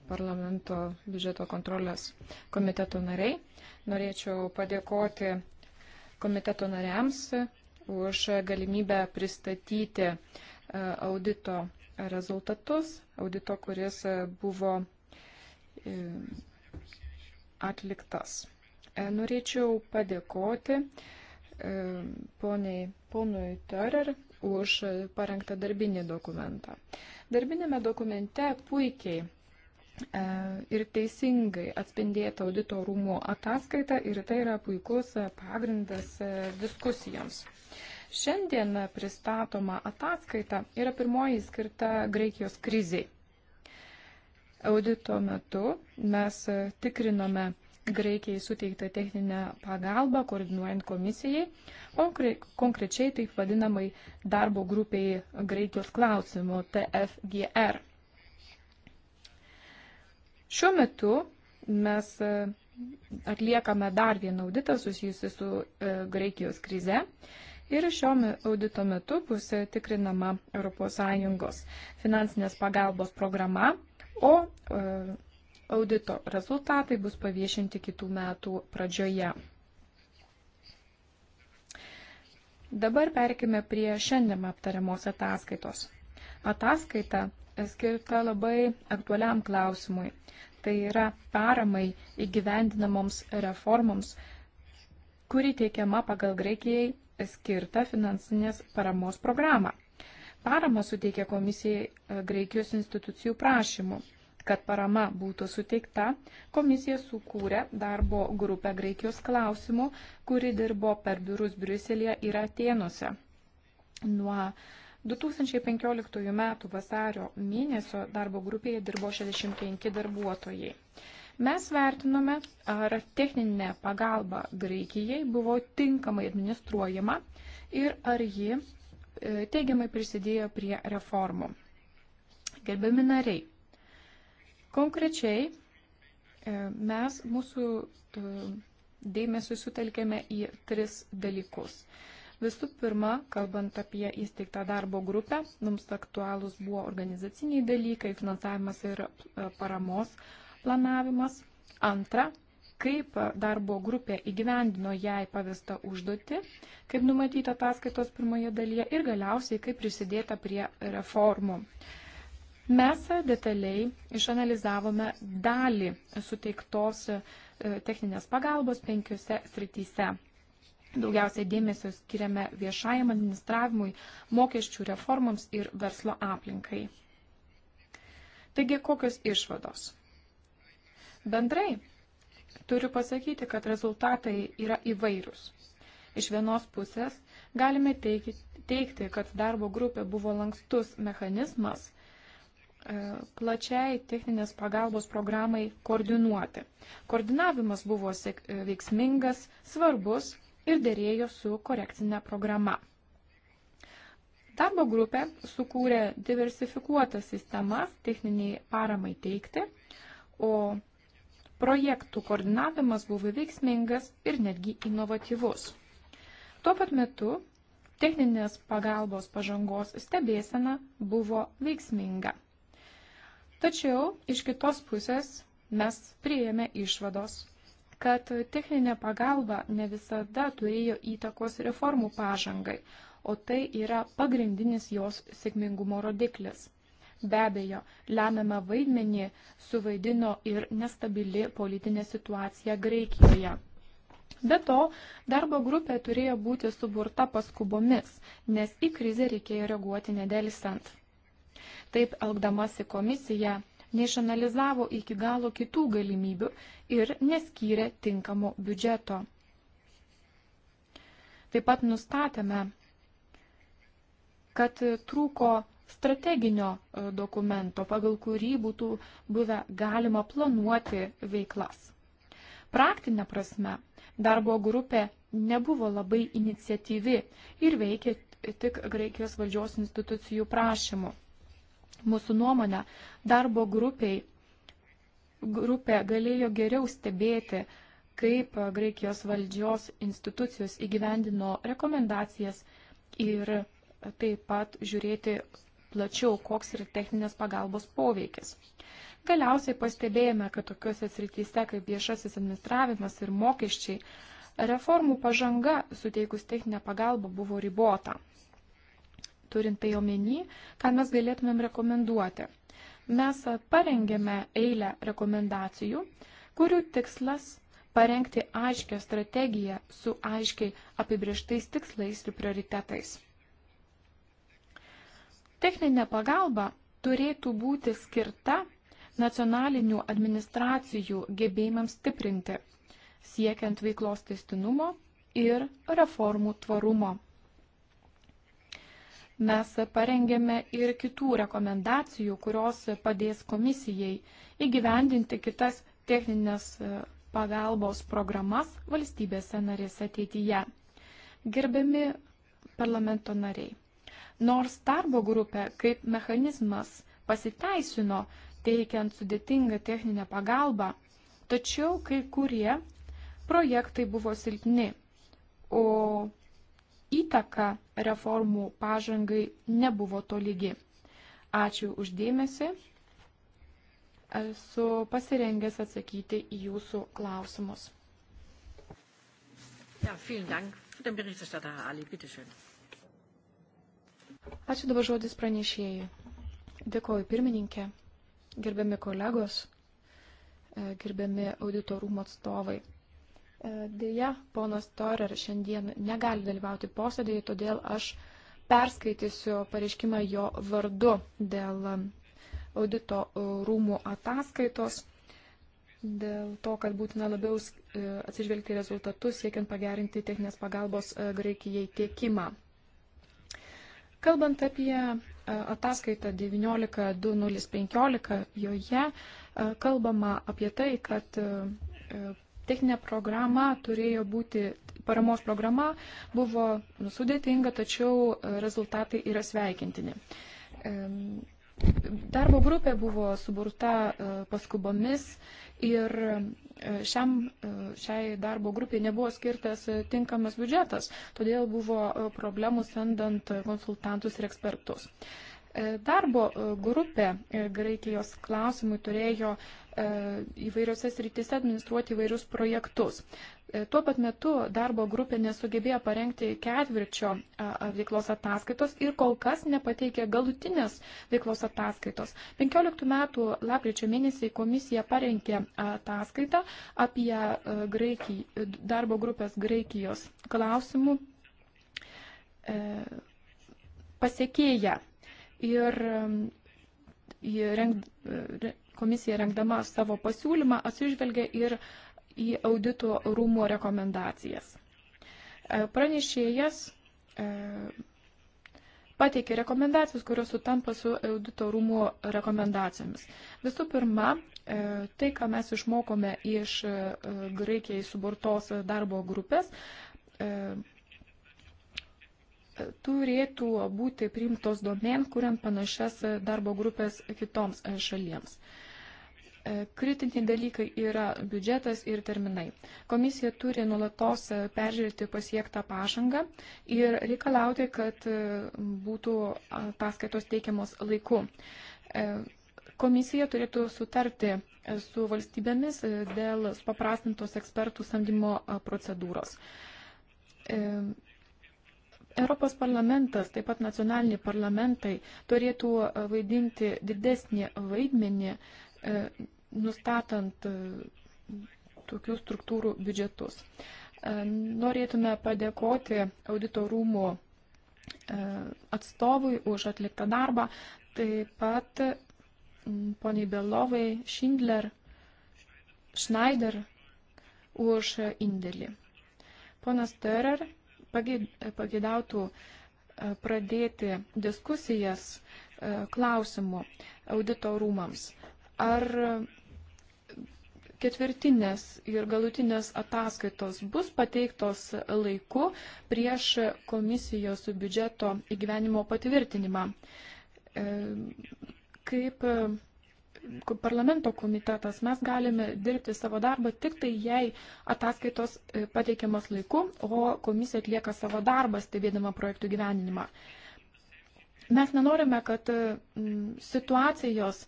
parlamento biudžeto kontrolės komiteto nariai. Norėčiau padėkoti komiteto nariams už galimybę pristatyti e, audito rezultatus audito, kuris e, buvo e, atliktas. E, norėčiau padėkoti poniai, ponui Törer už parengtą darbinį dokumentą. Darbinėme dokumente puikiai ir teisingai atspindėta audito rūmų ataskaita ir tai yra puikus pagrindas diskusijoms. Šiandien pristatoma ataskaita yra pirmoji skirta Graikijos kriziai. Audito metu mes tikrinome Graikijai suteiktą techninę pagalbą, koordinuojant komisijai, konkre konkrečiai taip vadinamai darbo grupiai Graikijos klausimų TFGR. Šiuo metu mes atliekame dar vieną auditą susijusi su e, Graikijos krize. E, Ir šio audito metu bus e, tikrinama ES finansinės pagalbos programa, o e, audito rezultatai bus paviešinti kitų metų pradžioje. Dabar perkime prie šiandien aptariamos ataskaitos. Ataskaita e, skirta labai aktualiam klausimui. Tai yra paramai įgyvendinamoms reformoms, kuri teikiama pagal Graikijai skirtą finansinės paramos programą. Parama suteikė komisijai e, Graikijos institucijų prašymų. Kad parama būtų suteikta, komisija sukūrė darbo grupę Graikijos klausimų, kuri dirbo per biurus Briuselėje ir Atenuose. Nuo 2015 m. vasario mėnesio darbo grupėje dirbo 65 darbuotojai. Mes vertinome, ar techninė pagalba Graikijai buvo tinkamai administruojama ir ar ji e, teigiamai prisidėjo prie reformų. Gerbiami nariai, konkrečiai e, mes mūsų e, dėmesį sutelkėme į tris dalykus. Visų pirma, kalbant apie įsteigtą darbo grupę, mums aktualūs buvo organizaciniai dalykai, finansavimas ir paramos planavimas. Antra, kaip darbo grupė įgyvendino jai pavestą užduotį, kaip numatyta ataskaitos pirmoje dalyje ir galiausiai kaip prisidėta prie reformų. Mes detaliai išanalizavome dalį suteiktos e, techninės pagalbos penkiose srityse. Daugiausiai dėmesio skiriame viešajam administravimui, mokesčių reformams ir verslo aplinkai. Taigi, kokios išvados? Bendrai turiu pasakyti, kad rezultatai yra įvairūs. Iš vienos pusės galime teikti, kad darbo grupė buvo lankstus mechanizmas e, plačiai techninės pagalbos programai koordinuoti. Koordinavimas buvo e, veiksmingas, svarbus ir dėrėjo su korekcinė programa. Darbo grupė sukūrė diversifikuotas sistemas techniniai paramai teikti, o Projektų koordinavimas buvo veiksmingas ir netgi inovatyvus. Tuo pat metu techninės pagalbos pažangos stebėsena buvo veiksminga. Tačiau iš kitos pusės mes prieėmė išvados, kad techninė pagalba ne visada turėjo įtakos reformų pažangai, o tai yra pagrindinis jos sėkmingumo rodiklis. Be abejo, lemiamą vaidmenį suvaidino ir nestabili politinė situacija Graikijoje. Be to, darbo grupė turėjo būti suburta paskubomis, nes į krizę reikėjo reaguoti nedėlisant. Taip elgdamasi komisija neišanalizavo iki galo kitų galimybių ir neskyrė tinkamo biudžeto. Taip pat nustatėme, kad trūko strateginio e, dokumento, pagal kurį būtų buvę galima planuoti veiklas. Praktinė prasme, darbo grupė nebuvo labai iniciatyvi ir veikė tik Graikijos valdžios institucijų prašymu. Mūsų nuomonė, darbo grupiai, grupė galėjo geriau stebėti, kaip Graikijos valdžios institucijos įgyvendino rekomendacijas ir taip pat žiūrėti, plačiau, koks yra techninės pagalbos poveikis. Galiausiai pastebėjome, kad tokiuose srityse kaip viešasis administravimas ir mokesčiai, reformų pažanga suteikus techninę pagalbą buvo ribota. Turint tai omeny, ką mes galėtumėm rekomenduoti. Mes parengėme eilę rekomendacijų, kurių tikslas parengti aiškę strategiją su aiškiai apibrieštais tikslais ir prioritetais. Techninė pagalba turėtų būti skirta nacionalinių administracijų gebėjimams stiprinti, siekiant veiklos testinumo ir reformų tvarumo. Mes parengėme ir kitų rekomendacijų, kurios padės komisijai įgyvendinti kitas techninės e, pagalbos programas valstybėse narėse ateityje. Gerbiami parlamento nariai, Nors darbo grupė kaip mechanizmas pasiteisino teikiant sudėtingą techninę pagalbą, tačiau kai kurie projektai buvo silpni, o įtaka reformų pažangai nebuvo tolygi. Ačiū uždėmesi. Esu pasirengęs atsakyti į jūsų klausimus. Ja, vielen Dank. Den Berichterstatter Ali, bitteschön. Ačiū dabar žodis pranešėjai. Dėkoju pirmininkė, gerbiami kolegos, e, gerbiami auditorumo atstovai. E, Deja, ponas Torer šiandien negali dalyvauti posėdėje, todėl aš perskaitysiu pareiškimą jo vardu dėl audito rūmų ataskaitos, dėl to, kad būtina labiau e, atsižvelgti rezultatus, siekiant pagerinti techninės pagalbos Graikijai tiekimą. Kalbant apie e, ataskaitą 19.2015, joje e, kalbama apie tai, kad e, techninė programa turėjo būti, paramos programa buvo sudėtinga, tačiau rezultatai yra sveikintini. Darbo grupė buvo suburta e, paskubomis ir e, šiam, e, šiai darbo grupiai nebuvo skirtas tinkamas biudžetas, todėl buvo problemų sendant konsultantus ir ekspertus. Darbo grupė Graikijos klausimui turėjo įvairiose srityse administruoti įvairius projektus. E, tuo pat metu darbo grupė nesugebėjo parengti ketvirčio veiklos ataskaitos ir kol kas nepateikė galutinės veiklos ataskaitos. 15 metų lapkričio mėnesį komisija parengė ataskaitą apie Graikij, darbo grupės Graikijos klausimų e, pasiekėja. Ir e, komisija rengdama savo pasiūlymą atsižvelgia ir uh, į audito rūmo rekomendacijas. E, pranešėjas e, pateikė rekomendacijas, kurios sutampa su audito rūmų rekomendacijomis. Visų pirma, e, tai, ką mes išmokome iš Graikijai suburtos darbo grupės, turėtų būti priimtos domen, kuriant panašias darbo grupės kitoms šalims. E, E, Kritiniai dalykai yra biudžetas ir terminai. Komisija turi nulatos e, peržiūrėti pasiektą pažangą ir reikalauti, kad e, būtų paskaitos teikiamos laiku. Komisija turėtų sutarti su valstybėmis dėl paprastintos ekspertų samdymo procedūros. Europos parlamentas, taip pat nacionaliniai parlamentai turėtų vaidinti didesnį vaidmenį E, nustatant e, tokių struktūrų biudžetus. E, norėtume padėkoti auditorumų atstovui už atliktą darbą, taip pat poniai Belovai, Schindler, Schneider už indėlį. Ponas Törer pagėdautų pradėti diskusijas klausimų auditorumams Ar ketvirtinės ir galutinės ataskaitos bus pateiktos laiku prieš komisijos biudžeto įgyvenimo patvirtinimą. E, kaip e, parlamento komitetas mes galime dirbti savo darbą tik tai, jei ataskaitos e, pateikiamas laiku, o komisija atlieka savo darbą stebėdama projektų gyveninimą. Mes nenorime, kad situacijos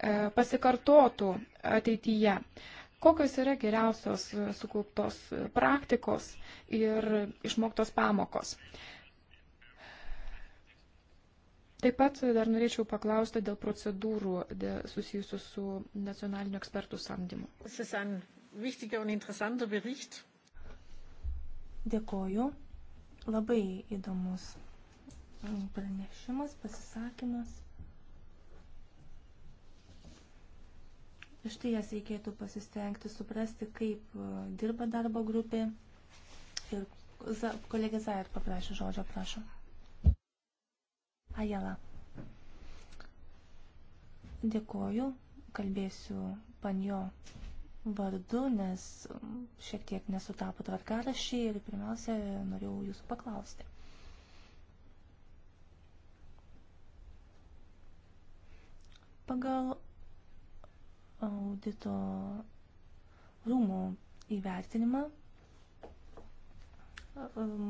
E, pasikartotų ateityje. Kokios yra geriausios sukauptos praktikos ir išmoktos pamokos. Taip pat dar norėčiau paklausti dėl procedūrų dėl susijusių su nacionaliniu ekspertų samdymu. Dėkoju. Labai įdomus pranešimas, pasisakymas. Štai jas reikėtų pasistengti suprasti, kaip e, dirba darbo grupė. Ir kolegė Zajar paprašė žodžio, prašom. Ajala. Dėkoju, kalbėsiu panjo vardu, nes šiek tiek nesutapo tvarkarašį ir pirmiausia, norėjau jūsų paklausti. Pagal audito rūmų įvertinimą,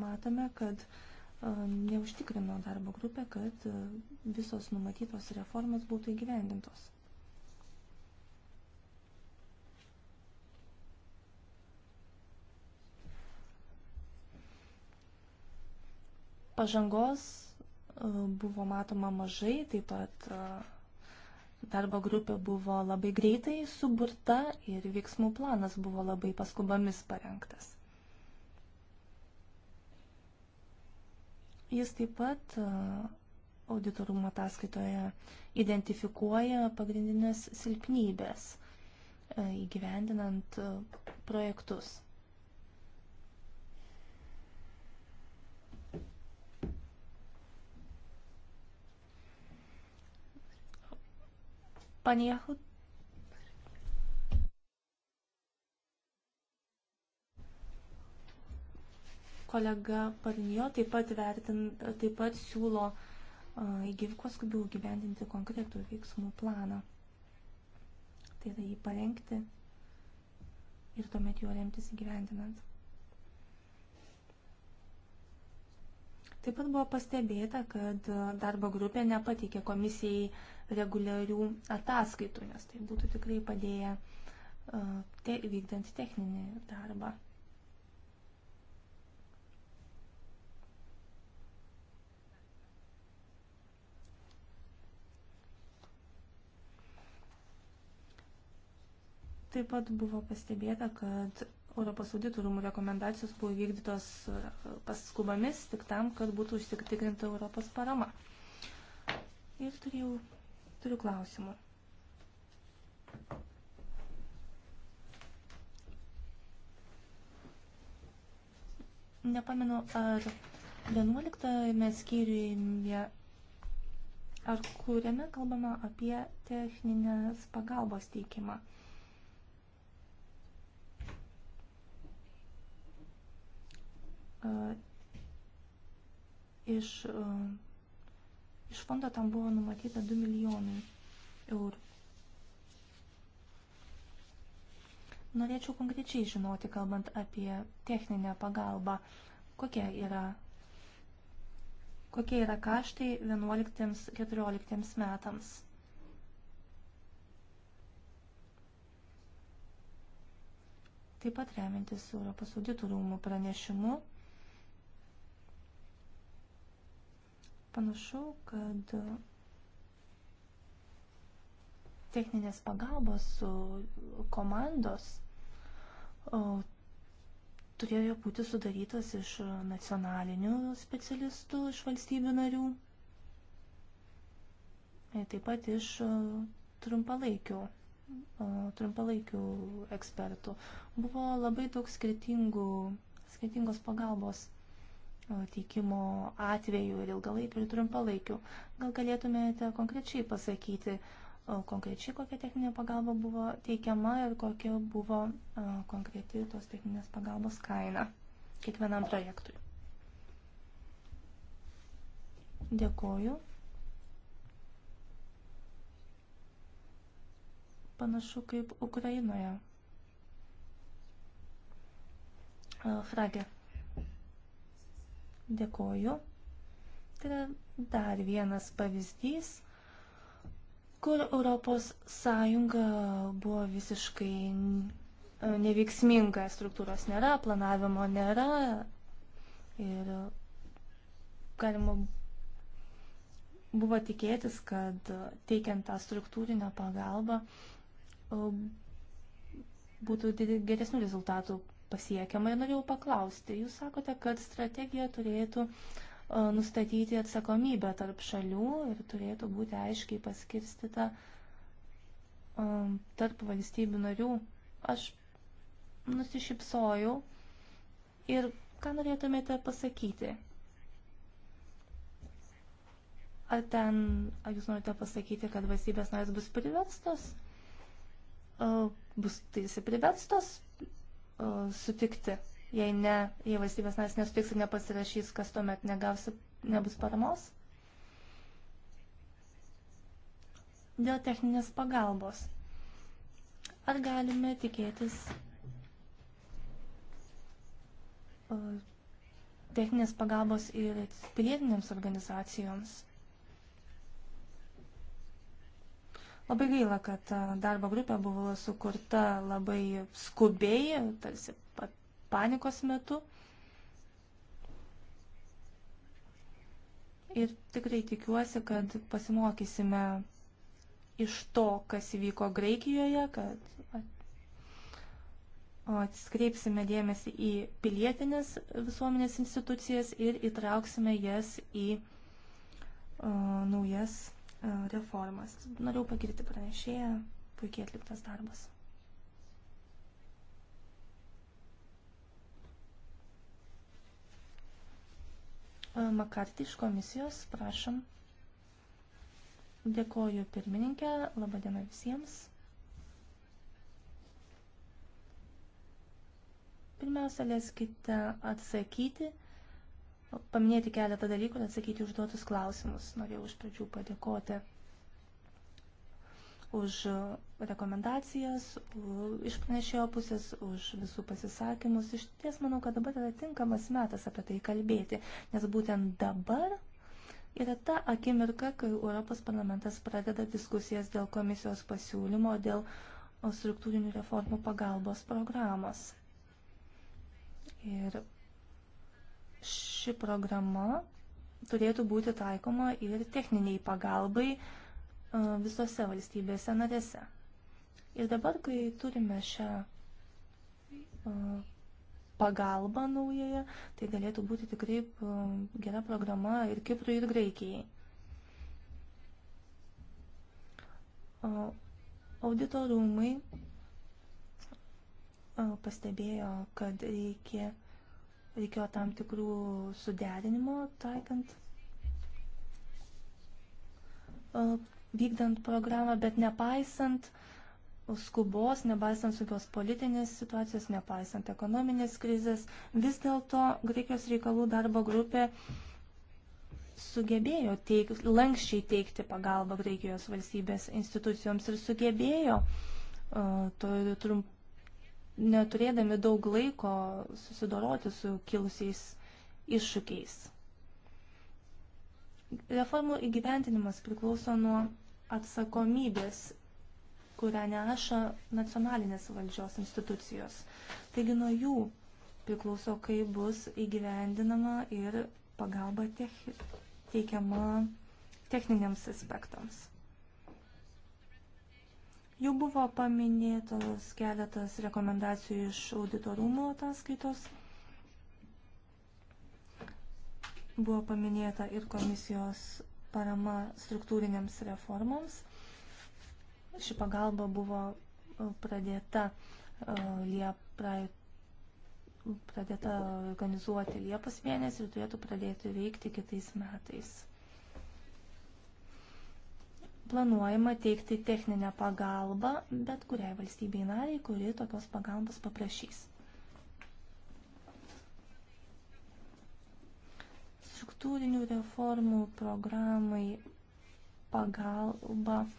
matome, kad e, neužtikrino darbo grupė, kad e, visos numatytos reformas būtų įgyvendintos. Pažangos e, buvo matoma mažai, taip pat Darbo grupė buvo labai greitai suburta ir veiksmų planas buvo labai paskubomis parengtas. Jis taip pat e, auditorumo ataskaitoje identifikuoja pagrindinės silpnybės e, įgyvendinant e, projektus. Pani Jachut. Kolega Parnijo taip pat, vertin, taip pat siūlo uh, kuo skubiau gyvendinti konkretų veiksmų planą. Tai yra jį parengti ir tuomet juo remtis įgyvendinant. Taip pat buvo pastebėta, kad darbo grupė nepateikė komisijai reguliarių ataskaitų, nes tai būtų tikrai padėję e, te, vykdant techninį darbą. Taip pat buvo pastebėta, kad Europos auditų rūmų rekomendacijos buvo vykdytos e, paskubomis tik tam, kad būtų užsitikrinta Europos parama. Ir turėjau Turiu klausimą. Nepamenu, ar 11 skyriuje, ar kuriame kalbama apie techninės pagalbos teikimą. Iš Iš fondo tam buvo numatyta 2 milijonai eurų. Norėčiau konkrečiai žinoti, kalbant apie techninę pagalbą, kokie yra, kokie yra kaštai 11-14 metams. Taip pat remintis Europos auditų rūmų pranešimu, Panašu, kad techninės pagalbos komandos turėjo būti sudarytas iš nacionalinių specialistų, iš valstybių narių, taip pat iš trumpalaikių trumpalaikių ekspertų. Buvo labai daug skirtingų, skirtingos pagalbos teikimo atvejų ir ilgalaikių ir trumpalaikių. Gal galėtumėte konkrečiai pasakyti, konkrečiai kokia techninė pagalba buvo teikiama ir kokia buvo konkreti tos techninės pagalbos kaina kiekvienam projektui. Dėkoju. Panašu kaip Ukrainoje. Frage. Dėkoju. Tai yra dar vienas pavyzdys, kur Europos Sąjunga buvo visiškai neveiksminga, struktūros nėra, planavimo nėra ir galima buvo tikėtis, kad teikiant tą struktūrinę pagalbą būtų geresnių rezultatų pasiekiama. Ir norėjau paklausti, jūs sakote, kad strategija turėtų e, nustatyti atsakomybę tarp šalių ir turėtų būti aiškiai paskirstita e, tarp valstybių narių. Aš nusišypsojau ir ką norėtumėte pasakyti? Ar ten, ar jūs norite pasakyti, kad valstybės narės bus priverstos, uh, bus tai priverstos E, sutikti. Jei ne, jei valstybės narės nesutiks ir nepasirašys, kas tuomet negausi, nebus paramos. Dėl techninės pagalbos. Ar galime tikėtis e, techninės pagalbos ir pilietinėms organizacijoms? Labai gaila, kad e, darbo grupė buvo sukurta labai skubiai, tarsi panikos metu. Ir tikrai tikiuosi, kad pasimokysime iš to, kas įvyko Graikijoje, kad atskreipsime dėmesį į pilietinės visuomenės institucijas ir įtrauksime jas į uh, naujas E, reformas. Norėjau pagirti pranešėją, puikiai atliktas darbas. E, Makartį iš komisijos, prašom. Dėkoju pirmininkė, labadiena visiems. Pirmiausia, leiskite atsakyti paminėti keletą dalykų ir atsakyti užduotus klausimus. Norėjau iš pradžių padėkoti už rekomendacijas, iš pranešėjo pusės, už visų pasisakymus. Iš ties manau, kad dabar yra tinkamas metas apie tai kalbėti, nes būtent dabar yra ta akimirka, kai Europos parlamentas pradeda diskusijas dėl komisijos pasiūlymo, dėl struktūrinių reformų pagalbos programos. Ir ši programa turėtų būti taikoma ir techniniai pagalbai e, visose valstybėse narėse. Ir dabar, kai turime šią e, pagalbą naująją, tai galėtų būti tikrai e, gera programa ir Kiprui, ir Graikijai. Auditorumai pastebėjo, kad reikia reikėjo tam tikrų suderinimo taikant, vykdant programą, bet nepaisant skubos, nepaisant sunkios politinės situacijos, nepaisant ekonominės krizės, vis dėlto Graikijos reikalų darbo grupė sugebėjo teik, lankščiai teikti pagalbą Graikijos valstybės institucijoms ir sugebėjo uh, to trump, neturėdami daug laiko susidoroti su kilusiais iššūkiais. Reformų įgyventinimas priklauso nuo atsakomybės, kurią neša nacionalinės valdžios institucijos. Taigi nuo jų priklauso, kaip bus įgyvendinama ir pagalba tech, teikiama techniniams aspektams. Jau buvo paminėtos keletas rekomendacijų iš auditorumų ataskaitos. Buvo paminėta ir komisijos parama struktūriniams reformoms. Ši pagalba buvo e, pradėta, e, pradėta organizuoti Liepos mėnesį ir turėtų pradėti veikti kitais metais planuojama teikti techninę pagalbą bet kuriai valstybei nariai, kuri tokios pagalbos paprašys. Struktūrinių reformų programai pagalba e,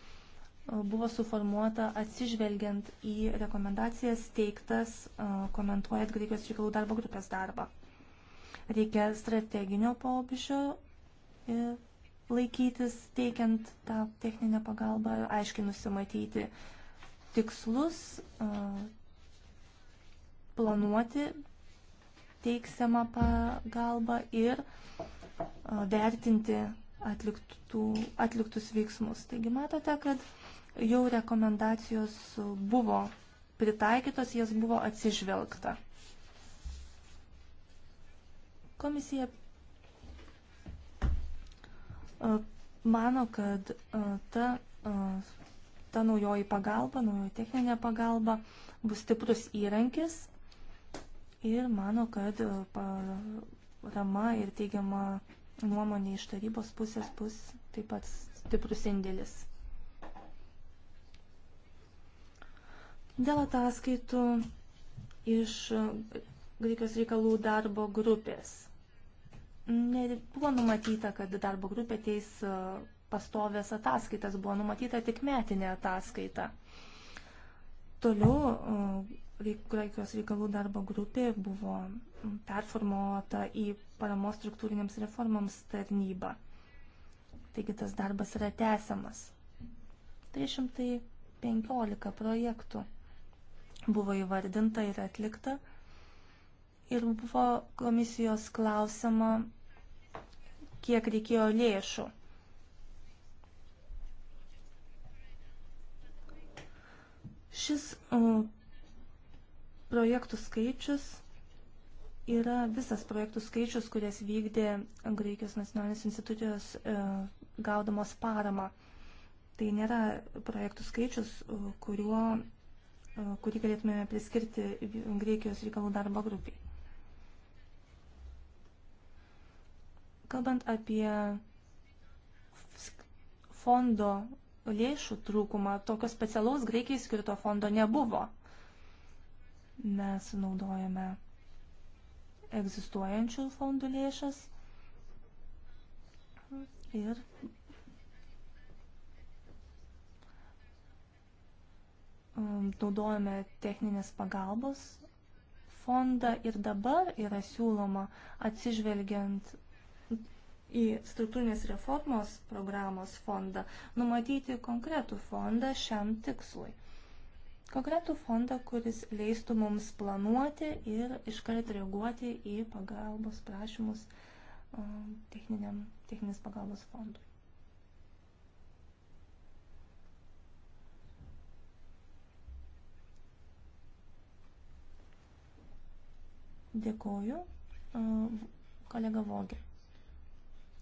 buvo suformuota atsižvelgiant į rekomendacijas teiktas, e, komentuojant Graikijos reikalų darbo grupės darbą. Reikia strateginio pobūdžio ir laikytis, teikiant tą techninę pagalbą, aiškiai nusimatyti tikslus, planuoti teiksiamą pagalbą ir vertinti atliktų, atliktus veiksmus. Taigi matote, kad jau rekomendacijos buvo pritaikytos, jas buvo atsižvelgta. Komisija mano, kad ta, ta naujoji pagalba, naujoji techninė pagalba bus stiprus įrankis ir mano, kad parama ir teigiama nuomonė iš tarybos pusės bus taip pat stiprus indėlis. Dėl ataskaitų iš Graikijos reikalų darbo grupės nebuvo numatyta, kad darbo grupė teis e, pastovės ataskaitas, buvo numatyta tik metinė ataskaita. Toliau e, Graikijos reikalų darbo grupė buvo performuota į paramos struktūriniams reformams tarnybą. Taigi tas darbas yra tęsiamas. 315 projektų buvo įvardinta ir atlikta ir buvo komisijos klausima kiek reikėjo lėšų. Šis projektų skaičius yra visas projektų skaičius, kurias vykdė Graikijos nacionalinės institucijos e, gaudamos paramą. Tai nėra projektų skaičius, kuriuo, e, kurį galėtume priskirti Graikijos reikalų darbo grupiai. Kalbant apie fondo lėšų trūkumą, tokio specialaus Graikijai skirto fondo nebuvo. Mes naudojame egzistuojančių fondų lėšas ir naudojame techninės pagalbos fondą ir dabar yra siūloma atsižvelgiant į struktūrinės reformos programos fondą numatyti konkretų fondą šiam tikslui. Konkretų fondą, kuris leistų mums planuoti ir iškart reaguoti į pagalbos prašymus techniniam, techninės pagalbos fondui. Dėkoju, kolega Vogė.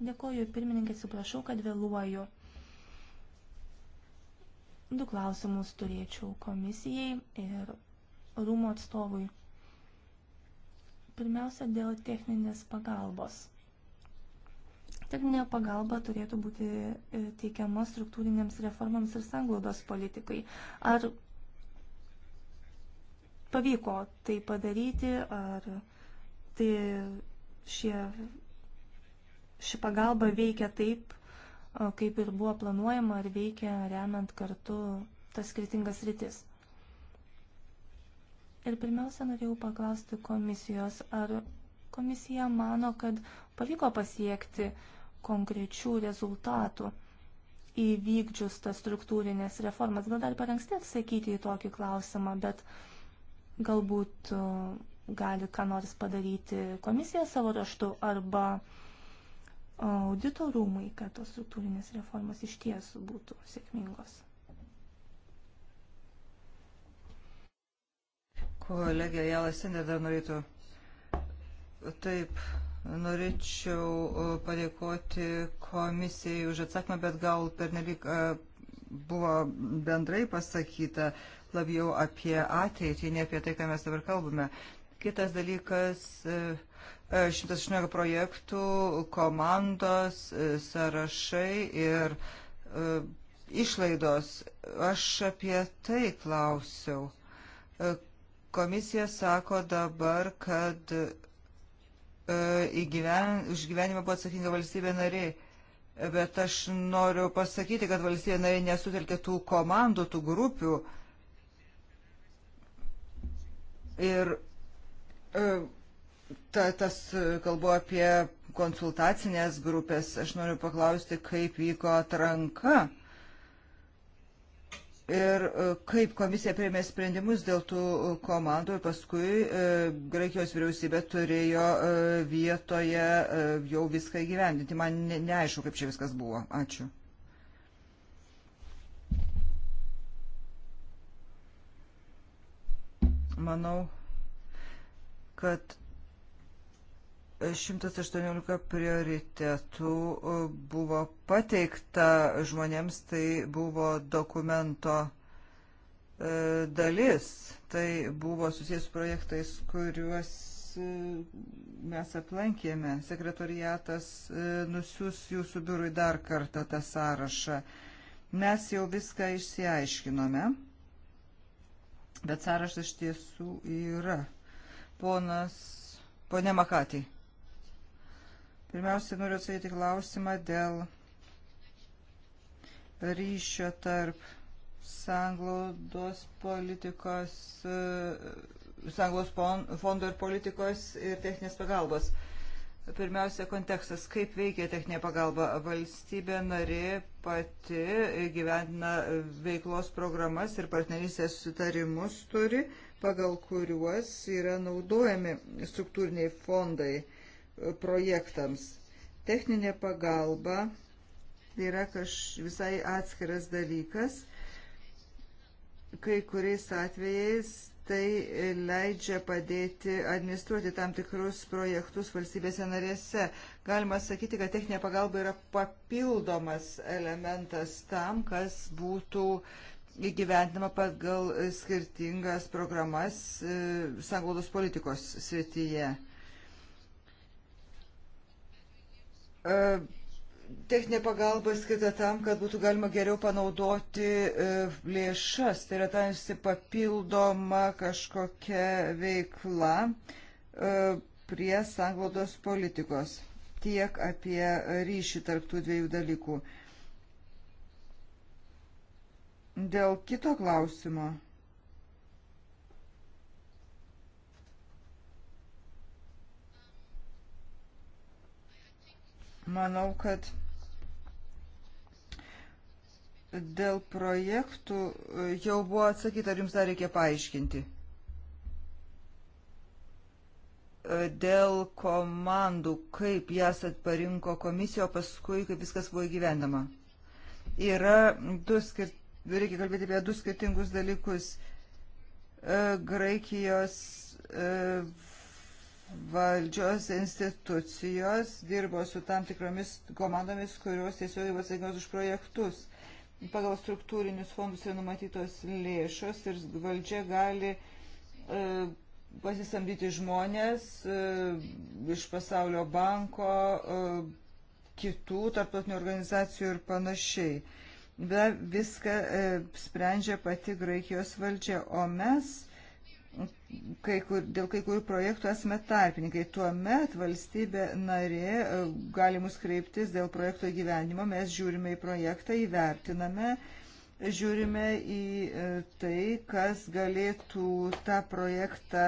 Dėkoju pirmininkai, suprašau, kad vėluoju. Du klausimus turėčiau komisijai ir rūmo atstovui. Pirmiausia, dėl techninės pagalbos. Techninė pagalba turėtų būti e, teikiama struktūrinėms reformams ir sanglaudos politikai. Ar pavyko tai padaryti, ar tai šie ši pagalba veikia taip, kaip ir buvo planuojama, ar veikia remiant kartu tas skirtingas rytis. Ir pirmiausia, norėjau paklausti komisijos, ar komisija mano, kad pavyko pasiekti konkrečių rezultatų įvykdžius tas struktūrinės reformas. Gal dar per anksti atsakyti į tokį klausimą, bet galbūt gali ką nors padaryti komisija savo raštu arba uh, audito rūmai, kad tos struktūrinės reformos iš ties būtų sėkmingos. Kolegė Jalasinė dar norėtų. Taip, norėčiau padėkoti komisijai už atsakymą, bet gal per nelik buvo bendrai pasakyta labiau apie ateitį, ne apie tai, ką mes dabar kalbame. Kitas dalykas. E, 118 e, projektų, komandos, e, sąrašai ir e, išlaidos. Aš apie tai klausiau. Komisija sako dabar, kad gyven, už gyvenimą buvo atsakinga valstybė nariai. Bet aš noriu pasakyti, kad valstybė nariai nesutelkė tų komandų, tų grupių. Ir uh, ta, tas kalbu apie konsultacinės grupės. Aš noriu paklausti, kaip vyko atranka ir e, kaip komisija priėmė sprendimus dėl tų komandų ir paskui e, Graikijos vyriausybė turėjo e, vietoje jau viską įgyvendinti. Man ne, neaišku, kaip čia viskas buvo. Ačiū. Manau, kad 118 prioritetų e, buvo pateikta žmonėms, tai buvo dokumento e, dalis, tai buvo susijęs projektais, kuriuos e, mes aplankėme. Sekretoriatas nusius jūsų biurui dar kartą tą sąrašą. Mes jau viską išsiaiškinome, bet sąrašas iš tiesų yra. Ponas, ponė Makatį. Pirmiausia, noriu atsakyti klausimą dėl ryšio tarp sanglaudos politikos, e, sanglaudos fondo ir politikos ir techninės pagalbos. Pirmiausia, kontekstas, kaip veikia techninė pagalba. Valstybė narė pati gyventina veiklos programas ir partnerystės sutarimus turi, pagal kuriuos yra naudojami struktūriniai fondai projektams. Techninė pagalba yra kaž visai atskiras dalykas. Kai kuriais atvejais tai leidžia padėti administruoti tam tikrus projektus valstybėse narėse. Galima sakyti, kad techninė pagalba yra papildomas elementas tam, kas būtų įgyvendinama pagal skirtingas programas e, sanglaudos politikos srityje. E, techninė pagalba skirta tam, kad būtų galima geriau panaudoti e, lėšas, tai yra tarsi papildoma kažkokia veikla e, prie sanglaudos politikos. Tiek apie ryšį tarptų dviejų dalykų. Dėl kito klausimo. Manau, kad dėl projektų jau buvo atsakyta, ar jums dar reikia paaiškinti? Dėl komandų, kaip jas atparinko komisija, o paskui kaip viskas buvo įgyvendama. Yra du skirti, reikia kalbėti apie du skirtingus dalykus. E, Graikijos e, valdžios institucijos dirbo su tam tikromis komandomis, kurios tiesiogiai atsakingos už projektus. Pagal struktūrinius fondus yra numatytos lėšos ir valdžia gali e, pasisamdyti žmonės e, iš pasaulio banko, e, kitų tarptautinių organizacijų ir panašiai. Be viską e, sprendžia pati Graikijos valdžia, o mes kai kur, dėl kai kurių projektų esame tarpininkai. Tuomet valstybė narė e, gali mus kreiptis dėl projekto įgyvenimo, mes žiūrime į projektą, įvertiname, žiūrime į e, tai, kas galėtų tą projektą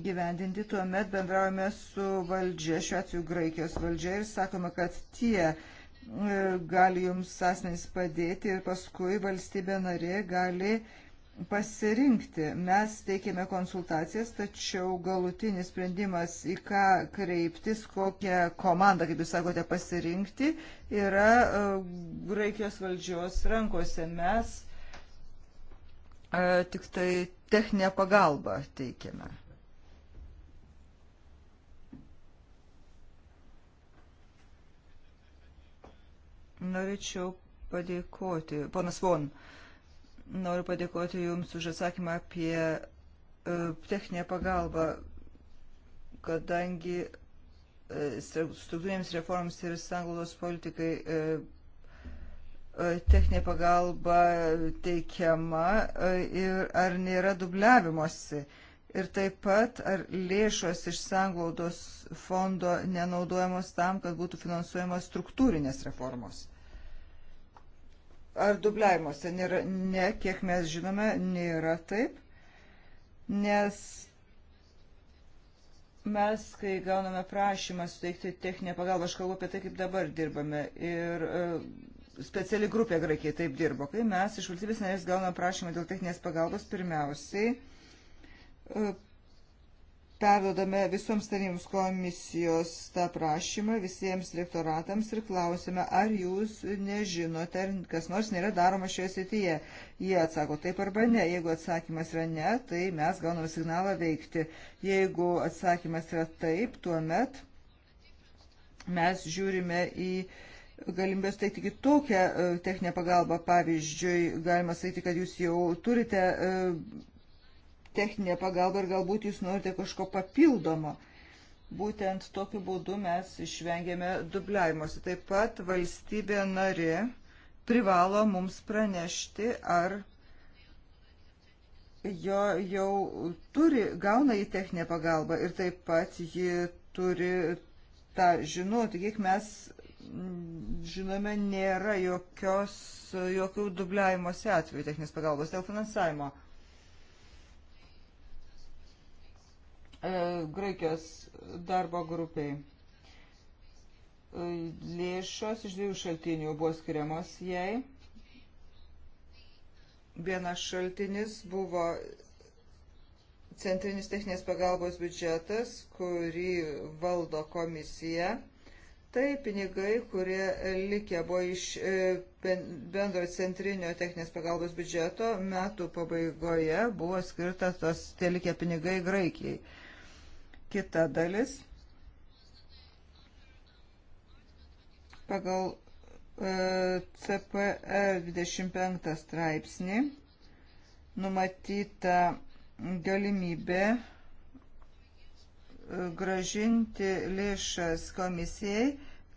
įgyvendinti, tuomet bendraujame su valdžia, šiuo atveju Graikijos valdžia ir sakome, kad tie e, gali jums asmenys padėti ir paskui valstybė narė gali uh, pasirinkti. Mes teikėme konsultacijas, tačiau galutinis sprendimas, į ką kreiptis, kokią komandą, kaip jūs sakote, pasirinkti, yra e, Graikijos valdžios rankose. Mes e, tik tai techninę pagalbą teikėme. Norėčiau padėkoti. Ponas Von, uh, Noriu padėkoti Jums už atsakymą apie e, techninę pagalbą, kadangi e, struktūrinėms reformams ir sanglaudos politikai e, techninė pagalba teikiama ir ar nėra dubliavimuose. Ir taip pat, ar lėšos iš sanglaudos fondo nenaudojamos tam, kad būtų finansuojamos struktūrinės reformos ar dubliavimuose. Nėra, ne, kiek mes žinome, nėra taip, nes mes, kai gauname prašymą suteikti techninę pagalbą, aš kalbu apie tai, kaip dabar dirbame. Ir e, speciali grupė graikiai taip dirbo. Kai mes iš valstybės narės gauname prašymą dėl techninės pagalbos, pirmiausiai e, Perdodame visoms tarnybos komisijos tą prašymą visiems rektoratams ir klausime, ar jūs nežinote, ar kas nors nėra daroma šioje srityje. Jie atsako taip arba ne. Jeigu atsakymas yra ne, tai mes gauname signalą veikti. Jeigu atsakymas yra taip, tuomet mes žiūrime į galimybės teikti kitokią e, techninę pagalbą. Pavyzdžiui, galima sakyti, kad jūs jau turite e, techninė pagalba ir galbūt jūs norite kažko papildomo. Būtent tokiu būdu mes išvengėme dubliavimuose. Taip pat valstybė nari privalo mums pranešti, ar jo jau turi, gauna į techninę pagalbą ir taip pat ji turi tą žinoti, kiek mes žinome, nėra jokios, jokių dubliavimuose atveju techninės pagalbos dėl finansavimo. E, Graikijos darbo grupiai. E, lėšos iš dviejų šaltinių buvo skiriamos jai. Vienas šaltinis buvo centrinis techninės pagalbos biudžetas, kurį valdo komisija. Tai pinigai, kurie likė buvo iš e, bendro centrinio techninės pagalbos biudžeto, metų pabaigoje buvo skirtas tos tie likę pinigai Graikijai kita dalis. Pagal e, CPR 25 e straipsnį numatyta galimybė e, gražinti lėšas komisijai,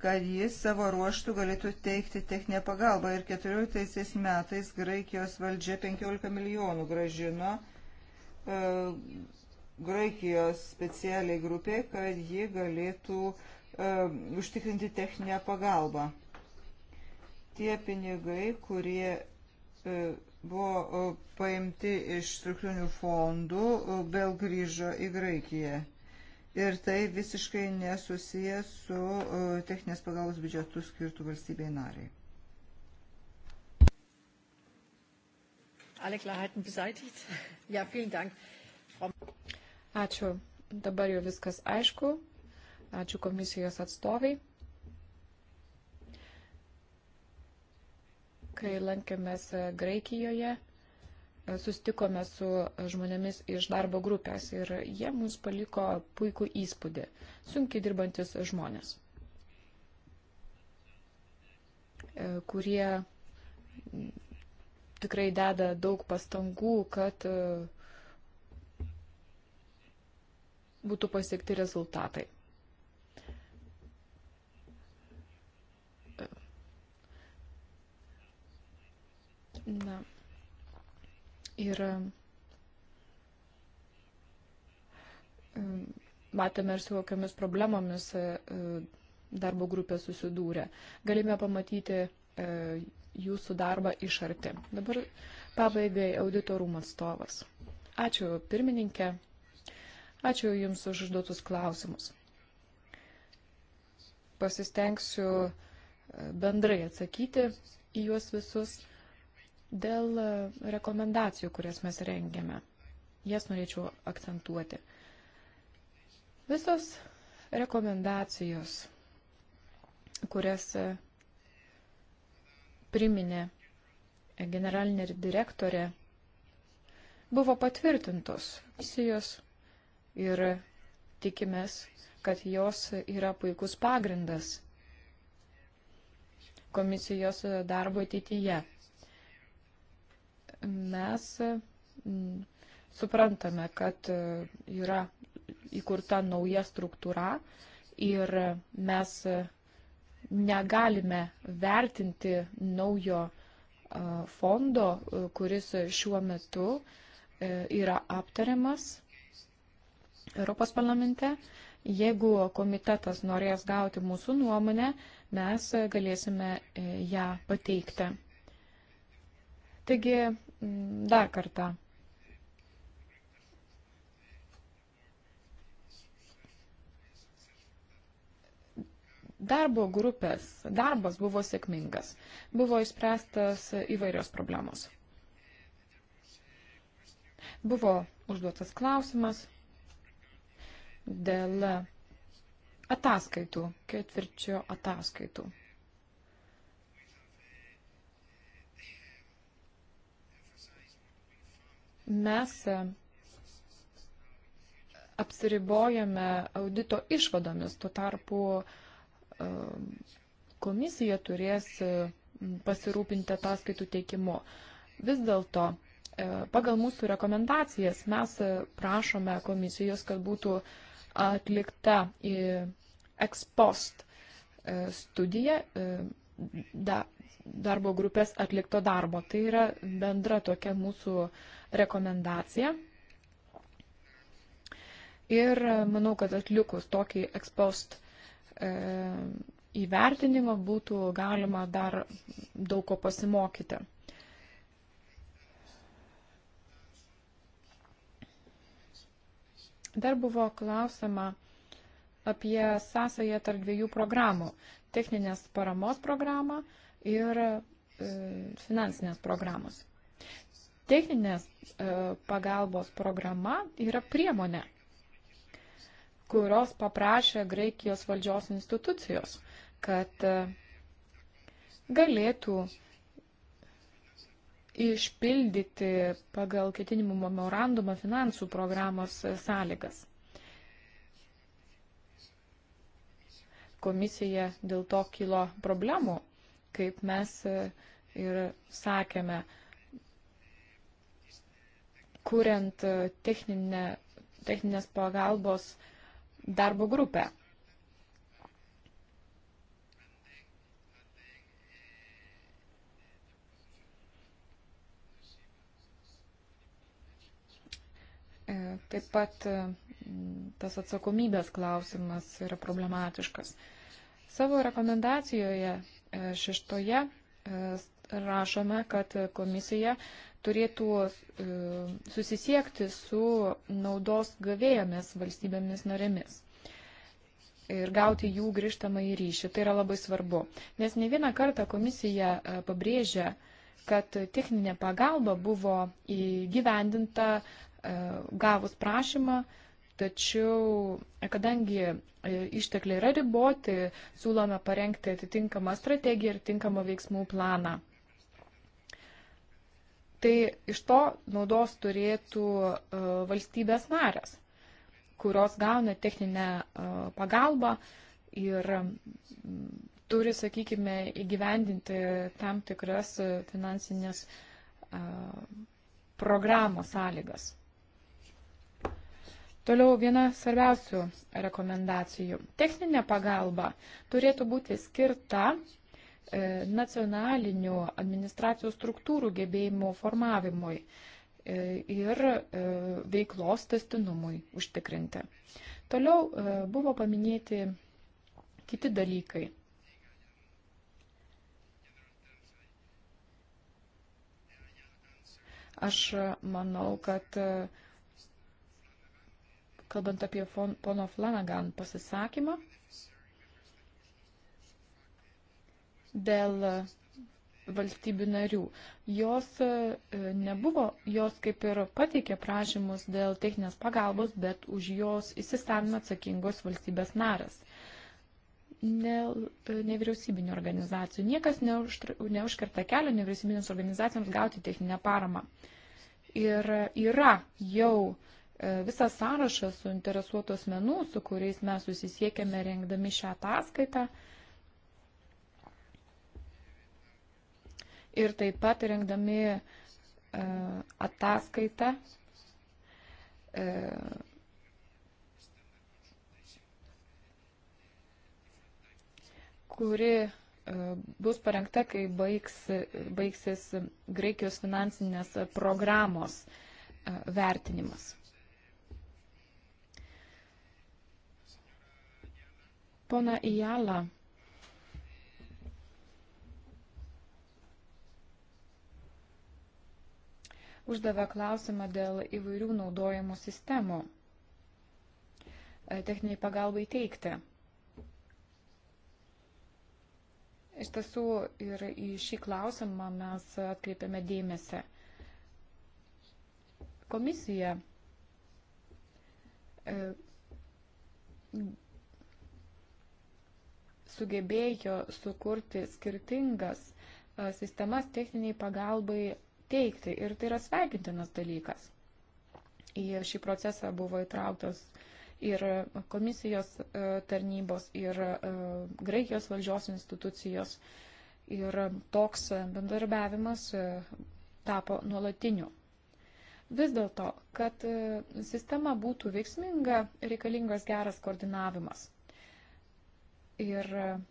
kad jis savo ruoštų galėtų teikti techninę pagalbą. Ir 14 metais Graikijos valdžia 15 milijonų gražino Graikijos specialiai grupiai, kad ji galėtų e, užtikrinti techninę pagalbą. Tie pinigai, kurie e, buvo e, paimti iš struktūrinių fondų, e, vėl grįžo į Graikiją. Ir tai visiškai nesusiję su e, techninės pagalbos biudžetu skirtų valstybei nariai. Alle Klarheiten beseitigt? Ja, vielen Dank. Ačiū. Dabar jau viskas aišku. Ačiū komisijos atstoviai. Kai lankėmės Graikijoje, sustikome su žmonėmis iš darbo grupės ir jie mums paliko puikų įspūdį. Sunkiai dirbantis žmonės, kurie tikrai deda daug pastangų, kad uh, būtų pasiekti rezultatai. Na. Ir e, matėme ir su kokiamis problemomis e, e, darbo grupė susidūrė. Galime pamatyti jūsų darbą iš arti. Dabar pabaigai auditorumo atstovas. Ačiū pirmininkė. Ačiū Jums už užduotus klausimus. Pasistengsiu e, bendrai atsakyti į juos visus dėl e, rekomendacijų, kurias mes rengiame. Jas norėčiau akcentuoti. Visos rekomendacijos, kurias e, priminė generalinė direktorė, buvo patvirtintos misijos ir tikimės, kad jos yra puikus pagrindas komisijos darbo ateityje. Mes mm, suprantame, kad yra įkurta nauja struktūra ir mes negalime vertinti naujo fondo, kuris šiuo metu e, yra aptariamas Europos parlamente. Jeigu komitetas norės gauti mūsų nuomonę, mes galėsime e, ją pateikti. Taigi, dar kartą. Darbo grupės darbas buvo sėkmingas. Buvo išspręstas įvairios problemos. Buvo užduotas klausimas dėl ataskaitų, ketvirčio ataskaitų. Mes apsiribojame audito išvadomis, tuo tarpu um, komisija turės um, pasirūpinti ataskaitų teikimu. Vis dėlto uh, pagal mūsų rekomendacijas mes uh, prašome komisijos, kad būtų uh, atlikta ekspost e, studija e, darbo grupės atlikto darbo. Tai yra bendra tokia mūsų rekomendacija. Ir e, manau, kad atlikus tokį ekspost įvertinimą būtų galima dar daug ko pasimokyti. Dar buvo klausima apie sąsąją tarp dviejų programų - techninės paramos programą ir e, finansinės programos. Techninės e, pagalbos programa yra priemonė, kurios paprašė Graikijos valdžios institucijos, kad e, galėtų e, išpildyti pagal ketinimų memorandumą finansų programos sąlygas. Komisija dėl to kilo problemų, kaip mes ir sakėme, kuriant techninę, techninės pagalbos darbo grupę. Taip pat mm, tas atsakomybės klausimas yra problematiškas. Savo rekomendacijoje e, šeštoje e, rašome, kad komisija turėtų e, susisiekti su naudos gavėjomis valstybėmis narėmis ir gauti jų grįžtamą į ryšį. Tai yra labai svarbu, nes ne vieną kartą komisija pabrėžia, kad techninė pagalba buvo įgyvendinta E, gavus prašymą, tačiau e, kadangi e, ištekliai yra riboti, siūlome parengti atitinkamą strategiją ir tinkamą veiksmų planą. Tai iš to naudos turėtų valstybės narės, kurios gauna techninę pagalbą ir mm, turi, sakykime, įgyvendinti tam tikras finansinės programos sąlygas. Toliau viena svarbiausių rekomendacijų. Techninė pagalba turėtų būti skirta e, nacionalinių administracijos struktūrų gebėjimų formavimui e, ir e, veiklos testinumui užtikrinti. Toliau buvo paminėti kiti dalykai. Aš manau, kad uh, kalbant apie fon, pono Flanagan pasisakymą dėl valstybių narių. Jos e, nebuvo, jos kaip ir pateikė prašymus dėl techninės pagalbos, bet už jos įsistavimą atsakingos valstybės naras. Ne, nevyriausybinio organizacijų. Niekas neužtra, neužkerta kelio nevyriausybinėms organizacijoms gauti techninę paramą. Ir yra jau uh, E, visą sąrašą suinteresuotos menų, su kuriais mes susisiekėme rengdami šią ataskaitą. Ir taip pat rengdami e, ataskaitą e, kuri e, bus parengta, kai baigs, baigsis Graikijos finansinės programos e, vertinimas. Pona Ijala. Uždavė klausimą dėl įvairių naudojimų sistemų e, techniniai pagalbai teikti. Iš tiesų ir į šį klausimą mes atkreipiame dėmesį. Komisija e, sugebėjo sukurti skirtingas sistemas techniniai pagalbai teikti ir tai yra sveikintinas dalykas. Į šį procesą buvo įtrauktos ir komisijos tarnybos, ir Graikijos valdžios institucijos. Ir toks bendarbiavimas tapo nuolatiniu. Vis dėlto, kad sistema būtų veiksminga, reikalingas geras koordinavimas. Ir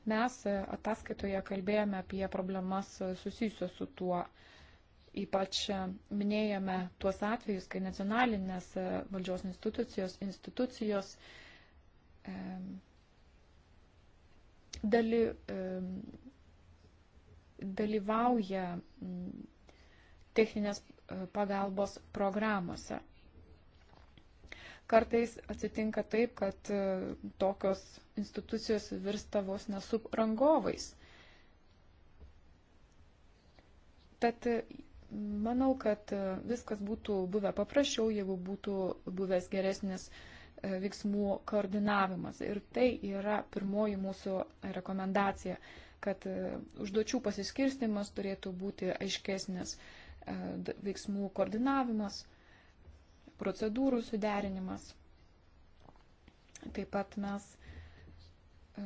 mes ataskaitoje kalbėjome apie problemas susijusios su tuo. Ypač minėjome tuos atvejus, kai nacionalinės valdžios institucijos, institucijos e, daly, e, dalyvauja techninės pagalbos programuose. Kartais atsitinka taip, kad e, tokios institucijos virsta vos nesuprangovais. Tad e, manau, kad e, viskas būtų buvę paprasčiau, jeigu būtų buvęs geresnis veiksmų koordinavimas. Ir tai yra pirmoji mūsų rekomendacija, kad užduočių pasiskirstimas turėtų būti aiškesnis, veiksmų koordinavimas procedūrų suderinimas. Taip pat mes e,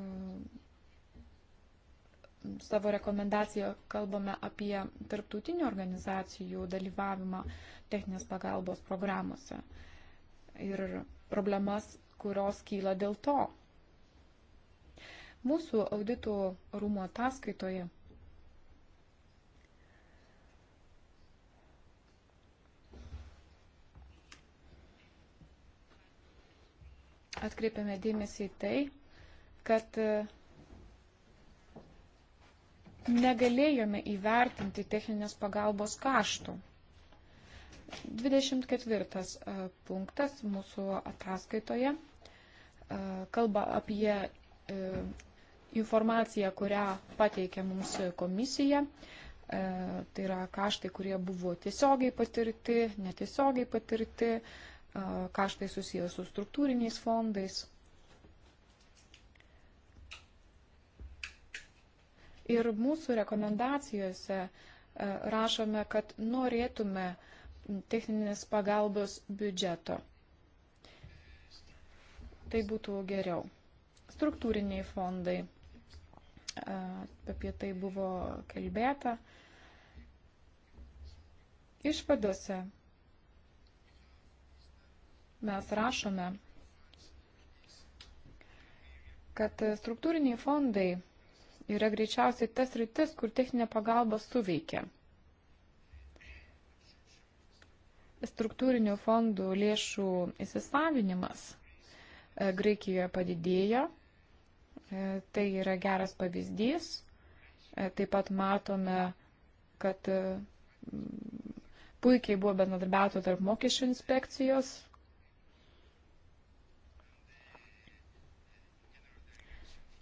savo rekomendaciją kalbame apie tarptautinių organizacijų dalyvavimą techninės pagalbos programuose ir problemas, kurios kyla dėl to. Mūsų auditų rūmų ataskaitoje atkreipiame dėmesį į tai, kad e, negalėjome įvertinti techninės pagalbos kaštų. 24 e, punktas mūsų ataskaitoje e, kalba apie informaciją, kurią pateikė mums komisija. Tai yra kaštai, kurie buvo tiesiogiai patirti, netiesiogiai patirti, kaštai susijęs su struktūriniais fondais. Ir mūsų rekomendacijose rašome, kad norėtume techninės pagalbos biudžeto. Tai būtų geriau. Struktūriniai fondai. Apie tai buvo kalbėta. Išvadose mes rašome, kad struktūriniai fondai yra greičiausiai tas rytis, kur techninė pagalba suveikia. Struktūrinių fondų lėšų įsisavinimas e, Graikijoje padidėjo, e, tai yra geras pavyzdys. E, taip pat matome, kad mm, puikiai buvo bendradarbiauta tarp mokesčių inspekcijos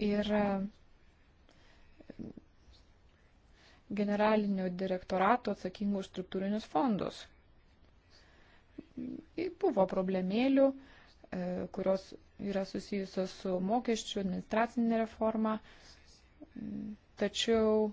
ir e, generalinio direktorato atsakingų struktūrinius fondus. Buvo problemėlių, e, kurios yra susijusios su mokesčių administracinė reforma, tačiau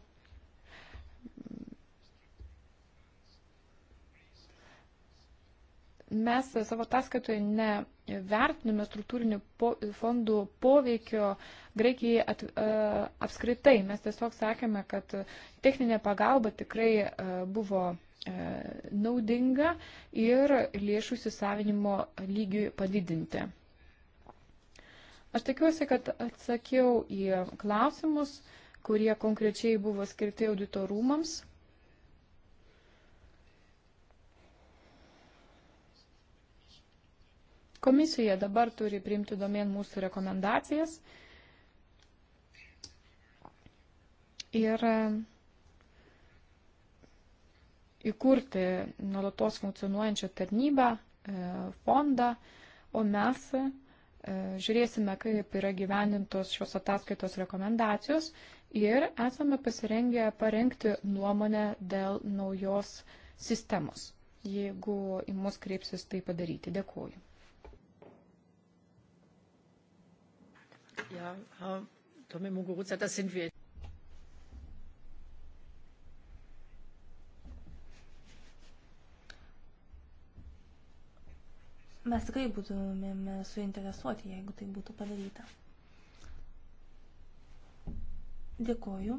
mes savo ataskaitoje ne vertiname struktūrinių po, fondų poveikio Graikijai at, e, apskritai. Mes tiesiog sakėme, kad techninė pagalba tikrai e, buvo e, naudinga ir lėšų įsisavinimo lygiui padidinti. Aš tikiuosi, kad atsakiau į klausimus, kurie konkrečiai buvo skirti auditorumams. Komisija dabar turi priimti domen mūsų rekomendacijas. Ir e, įkurti nuolatos funkcionuojančią tarnybą, e, fondą, o mes e, žiūrėsime, kaip yra gyvendintos šios ataskaitos rekomendacijos ir esame pasirengę parengti nuomonę dėl naujos sistemos, jeigu į mus kreipsis tai padaryti. Dėkuoju. Ja, Herr Tome Muguruza, das sind wir. Mes tikrai būtumėme suinteresuoti, jeigu tai būtų padaryta. Dėkoju.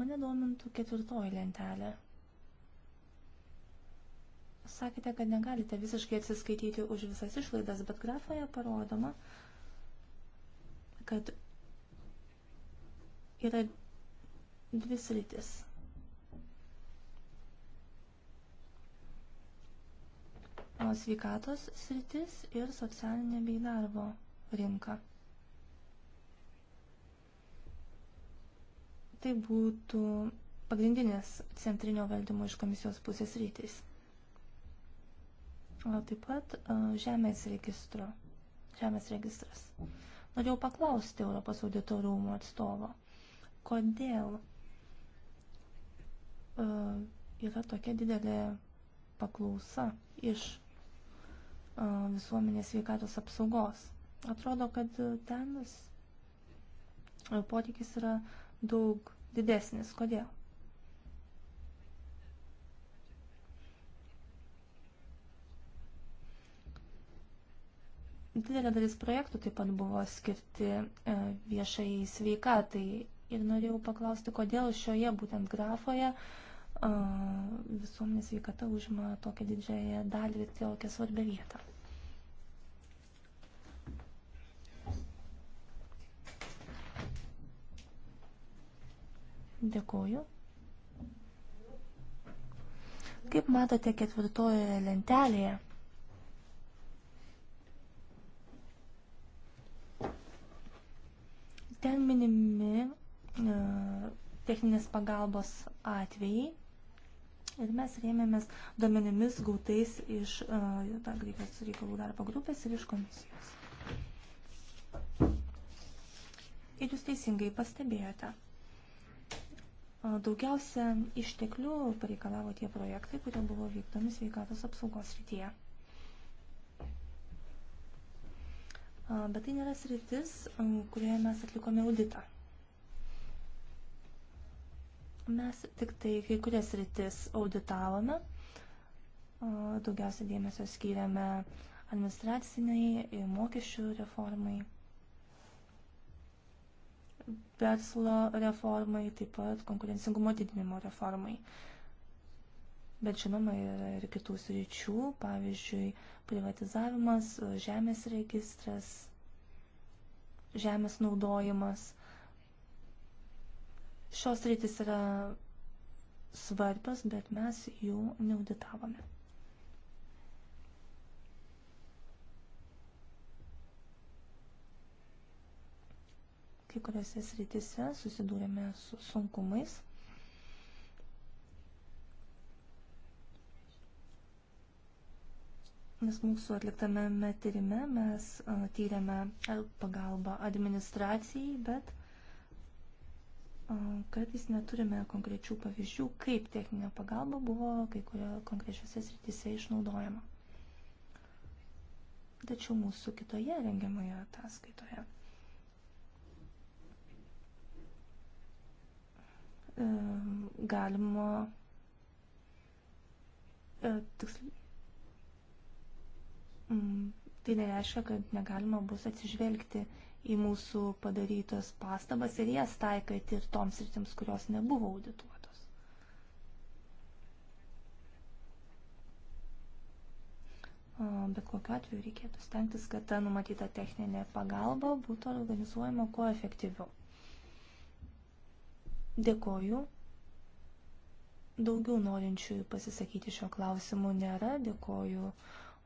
Mane domintų ketvirtoji lentelė. Sakėte, kad negalite visiškai atsiskaityti už visas išlaidas, bet grafoje parodoma, kad kad yra dvi sritis. Sveikatos sritis ir socialinė bei darbo rinka. Tai būtų pagrindinės centrinio valdymo iš komisijos pusės rytis. O taip pat žemės registro, žemės registras. Norėjau paklausti Europos audito rūmų atstovo, kodėl uh, yra tokia didelė paklausa iš uh, visuomenės sveikatos apsaugos. Atrodo, kad ten e, poreikis yra daug didesnis. Kodėl? Didelė dalis projektų taip pat buvo skirti e, viešai sveikatai ir norėjau paklausti, kodėl šioje būtent grafoje e, visuomenės sveikata užima tokią didžiąją dalį ir tokią svarbią vietą. Dėkuoju. Kaip matote ketvirtojoje lentelėje, Ten minimi e, techninės pagalbos atvejai ir mes rėmėmės duomenimis gautais iš e, Graikijos reikalų darbo grupės ir iš komisijos. Ir jūs teisingai pastebėjote. E, daugiausia išteklių pareikalavo tie projektai, kurie buvo vykdomi sveikatos apsaugos rytyje. bet tai nėra sritis, kurioje mes atlikome auditą. Mes tik tai kai kurias sritis auditavome, daugiausia dėmesio skiriame administraciniai ir mokesčių reformai, verslo reformai, taip pat konkurencingumo didinimo reformai. Uh, bet žinoma yra ir kitų sričių, pavyzdžiui, privatizavimas, žemės registras, žemės naudojimas. Šios rytis yra svarbios, bet mes jų neauditavome. Kai kuriuose srityse susidūrėme su sunkumais. Nes mūsų atliktame tyrime mes tyrėme pagalbą administracijai, bet kartais neturime konkrečių pavyzdžių, kaip techninė pagalba buvo kai kurio konkrečiose srityse išnaudojama. Tačiau mūsų kitoje rengiamoje ataskaitoje e, galima e, tiksliai Mm, tai nereiškia, kad negalima bus atsižvelgti į mūsų padarytos pastabas ir jas taikyti ir toms rytims, kurios nebuvo audituotos. Bet kokiu atveju reikėtų stengtis, kad ta numatyta techninė pagalba būtų organizuojama kuo efektyviau. Dėkoju. Daugiau norinčių pasisakyti šio klausimu nėra. Dėkoju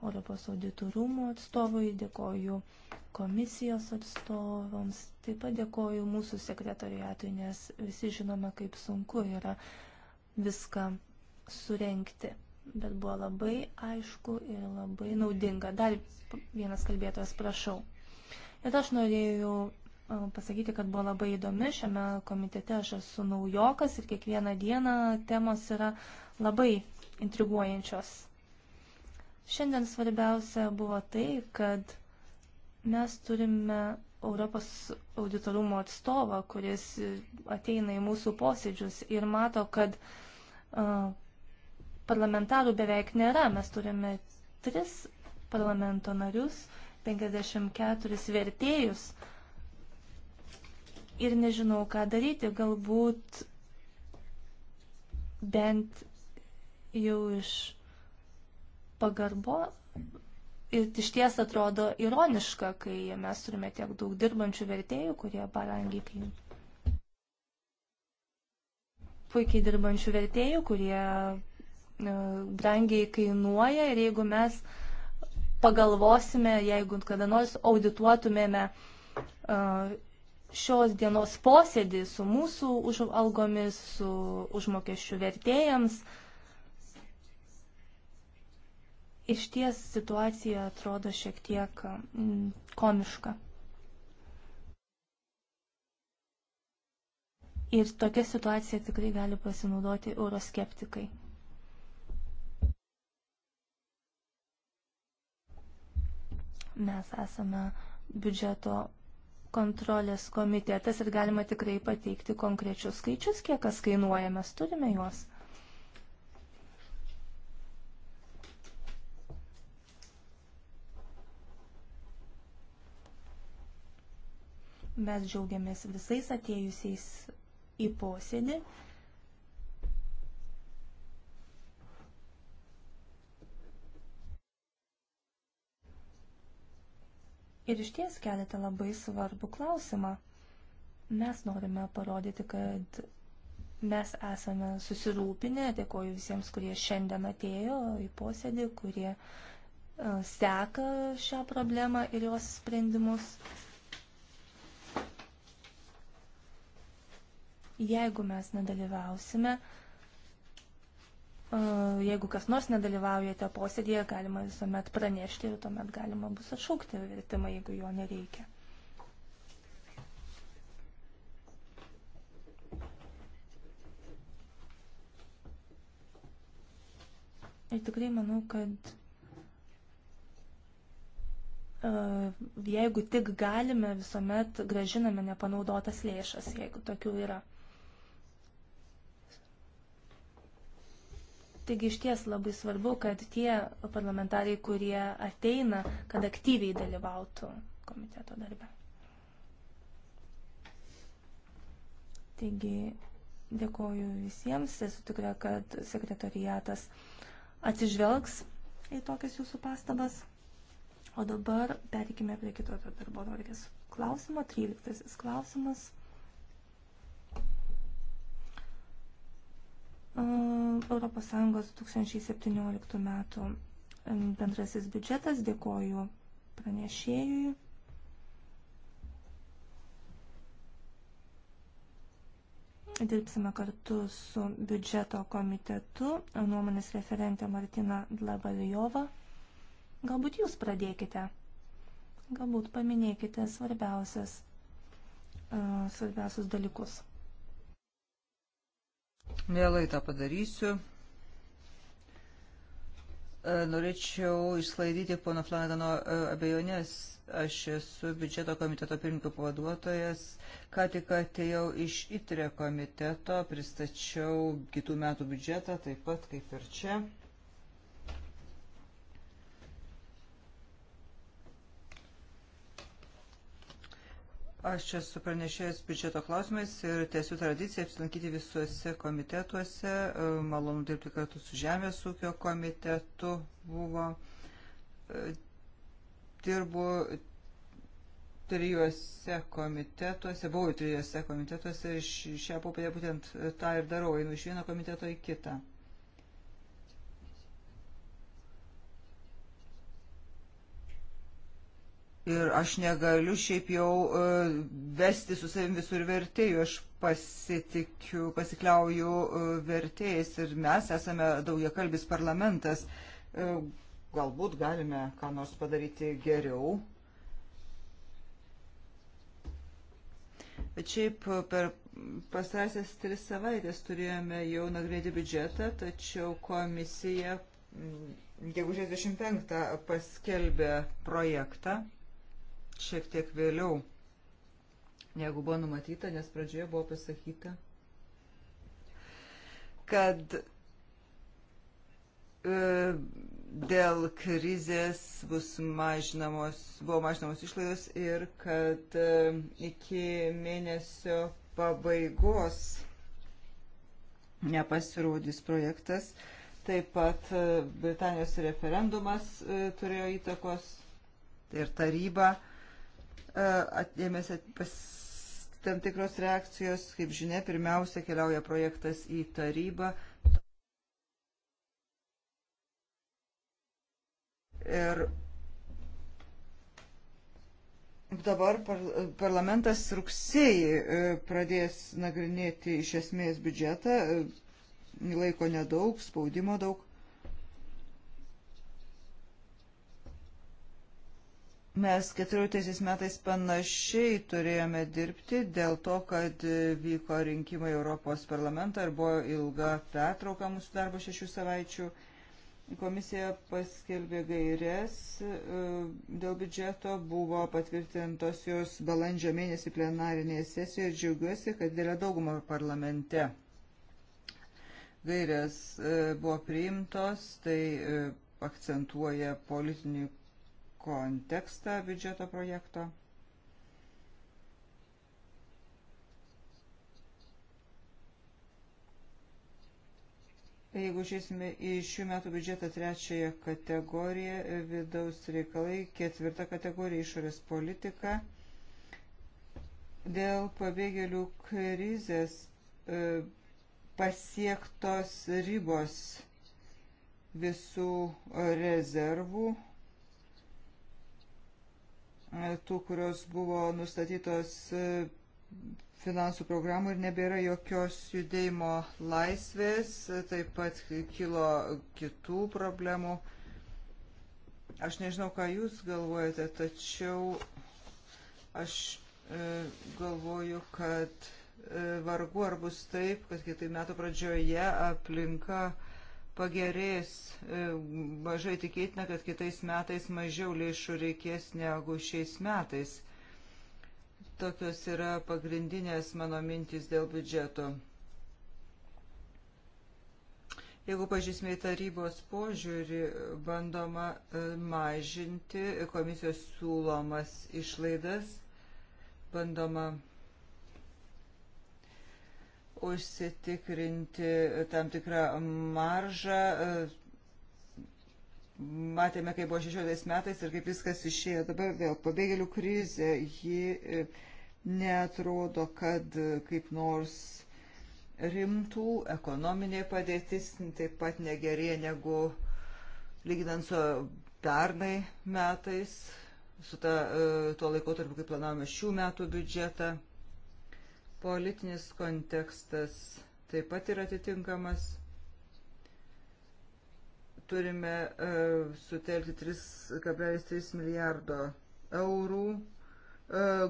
Europos auditorumo atstovui, dėkoju komisijos atstovams, taip pat dėkoju mūsų sekretariatui, nes visi žinome, kaip sunku yra viską surenkti. Bet buvo labai aišku ir labai naudinga. Dar vienas kalbėtojas, prašau. Ir aš norėjau pasakyti, kad buvo labai įdomi. Šiame komitete aš esu naujokas ir kiekvieną dieną temos yra labai intriguojančios. Šiandien svarbiausia buvo tai, kad mes turime Europos auditorumo atstovą, kuris ateina į mūsų posėdžius ir mato, kad uh, parlamentarų beveik nėra. Mes turime tris parlamento narius, 54 vertėjus ir nežinau, ką daryti. Galbūt bent jau iš pagarbo ir iš ties atrodo ironiška, kai mes turime tiek daug dirbančių vertėjų, kurie barangiai kainuoja puikiai dirbančių vertėjų, kurie e, brangiai kainuoja ir jeigu mes pagalvosime, jeigu kada nors audituotumėme e, šios dienos posėdį su mūsų už algomis, su užmokesčių vertėjams, Iš ties situacija atrodo šiek tiek mm, komiška. Ir tokia situacija tikrai gali pasinaudoti euroskeptikai. Mes esame biudžeto kontrolės komitetas ir galima tikrai pateikti konkrečius skaičius, kiek kas kainuoja, mes turime juos. Mes džiaugiamės visais atėjusiais į posėdį. Ir iš ties keliate labai svarbų klausimą. Mes norime parodyti, kad mes esame susirūpinę, dėkoju visiems, kurie šiandien atėjo į posėdį, kurie e, seka šią problemą ir jos sprendimus. jeigu mes nedalyvausime, e, jeigu kas nors nedalyvaujate posėdėje, galima visuomet pranešti ir tuomet galima bus atšaukti vertimą, jeigu jo nereikia. Ir tikrai manau, kad e, jeigu tik galime, visuomet gražiname nepanaudotas lėšas, jeigu tokių yra. Taigi iš ties labai svarbu, kad tie parlamentarai, kurie ateina, kad aktyviai dalyvautų komiteto darbe. Taigi dėkoju visiems, esu tikra, kad sekretariatas atsižvelgs į tokias jūsų pastabas. O dabar perikime prie kito darbo tvarkės klausimo, 13 klausimas. Europos Sąjungos 2017 metų bendrasis biudžetas. Dėkoju pranešėjui. Dirbsime kartu su biudžeto komitetu, nuomonės referentė Martina Dlabalijova. Galbūt jūs pradėkite. Galbūt paminėkite svarbiausias, uh, svarbiausius dalykus. Mielai tą padarysiu. E, norėčiau išsklaidyti pono Flanagano e, abejonės. Aš esu biudžeto komiteto pirmininko pavaduotojas. Ką tik atėjau iš ITRE komiteto, pristačiau kitų metų biudžetą, taip pat kaip ir čia. Aš čia esu pranešėjęs biudžeto klausimais ir tiesiu tradiciją apsilankyti visuose komitetuose. E, malonu dirbti kartu su Žemės ūkio komitetu. Buvo, e, dirbu trijuose komitetuose, buvau trijuose komitetuose ir šią popietę būtent tą ir darau, einu iš vieno komiteto į kitą. Ir aš negaliu šiaip jau e, vesti su savim visur vertėjų. Aš pasitikiu, pasikliauju e, vertėjais ir mes esame daugiakalbis parlamentas. E, galbūt galime ką nors padaryti geriau. Bet šiaip per pasarasias tris savaitės turėjome jau nagrėti biudžetą, tačiau komisija gegužės 25 paskelbė projektą šiek tiek vėliau, negu buvo numatyta, nes pradžioje buvo pasakyta, kad e, dėl krizės bus mažinamos, buvo mažinamos išlaidos ir kad e, iki mėnesio pabaigos nepasirodys projektas. Taip pat e, Britanijos referendumas turėjo įtakos ir taryba E, atėmėsi pas tam tikros reakcijos, kaip žinia, pirmiausia keliauja projektas į tarybą. Ir dabar par, parlamentas rugsėjai e, pradės nagrinėti iš esmės biudžetą, e, laiko nedaug, spaudimo daug. Mes 14 metais panašiai turėjome dirbti dėl to, kad vyko rinkimai Europos parlamentą ir buvo ilga pertrauka mūsų darbo šešių savaičių. Komisija paskelbė gairias e, dėl biudžeto, buvo patvirtintos jos balandžio mėnesį plenarinėje sesijoje ir džiaugiuosi, kad dėlė daugumą parlamente. Gairės e, buvo priimtos, tai e, akcentuoja politinį kontekstą biudžeto projekto. Jeigu žiūrėsime į šių metų biudžetą trečiąją kategoriją, vidaus reikalai, ketvirta kategorija išorės politika, dėl pabėgėlių krizės e, pasiektos ribos visų rezervų tų, kurios buvo nustatytos e, finansų programų ir nebėra jokios judėjimo laisvės, taip pat kilo kitų problemų. Aš nežinau, ką jūs galvojate, tačiau aš e, galvoju, kad e, vargu ar bus taip, kad kitai metų pradžioje aplinka e, pagerės, e, mažai tikėtina, kad kitais metais mažiau lėšų reikės negu šiais metais. Tokios yra pagrindinės mano mintys dėl biudžeto. Jeigu pažįsime į tarybos požiūrį, bandoma e, mažinti komisijos siūlomas išlaidas, bandoma mažinti užsitikrinti tam tikrą maržą. Matėme, kaip buvo 16 metais ir kaip viskas išėjo. Dabar vėl pabėgėlių krizė, ji e, netrodo, kad e, kaip nors rimtų, ekonominė padėtis taip pat negerėja negu lyginant su pernai metais, su ta, e, tuo laikotarpiu, kai planavome šių metų biudžetą. Politinis kontekstas taip pat yra atitinkamas. Turime e, sutelkti 3,3 milijardo eurų e,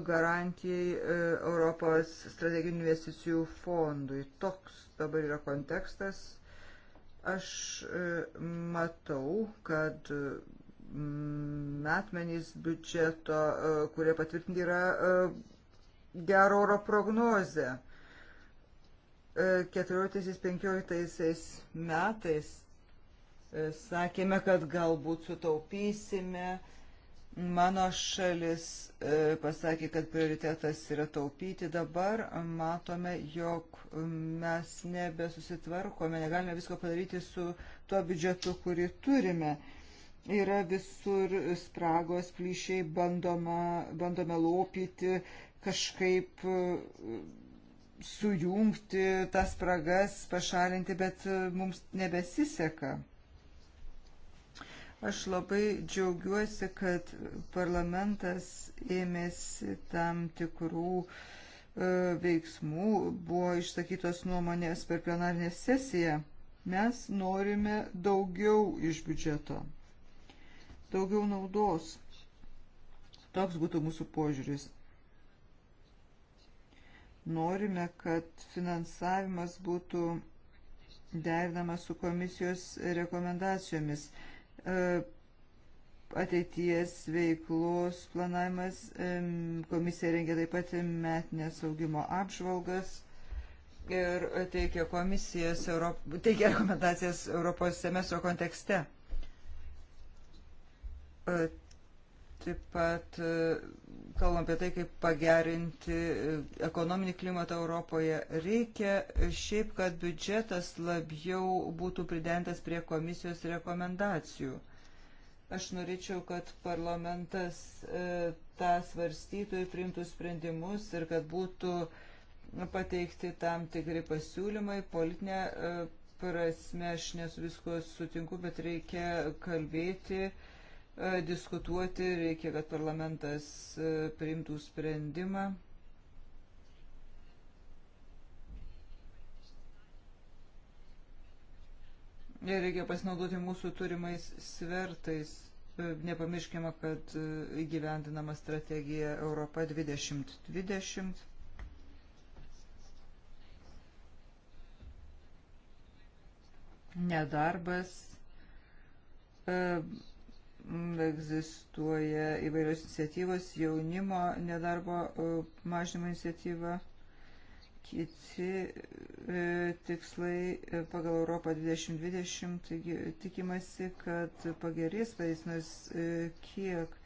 garantijai e, Europos strateginių investicijų fondui. Toks dabar yra kontekstas. Aš e, matau, kad e, metmenys biudžeto, e, kurie patvirtinti yra e, gerą oro prognozę. 14-15 e, metais e, sakėme, kad galbūt sutaupysime. Mano šalis e, pasakė, kad prioritetas yra taupyti. Dabar matome, jog mes nebesusitvarkome, negalime visko padaryti su tuo biudžetu, kurį turime yra visur spragos, plyšiai, bandoma, bandome lopyti, kažkaip e, sujungti tas spragas, pašalinti, bet e, mums nebesiseka. Aš labai džiaugiuosi, kad parlamentas ėmėsi tam tikrų e, veiksmų, buvo išsakytos nuomonės per plenarinę sesiją. Mes norime daugiau iš biudžeto, daugiau naudos. Toks būtų mūsų požiūris norime, kad finansavimas būtų derinamas su komisijos rekomendacijomis. E, ateities veiklos planavimas, e, komisija rengia taip pat metinės augimo apžvalgas, ir teikia komisijas, Europ... teikia rekomendacijas Europos semestro kontekste. E, taip pat kalbam apie tai, kaip pagerinti e, ekonominį klimatą Europoje, reikia e, šiaip, kad biudžetas labiau būtų pridentas prie komisijos rekomendacijų. Aš norėčiau, kad parlamentas e, tą svarstytų ir priimtų sprendimus ir kad būtų pateikti tam tikri pasiūlymai. Politinė e, prasme aš nesu visko sutinku, bet reikia kalbėti. E, E, diskutuoti, reikia, kad parlamentas e, priimtų sprendimą. Ir reikia pasinaudoti mūsų turimais svertais. E, nepamirškime, kad įgyvendinama strategija Europa 2020. Nedarbas. E, Mm, egzistuoja įvairios iniciatyvos, jaunimo nedarbo e, mažinimo iniciatyva, kiti e, tikslai e, pagal Europą 2020, taigi tikimasi, kad pagerės padėtis kiek.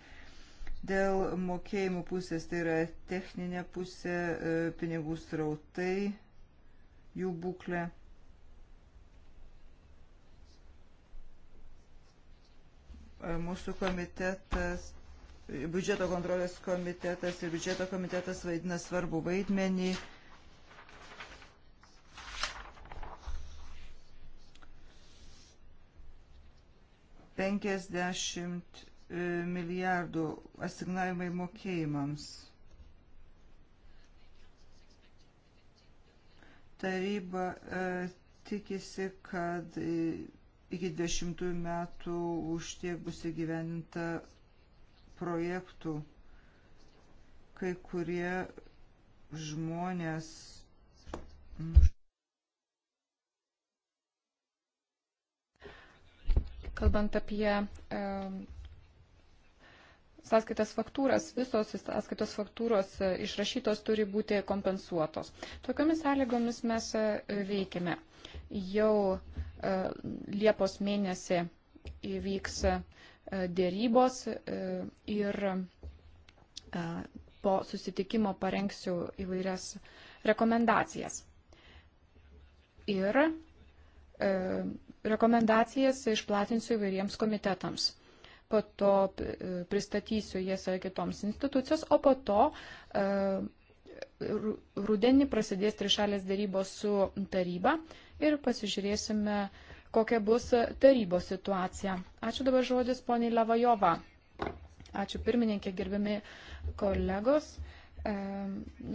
Dėl mokėjimų pusės tai yra techninė pusė, pinigų srautai, jų būklė. E, mūsų komitetas, biudžeto kontrolės komitetas ir biudžeto komitetas vaidina svarbu vaidmenį. Penkiasdešimt e, milijardų asignavimai mokėjimams. Taryba e, tikisi, kad e, iki 10 metų už tiek bus įgyveninta projektų. Kai kurie žmonės. Kalbant apie e, sąskaitas faktūras, visos sąskaitos faktūros e, išrašytos turi būti kompensuotos. Tokiomis sąlygomis mes e, veikime. Jau e, E, Liepos mėnesį įvyks e, dėrybos e, ir po susitikimo parengsiu įvairias rekomendacijas. Ir rekomendacijas išplatinsiu įvairiems komitetams. Po to pristatysiu jas kitoms institucijos, o po to rudenį prasidės trišalės dėrybos su taryba ir pasižiūrėsime, kokia bus tarybos situacija. Ačiū dabar žodis poniai Lavajova. Ačiū pirmininkė, gerbiami kolegos. E,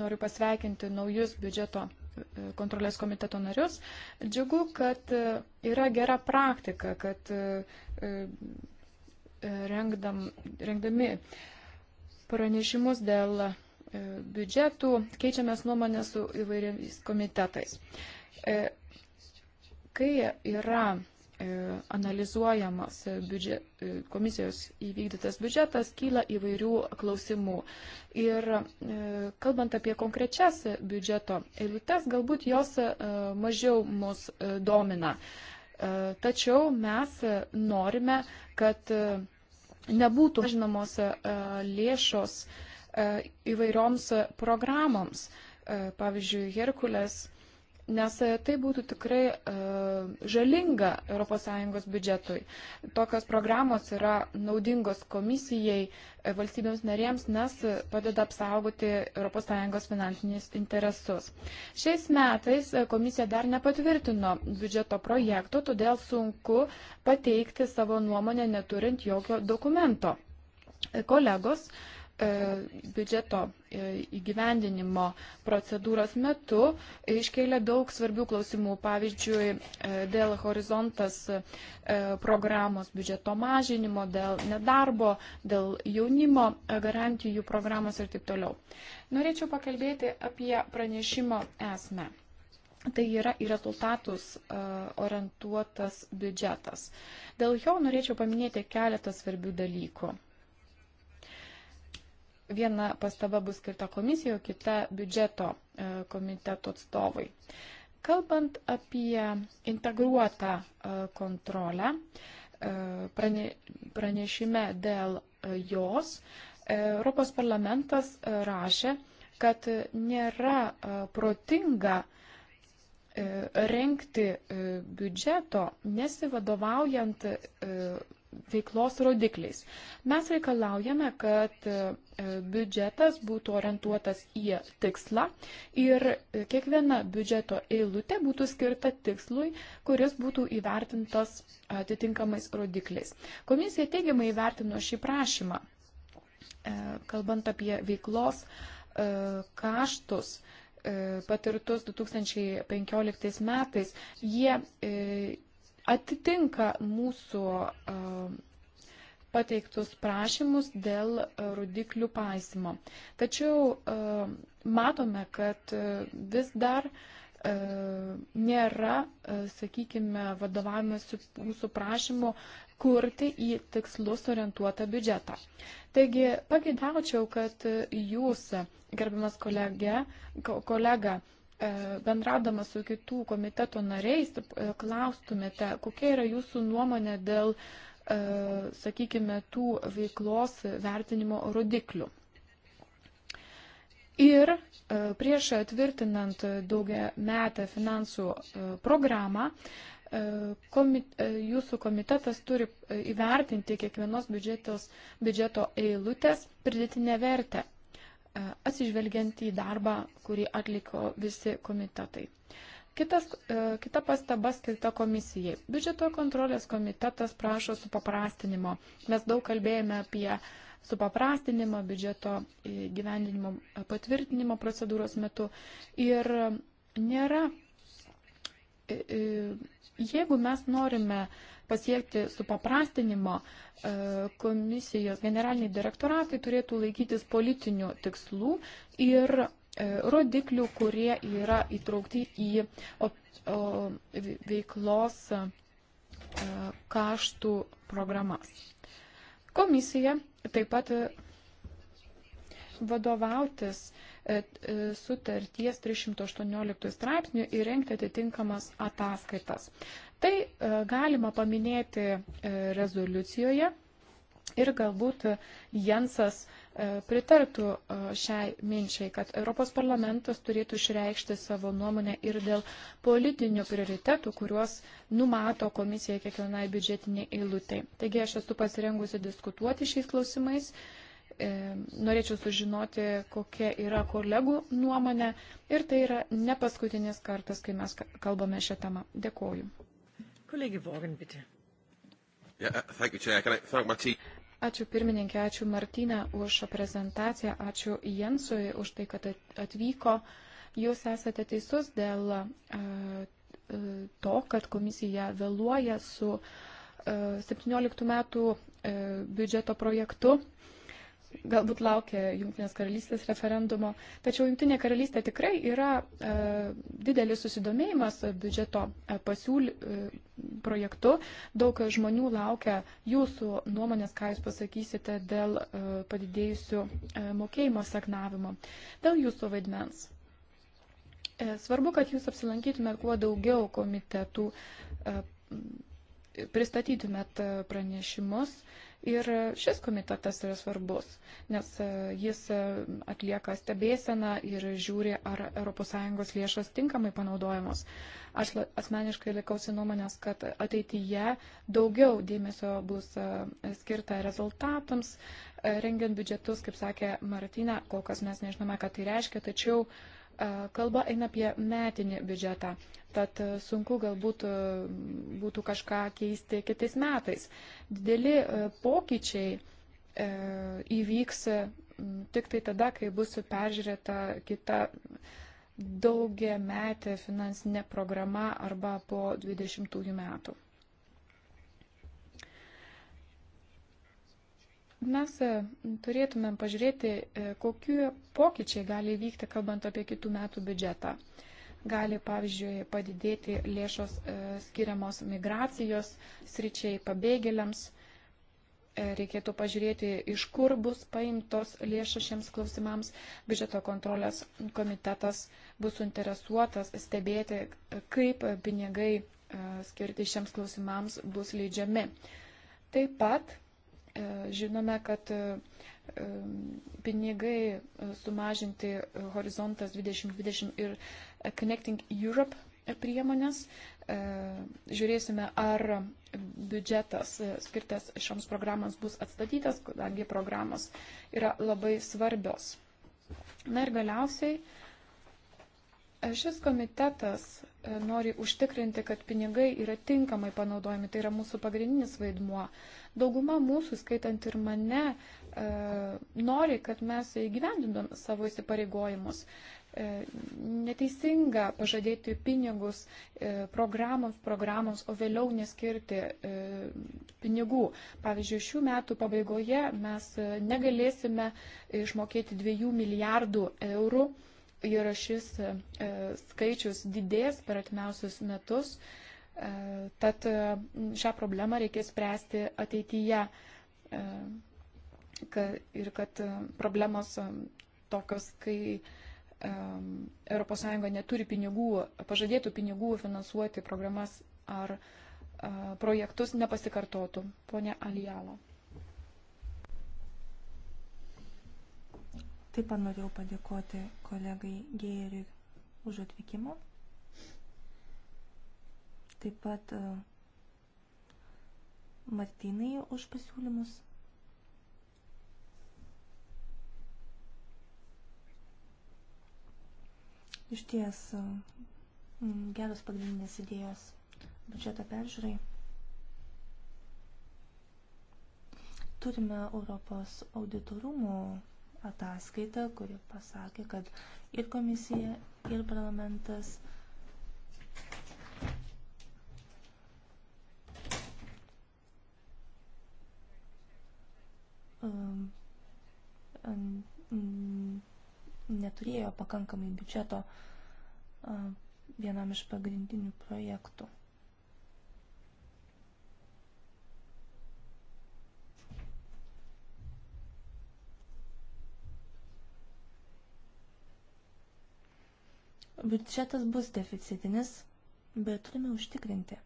noriu pasveikinti naujus biudžeto e, kontrolės komiteto narius. Džiugu, kad e, yra gera praktika, kad e, rengdam, rengdami pranešimus dėl biudžetų keičiamės nuomonę su įvairiais komitetais. Kai yra e, analizuojamas biudžet, e, komisijos įvykdytas biudžetas, kyla įvairių klausimų. Ir e, kalbant apie konkrečias biudžeto eilutes, galbūt jos mažiau mus domina. Tačiau mes norime, kad nebūtų žinomos lėšos įvairioms programoms. Pavyzdžiui, Herkules nes e, tai būtų tikrai e, žalinga ES biudžetui. Tokios programos yra naudingos komisijai, e, valstybėms narėms, nes padeda apsaugoti ES finansinius interesus. Šiais metais e, komisija dar nepatvirtino biudžeto projekto, todėl sunku pateikti savo nuomonę neturint jokio dokumento. E, kolegos, e, E, biudžeto e, įgyvendinimo procedūros metu iškėlė daug svarbių klausimų. Pavyzdžiui, e, dėl horizontas programos biudžeto mažinimo, dėl nedarbo, dėl jaunimo garantijų programos ir taip toliau. Norėčiau pakalbėti apie pranešimo esmę. Tai yra į rezultatus orientuotas biudžetas. Dėl jo norėčiau paminėti keletą svarbių dalykų viena pastaba bus skirta komisijoje, kita biudžeto e, komiteto atstovai. Kalbant apie integruotą e, kontrolę, e, pranešime dėl jos Europos parlamentas rašė, kad nėra protinga renkti biudžeto nesivadovaujant veiklos rodikliais. Mes reikalaujame, kad e, biudžetas būtų orientuotas į tikslą ir e, kiekviena biudžeto eilutė būtų skirta tikslui, kuris būtų įvertintas atitinkamais rodikliais. Komisija teigiamai įvertino šį prašymą, e, kalbant apie veiklos kaštus patirtus 2015 metais, jie atitinka mūsų e, pateiktus prašymus dėl e, rodiklių paisimo. Tačiau e, matome, kad vis dar nėra, sakykime, vadovavimasi mūsų prašymu kurti į tikslus orientuotą biudžetą. Taigi pagėdaučiau, kad jūs, gerbimas kolege, kolega, E, bendraudama su kitų komiteto nariais, e, klaustumėte, kokia yra jūsų nuomonė dėl, e, sakykime, tų veiklos vertinimo rodiklių. Ir prieš tvirtinant daugia metę finansų programą, komit, jūsų komitetas turi įvertinti kiekvienos biudžetos, biudžeto eilutės pridėtinę vertę E, atsižvelgiant į darbą, kurį atliko visi komitetai. Kitas, e, kita pastaba skirta komisijai. Biudžeto kontrolės komitetas prašo supaprastinimo. Mes daug kalbėjome apie supaprastinimą biudžeto gyvendinimo patvirtinimo procedūros metu. Ir nėra, e, jeigu mes norime uh, pasiekti supaprastinimo, e, komisijos generaliniai direktoratai turėtų laikytis politinių tikslų ir e, rodiklių, kurie yra įtraukti į veiklos e, kaštų programas. Komisija taip pat vadovautis sutarties 318 straipsnių ir renkti atitinkamas ataskaitas. Tai e, galima paminėti e, rezoliucijoje ir galbūt Jensas e, pritartų šiai minčiai, kad Europos parlamentas turėtų išreikšti savo nuomonę ir dėl politinių prioritetų, kuriuos numato komisija kiekvienai biudžetiniai eilutai. Taigi aš esu pasirengusi diskutuoti šiais klausimais. Norėčiau sužinoti, kokia yra kolegų nuomonė ir tai yra ne paskutinis kartas, kai mes kalbame šią temą. Dėkoju. Kolegė Vogan, bitte. Yeah, uh, thank you, Chair. Can I thank my team? Ačiū pirmininkė, ačiū Martina už prezentaciją, ačiū Jensui už tai, kad atvyko. Jūs esate teisus dėl uh, uh, to, kad komisija vėluoja su 17 metų biudžeto projektu galbūt laukia Junktinės karalystės referendumo, tačiau Junktinė karalystė tikrai yra e, didelis susidomėjimas biudžeto e, pasiūly, e, projektu. Daug žmonių laukia jūsų nuomonės, ką jūs pasakysite dėl e, padidėjusių e, mokėjimo seknavimo, dėl jūsų vaidmens. E, svarbu, kad jūs apsilankytumėt kuo daugiau komitetų, e, pristatytumėt e, pranešimus. E, Ir šis komitetas yra svarbus, nes e, jis e, atlieka stebėseną ir žiūri, ar ES lėšas tinkamai panaudojamos. Aš asmeniškai likausi nuomonės, kad ateityje daugiau dėmesio bus e, skirta rezultatams, rengiant biudžetus, kaip sakė Martina, kol kas mes nežinome, ką tai reiškia, tačiau uh, E, kalba eina apie metinį biudžetą, tad e, sunku galbūt e, būtų kažką keisti kitais metais. Dideli pokyčiai įvyks tik tai tada, kai bus peržiūrėta kita daugia metė finansinė programa arba po 20 metų. mes e, turėtumėm pažiūrėti, e, kokiu pokyčiai gali vykti, kalbant apie kitų metų biudžetą. Gali, pavyzdžiui, padidėti lėšos e, skiriamos migracijos sričiai pabėgėliams. Reikėtų pažiūrėti, iš kur bus paimtos lėšos šiems klausimams. Biudžeto kontrolės komitetas bus suinteresuotas stebėti, kaip pinigai skirti šiems klausimams bus leidžiami. Taip pat E, žinome, kad e, e, pinigai sumažinti horizontas 2020 ir Connecting Europe priemonės. Žiūrėsime, ar biudžetas skirtas šioms programams bus atstatytas, kadangi programos yra labai svarbios. Na ir galiausiai šis komitetas nori užtikrinti, kad pinigai yra tinkamai panaudojami. Tai yra mūsų pagrindinis vaidmuo. Dauguma mūsų, skaitant ir mane, e, nori, kad mes įgyvendintum savo įsipareigojimus. E, neteisinga pažadėti pinigus e, programoms, programoms, o vėliau neskirti pinigų. Pavyzdžiui, šių metų pabaigoje mes negalėsime išmokėti 2 milijardų eurų ir šis e, skaičius didės per atmiausius metus, e, tad šią problemą reikės spręsti ateityje e, ir kad problemos tokios, kai ES neturi pinigų, pažadėtų pinigų finansuoti programas ar projektus nepasikartotų. Pone Alijalo. Taip pat norėjau padėkoti kolegai Geiriui už atvykimą. Taip pat e, Martinai už pasiūlymus. Iš ties e, geros pagrindinės idėjos biudžeto peržiūrai. Turime Europos auditorumų ataskaitą, kuri pasakė, kad ir komisija, ir parlamentas um, neturėjo pakankamai biudžeto uh, vienam iš pagrindinių projektų. Biudžetas bus deficitinis, bet turime užtikrinti.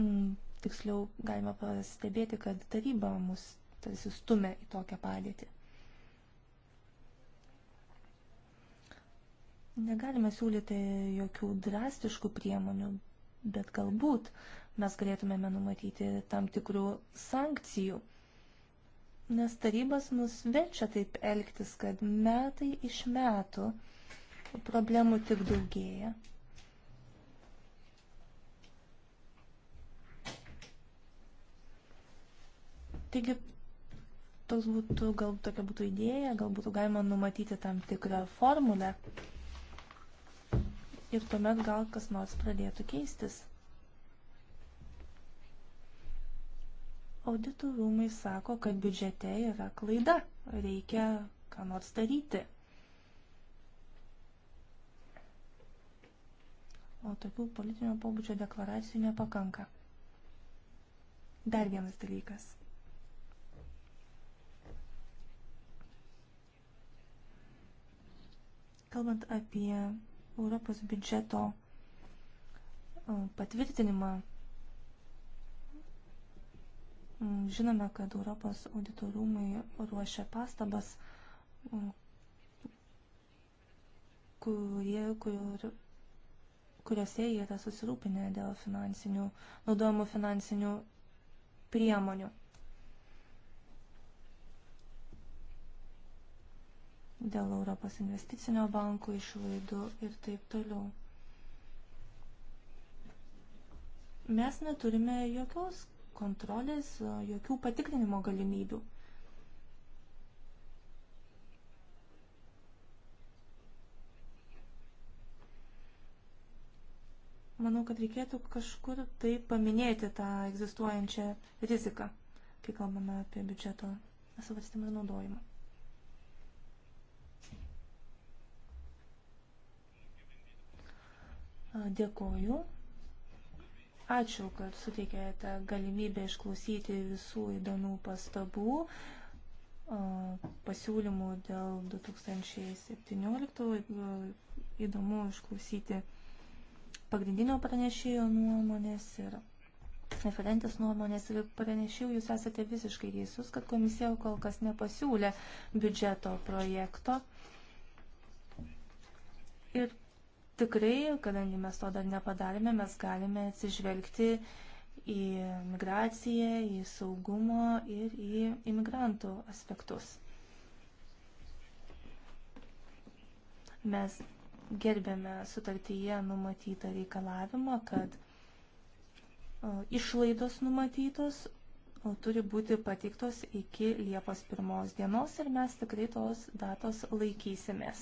Mm, tiksliau galima pastebėti, kad taryba mus tarsi stumia į tokią padėtį. Negalime siūlyti jokių drastiškų priemonių, bet galbūt mes galėtumėme numatyti tam tikrų sankcijų nes tarybas mus verčia taip elgtis, kad metai iš metų problemų tik daugėja. Taigi, toks būtų, gal tokia būtų idėja, gal būtų galima numatyti tam tikrą formulę ir tuomet gal kas nors pradėtų keistis. Auditų rūmai sako, kad biudžete yra klaida, reikia ką nors daryti. O tokių politinio pobūdžio deklaracijų nepakanka. Dar vienas dalykas. Kalbant apie Europos biudžeto uh, patvirtinimą Žinome, kad Europos auditorumai ruošia pastabas, kurie, kur, kuriuose jie yra susirūpinę dėl finansinių, naudojamų finansinių priemonių. Dėl Europos investicinio banko išlaidų ir taip toliau. Mes neturime jokios kontrolės, e, jokių patikrinimo galimybių. Manau, kad reikėtų kažkur tai paminėti tą egzistuojančią riziką, kai kalbame apie biudžeto svarstymą ir naudojimą. Dėkoju. Ačiū, kad suteikėte galimybę išklausyti visų įdomių pastabų, pasiūlymų dėl 2017. Įdomu išklausyti pagrindinio pranešėjo nuomonės ir referentės nuomonės ir pranešiau, jūs esate visiškai teisus, kad komisija kol kas nepasiūlė biudžeto projekto. Ir tikrai, kadangi mes to dar nepadarėme, mes galime atsižvelgti į migraciją, į saugumo ir į imigrantų aspektus. Mes gerbėme sutartyje numatytą reikalavimą, kad išlaidos numatytos turi būti pateiktos iki Liepos pirmos dienos ir mes tikrai tos datos laikysimės.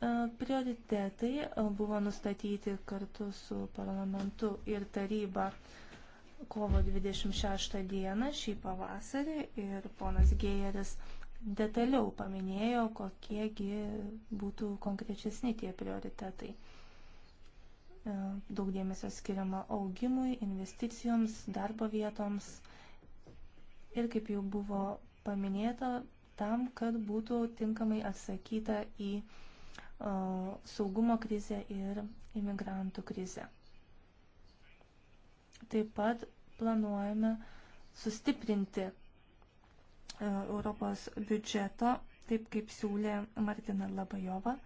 E, prioritetai e, buvo nustatyti kartu su parlamentu ir taryba kovo 26 dieną šį pavasarį ir ponas Gėjeris detaliau paminėjo, kokiegi būtų konkrečesni tie prioritetai. E, daug dėmesio skiriama augimui, investicijoms, darbo vietoms ir kaip jau buvo paminėta, tam, kad būtų tinkamai atsakyta į uh, saugumo krizę ir imigrantų krizę. Taip pat planuojame sustiprinti Europos biudžeto, taip kaip siūlė Martina Labajova.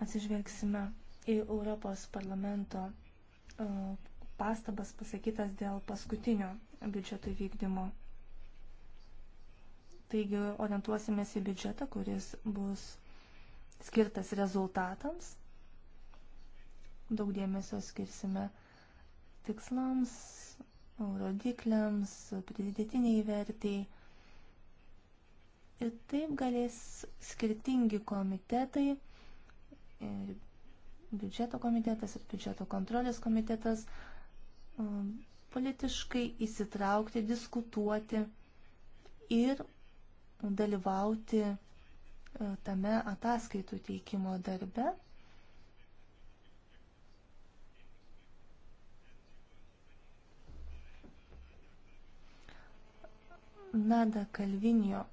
Atsižvelgsime į Europos parlamento pastabas pasakytas dėl paskutinio biudžeto vykdymo. Taigi orientuosimės į biudžetą, kuris bus skirtas rezultatams. Daug dėmesio skirsime tikslams, rodikliams, pridėtiniai vertai. Ir taip galės skirtingi komitetai, ir biudžeto komitetas, ir biudžeto kontrolės komitetas, um, politiškai įsitraukti, diskutuoti ir dalyvauti e, tame ataskaitų teikimo darbe. Nada Kalvinio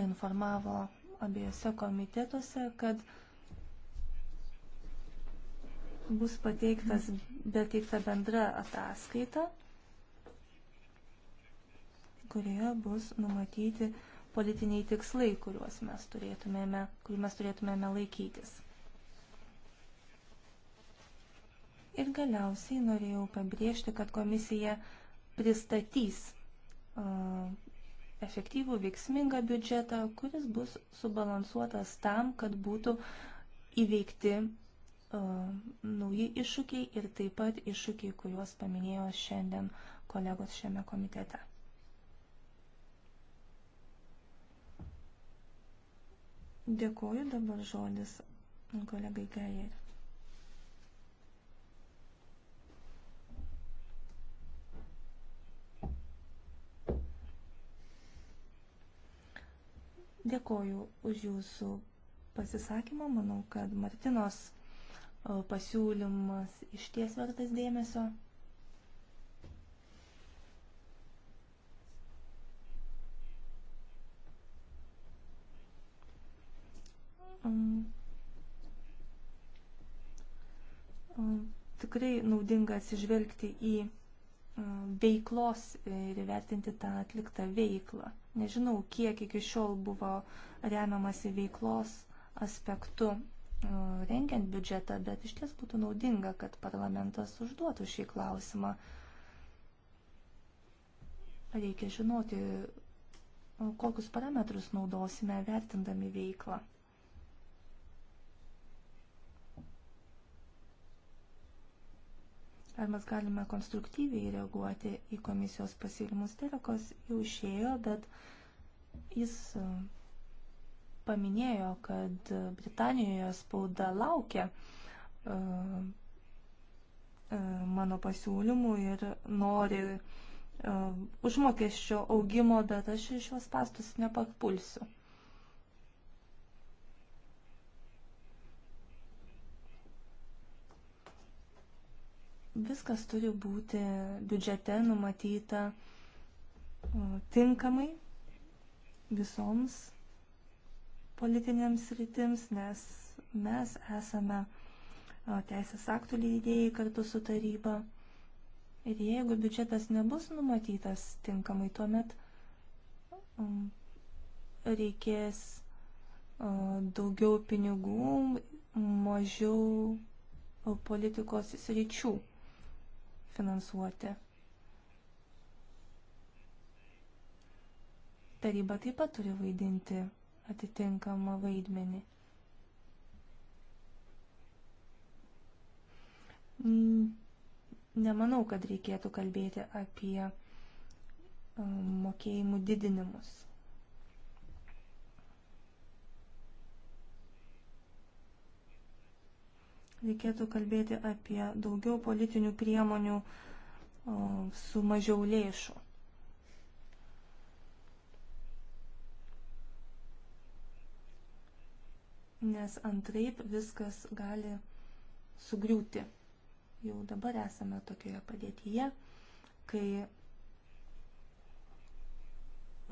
informavo abiejose komitetuose, kad bus pateiktas, beteikta bendra ataskaita kurioje bus numatyti politiniai tikslai, kuriuos mes turėtumėme, kurių mes turėtumėme laikytis. Ir galiausiai norėjau pabrėžti, kad komisija pristatys uh, efektyvų veiksmingą biudžetą, kuris bus subalansuotas tam, kad būtų įveikti uh, nauji iššūkiai ir taip pat iššūkiai, kuriuos paminėjo šiandien kolegos šiame komitete. Dėkuoju dabar žodis kolegai Gajer. Dėkuoju už jūsų pasisakymą. Manau, kad Martinos e, pasiūlymas išties vertas dėmesio. tikrai naudinga atsižvelgti į veiklos ir įvertinti tą atliktą veiklą. Nežinau, kiek iki šiol buvo remiamasi veiklos aspektu rengiant biudžetą, bet iš ties būtų naudinga, kad parlamentas užduotų šį klausimą. Reikia žinoti, kokius parametrus naudosime vertindami veiklą. Ar mes galime konstruktyviai reaguoti į komisijos pasiūlymus? Terekos jau išėjo, bet jis e, paminėjo, kad Britanijoje spauda laukia uh, mano pasiūlymų ir nori uh, užmokesčio augimo, bet aš iš juos pastus nepakpulsiu. viskas turi būti biudžete numatyta tinkamai visoms politinėms rytims, nes mes esame teisės aktų leidėjai kartu su taryba. Ir jeigu biudžetas nebus numatytas tinkamai, tuomet um, reikės daugiau pinigų, mažiau politikos sričių finansuoti. Taryba taip pat turi vaidinti atitinkamą vaidmenį. Nemanau, kad reikėtų kalbėti apie um, mokėjimų didinimus. reikėtų kalbėti apie daugiau politinių priemonių su mažiau lėšų. Nes antraip viskas gali sugriūti. Jau dabar esame tokioje padėtyje, kai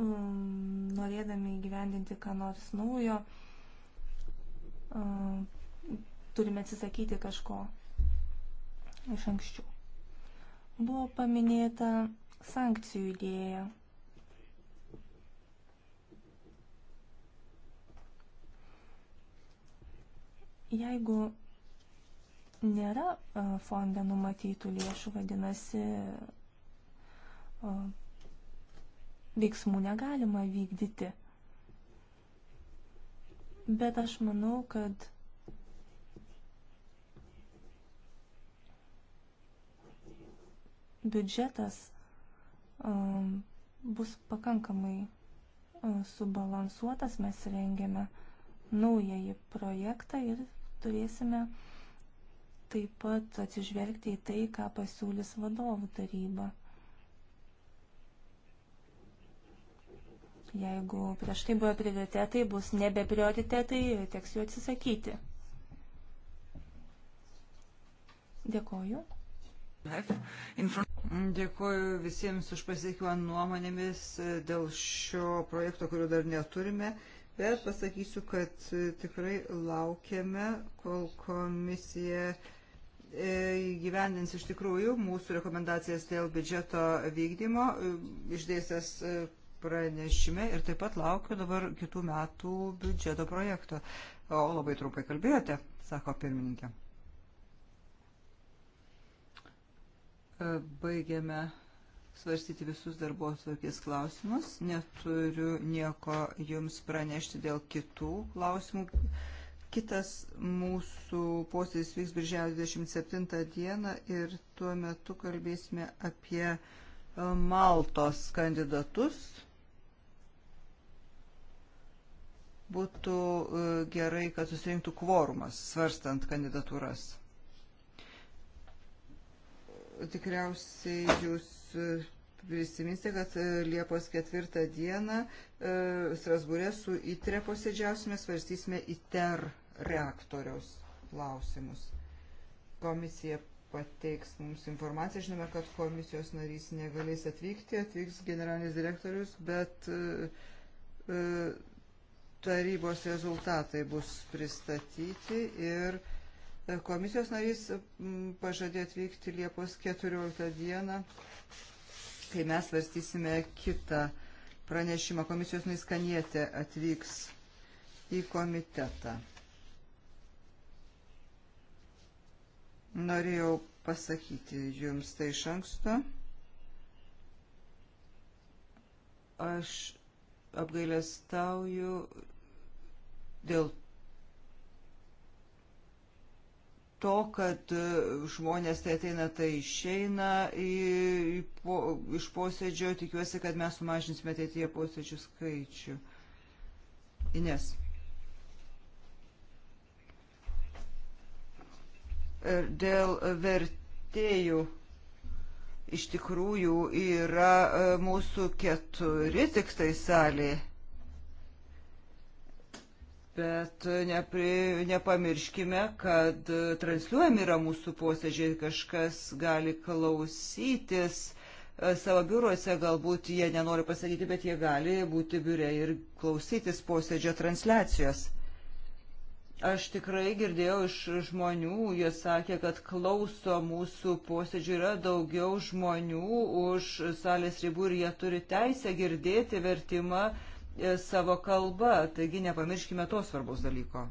um, norėdami įgyvendinti ką nors naujo, um, turime atsisakyti kažko iš anksčiau. Buvo paminėta sankcijų idėja. Jeigu nėra fonde numatytų lėšų, vadinasi, veiksmų negalima vykdyti. Bet aš manau, kad biudžetas um, bus pakankamai um, subalansuotas. Mes rengiame naująjį projektą ir turėsime taip pat atsižvelgti į tai, ką pasiūlys vadovų taryba. Jeigu prieš tai buvo prioritetai, bus nebe prioritetai, teks jų atsisakyti. Dėkoju. Dėkuoju visiems už pasiekimą nuomonėmis e, dėl šio projekto, kurio dar neturime, bet pasakysiu, kad e, tikrai laukiame, kol komisija e, įgyvendins iš tikrųjų mūsų rekomendacijas dėl biudžeto vykdymo išdėstęs pranešime ir taip pat laukiu dabar kitų metų biudžeto projekto. O labai trumpai kalbėjote, sako pirmininkė. E, baigiame svarstyti visus darbotvarkės klausimus. Neturiu nieko jums pranešti dėl kitų klausimų. Kitas mūsų posėdis vyks birželio 27 dieną ir tuo metu kalbėsime apie e, Maltos kandidatus. Būtų e, gerai, kad susirinktų kvorumas svarstant kandidatūras tikriausiai jūs e, prisiminsite, kad e, Liepos ketvirtą dieną e, Strasbūrė su ITRE posėdžiausime, svarstysime ITER reaktoriaus klausimus. Komisija pateiks mums informaciją. Žinome, kad komisijos narys negalės atvykti, atvyks generalinis direktorius, bet tarybos rezultatai bus pristatyti ir Komisijos narys pažadė atvykti Liepos 14 dieną, kai mes varstysime kitą pranešimą. Komisijos narys Kanietė atvyks į komitetą. Norėjau pasakyti jums tai iš anksto. Aš apgailestauju dėl to, kad e, žmonės tai ateina, tai išeina į, po, iš posėdžio. Tikiuosi, kad mes sumažinsime ateityje posėdžių skaičių. Ines. Ir e, dėl vertėjų iš tikrųjų yra e, mūsų keturi tik tai salėje Bet nepri, nepamirškime, kad transliuojami yra mūsų posėdžiai, kažkas gali klausytis e, savo biuruose, galbūt jie nenori pasakyti, bet jie gali būti biure ir klausytis posėdžio transliacijos. Aš tikrai girdėjau iš žmonių, jie sakė, kad klauso mūsų posėdžių yra daugiau žmonių už salės ribų ir jie turi teisę girdėti vertimą E, savo kalba, taigi nepamirškime to svarbus dalyko.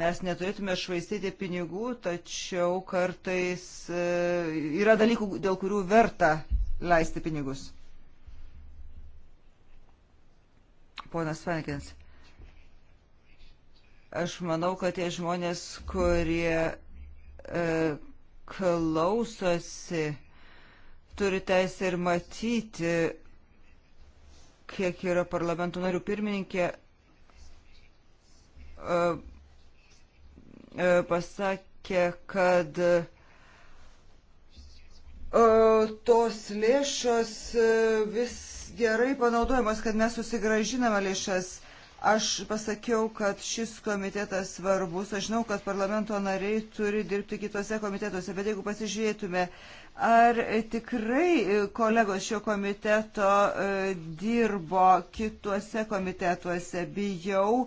Mes neturėtume švaistyti pinigų, tačiau kartais e, yra dalykų, dėl kurių verta leisti pinigus. Ponas Fankins, aš manau, kad tie žmonės, kurie e, klausosi, turi teisę ir matyti kiek yra parlamento narių pirmininkė, e, e, pasakė, kad e, tos lėšos vis gerai panaudojamos, kad mes susigražiname lėšas. Aš pasakiau, kad šis komitetas svarbus. Aš žinau, kad parlamento nariai turi dirbti kitose komitetuose, bet jeigu pasižiūrėtume uh, Ar tikrai e, kolegos šio komiteto e, dirbo kituose komitetuose? Bijau,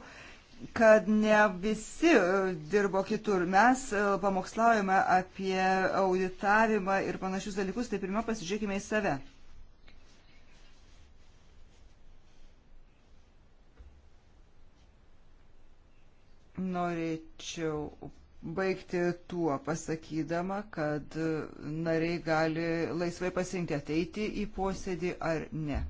kad ne visi e, dirbo kitur. Mes pamokslaujame apie auditavimą ir panašius dalykus, tai pirmą pasižiūrėkime į save. Norėčiau baigti tuo pasakydama, kad nariai gali laisvai pasirinkti ateiti į posėdį ar ne.